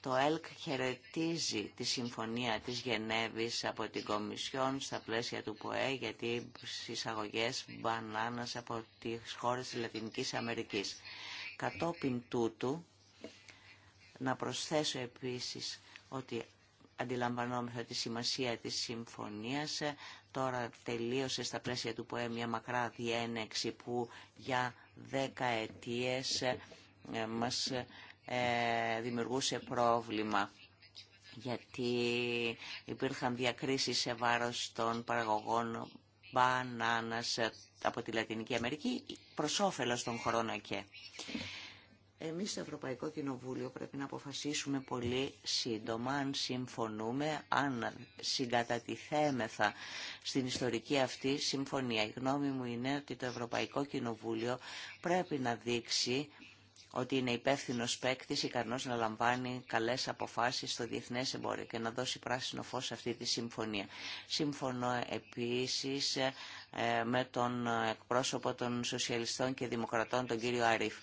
Το ΕΛΚ χαιρετίζει τη συμφωνία της Γενέβης από την Κομισιόν στα πλαίσια του ΠΟΕ για τις εισαγωγές μπανάνας από τις χώρες της Λατινικής Αμερικής. Κατόπιν τούτου, να προσθέσω επίσης ότι αντιλαμβανόμεθα τη σημασία της συμφωνίας. Τώρα τελείωσε στα πλαίσια του ΠΟΕ μια μακρά διένεξη που για δέκα ετίες ε, μας ε, δημιουργούσε πρόβλημα γιατί υπήρχαν διακρίσεις σε βάρος των παραγωγών μπανάνας από τη Λατινική Αμερική προς όφελος των χωρών ΑΚΕ. Εμείς στο Ευρωπαϊκό Κοινοβούλιο πρέπει να αποφασίσουμε πολύ σύντομα αν συμφωνούμε, αν συγκατατιθέμεθα στην ιστορική αυτή συμφωνία. Η γνώμη μου είναι ότι το Ευρωπαϊκό Κοινοβούλιο πρέπει να δείξει ότι είναι υπεύθυνο παίκτη, ικανός να λαμβάνει καλέ αποφάσεις στο διεθνές εμπόριο και να δώσει πράσινο φως σε αυτή τη συμφωνία. Σύμφωνο επίσης ε, με τον εκπρόσωπο των Σοσιαλιστών και Δημοκρατών, τον κύριο Αρίφ,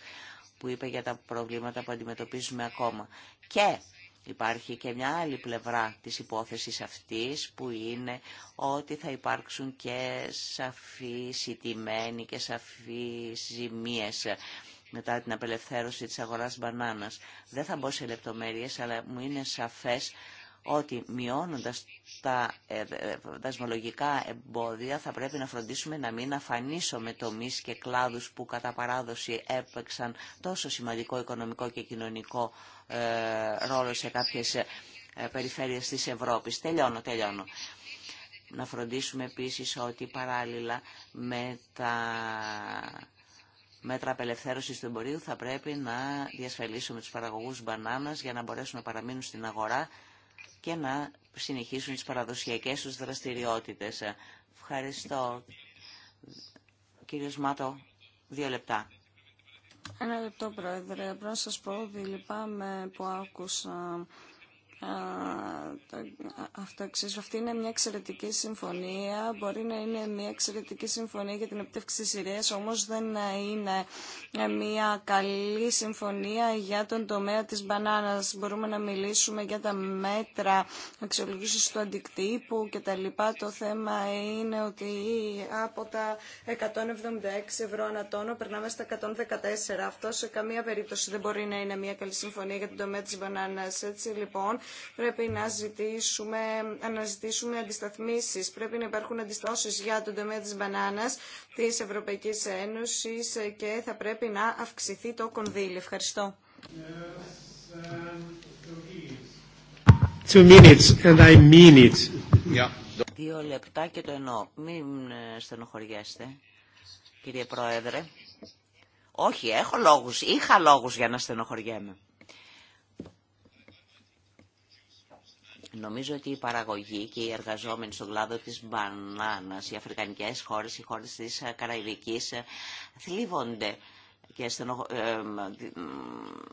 που είπε για τα προβλήματα που αντιμετωπίζουμε ακόμα. Και Υπάρχει και μια άλλη πλευρά της υπόθεσης αυτής που είναι ότι θα υπάρξουν και σαφή ιτημένοι και σαφείς ζημίες μετά την απελευθέρωση της αγοράς μπανάνας. Δεν θα μπω σε λεπτομέρειες, αλλά μου είναι σαφές ότι μειώνοντας τα ε, ε, δασμολογικά εμπόδια θα πρέπει να φροντίσουμε να μην αφανίσουμε τομείς και κλάδους που κατά παράδοση έπαιξαν τόσο σημαντικό οικονομικό και κοινωνικό ε, ρόλο σε κάποιες περιφέρειες της Ευρώπης. Τελειώνω, τελειώνω. Να φροντίσουμε επίσης ότι παράλληλα με τα μέτρα απελευθέρωσης του εμπορίου θα πρέπει να διασφαλίσουμε τους παραγωγούς μπανάνας για να μπορέσουν να παραμείνουν στην αγορά και να συνεχίσουν τις παραδοσιακές τους δραστηριότητες. Ευχαριστώ. Κύριος Μάτο, δύο λεπτά. Ένα λεπτό, Πρόεδρε. Πρέπει να σας πω ότι λυπάμαι που άκουσα αυτό Αυτή είναι μια εξαιρετική συμφωνία. Μπορεί να είναι μια εξαιρετική συμφωνία για την επιτεύξη της Συρίας, όμως δεν είναι μια καλή συμφωνία για τον τομέα της μπανάνας. Μπορούμε να μιλήσουμε για τα μέτρα αξιολογήσεις του αντικτύπου και τα λοιπά. Το θέμα είναι ότι από τα 176 ευρώ ανατόνο περνάμε στα 114. Αυτό σε καμία περίπτωση δεν μπορεί να είναι μια καλή συμφωνία για τον τομέα της μπανάνας. Έτσι λοιπόν Πρέπει να ζητήσουμε, αναζητήσουμε αντισταθμίσεις, πρέπει να υπάρχουν αντιστάσεις για τον τομέα της μπανάνας της Ευρωπαϊκής Ένωσης και θα πρέπει να αυξηθεί το κονδύλι. Ευχαριστώ. Two minutes, and I mean it. Δύο λεπτά και το εννοώ. Μην ε, στενοχωριέστε, κύριε Πρόεδρε. Όχι, έχω λόγους. Είχα λόγους για να στενοχωριέμαι. Νομίζω ότι η παραγωγή και οι εργαζόμενοι στον κλάδο της μπανάνας, οι αφρικανικές χώρες, οι χώρες της Καραϊβικής θλίβονται και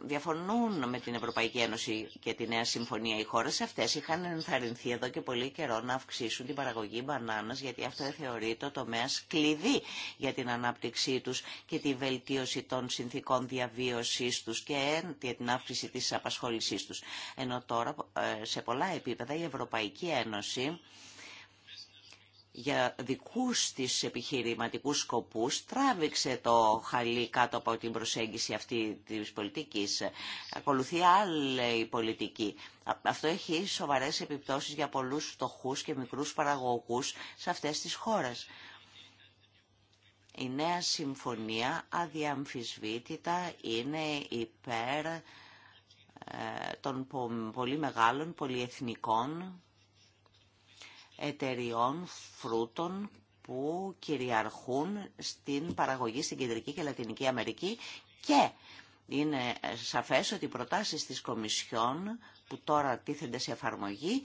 διαφωνούν με την Ευρωπαϊκή Ένωση και τη Νέα Συμφωνία. Οι χώρες αυτές είχαν ενθαρρυνθεί εδώ και πολύ καιρό να αυξήσουν την παραγωγή μπανάνας γιατί αυτό θεωρεί το τομέα κλειδί για την ανάπτυξή τους και τη βελτίωση των συνθήκων διαβίωσής τους και την αύξηση της απασχόλησής τους. Ενώ τώρα ε, σε πολλά επίπεδα η Ευρωπαϊκή Ένωση για δικούς της επιχειρηματικούς σκοπούς τράβηξε το χαλί κάτω από την προσέγγιση αυτή της πολιτικής. Ακολουθεί άλλη πολιτική. Αυτό έχει σοβαρές επιπτώσεις για πολλούς φτωχούς και μικρούς παραγωγούς σε αυτές τις χώρες. Η νέα συμφωνία αδιαμφισβήτητα είναι υπέρ ε, των πολύ μεγάλων πολυεθνικών εταιριών φρούτων που κυριαρχούν στην παραγωγή στην Κεντρική και Λατινική Αμερική και είναι σαφές ότι οι προτάσεις της Κομισιόν που τώρα τίθενται σε εφαρμογή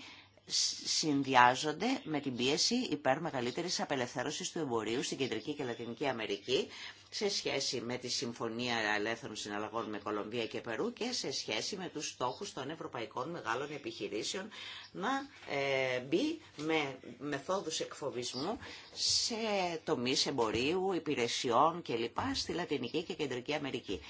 συνδυάζονται με την πίεση υπέρ μεγαλύτερης απελευθέρωσης του εμπορίου στην Κεντρική και Λατινική Αμερική σε σχέση με τη Συμφωνία Ελεύθερων Συναλλαγών με Κολομβία και Περού και σε σχέση με τους στόχους των ευρωπαϊκών μεγάλων επιχειρήσεων να ε, μπει με μεθόδους εκφοβισμού σε τομείς εμπορίου, υπηρεσιών κλπ. στη Λατινική και Κεντρική Αμερική.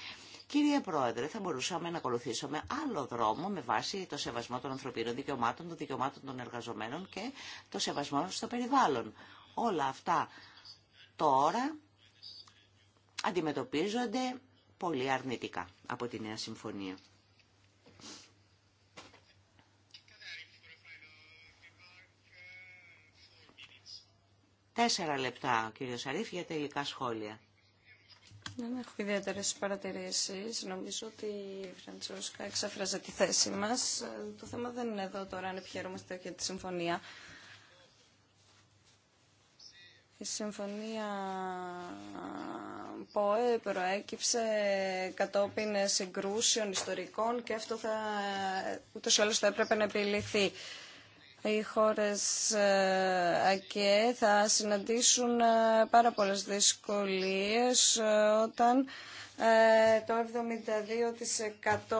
Κύριε Πρόεδρε, θα μπορούσαμε να ακολουθήσουμε άλλο δρόμο με βάση το σεβασμό των ανθρωπίνων δικαιωμάτων, των δικαιωμάτων των εργαζομένων και το σεβασμό στο περιβάλλον. Όλα αυτά τώρα αντιμετωπίζονται πολύ αρνητικά από τη Νέα Συμφωνία. Τέσσερα λεπτά, κύριο Σαρίφ, για τελικά σχόλια. Δεν ναι, ναι, έχω ιδιαίτερε παρατηρήσει. Νομίζω ότι η Φραντσόσκα εξέφραζε τη θέση μα. Το θέμα δεν είναι εδώ τώρα αν επιχειρούμαστε για τη συμφωνία. Η συμφωνία ΠΟΕ προέκυψε κατόπιν συγκρούσεων ιστορικών και αυτό θα, ούτως ή άλλως θα έπρεπε να επιληθεί οι χώρες ε, ΑΚΕ θα συναντήσουν ε, πάρα πολλές δυσκολίες ε, όταν το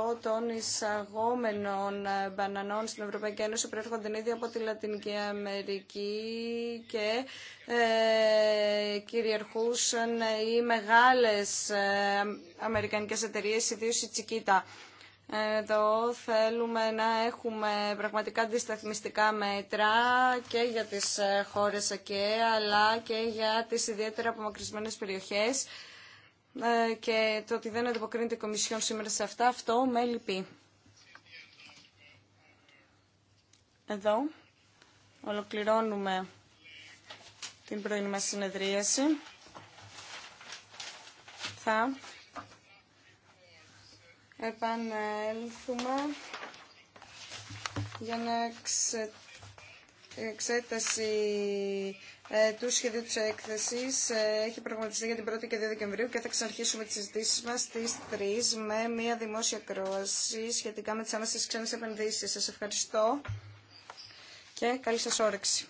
72% των εισαγόμενων μπανανών στην Ευρωπαϊκή Ένωση προέρχονται ήδη από τη Λατινική Αμερική και κυριαρχούσαν οι μεγάλες αμερικανικές εταιρείες, ιδίως η Τσικίτα. Εδώ θέλουμε να έχουμε πραγματικά αντισταθμιστικά μέτρα και για τις ε, χώρες ΑΚΕ αλλά και για τις ιδιαίτερα απομακρυσμένες περιοχές ε, και το ότι δεν αντιποκρίνεται η Κομισιόν σήμερα σε αυτά, αυτό με λυπεί. Εδώ ολοκληρώνουμε την πρωινή μας συνεδρίαση. Θα επανέλθουμε για να εξέταση ε, του σχεδίου της έκθεσης ε, έχει προγραμματιστεί για την 1η και 2 Δεκεμβρίου και θα ξαναρχίσουμε τις συζητήσεις μας στις 3 με μια δημόσια κρόαση σχετικά με τις άμεσες ξένες επενδύσεις. Σας ευχαριστώ και καλή σας όρεξη.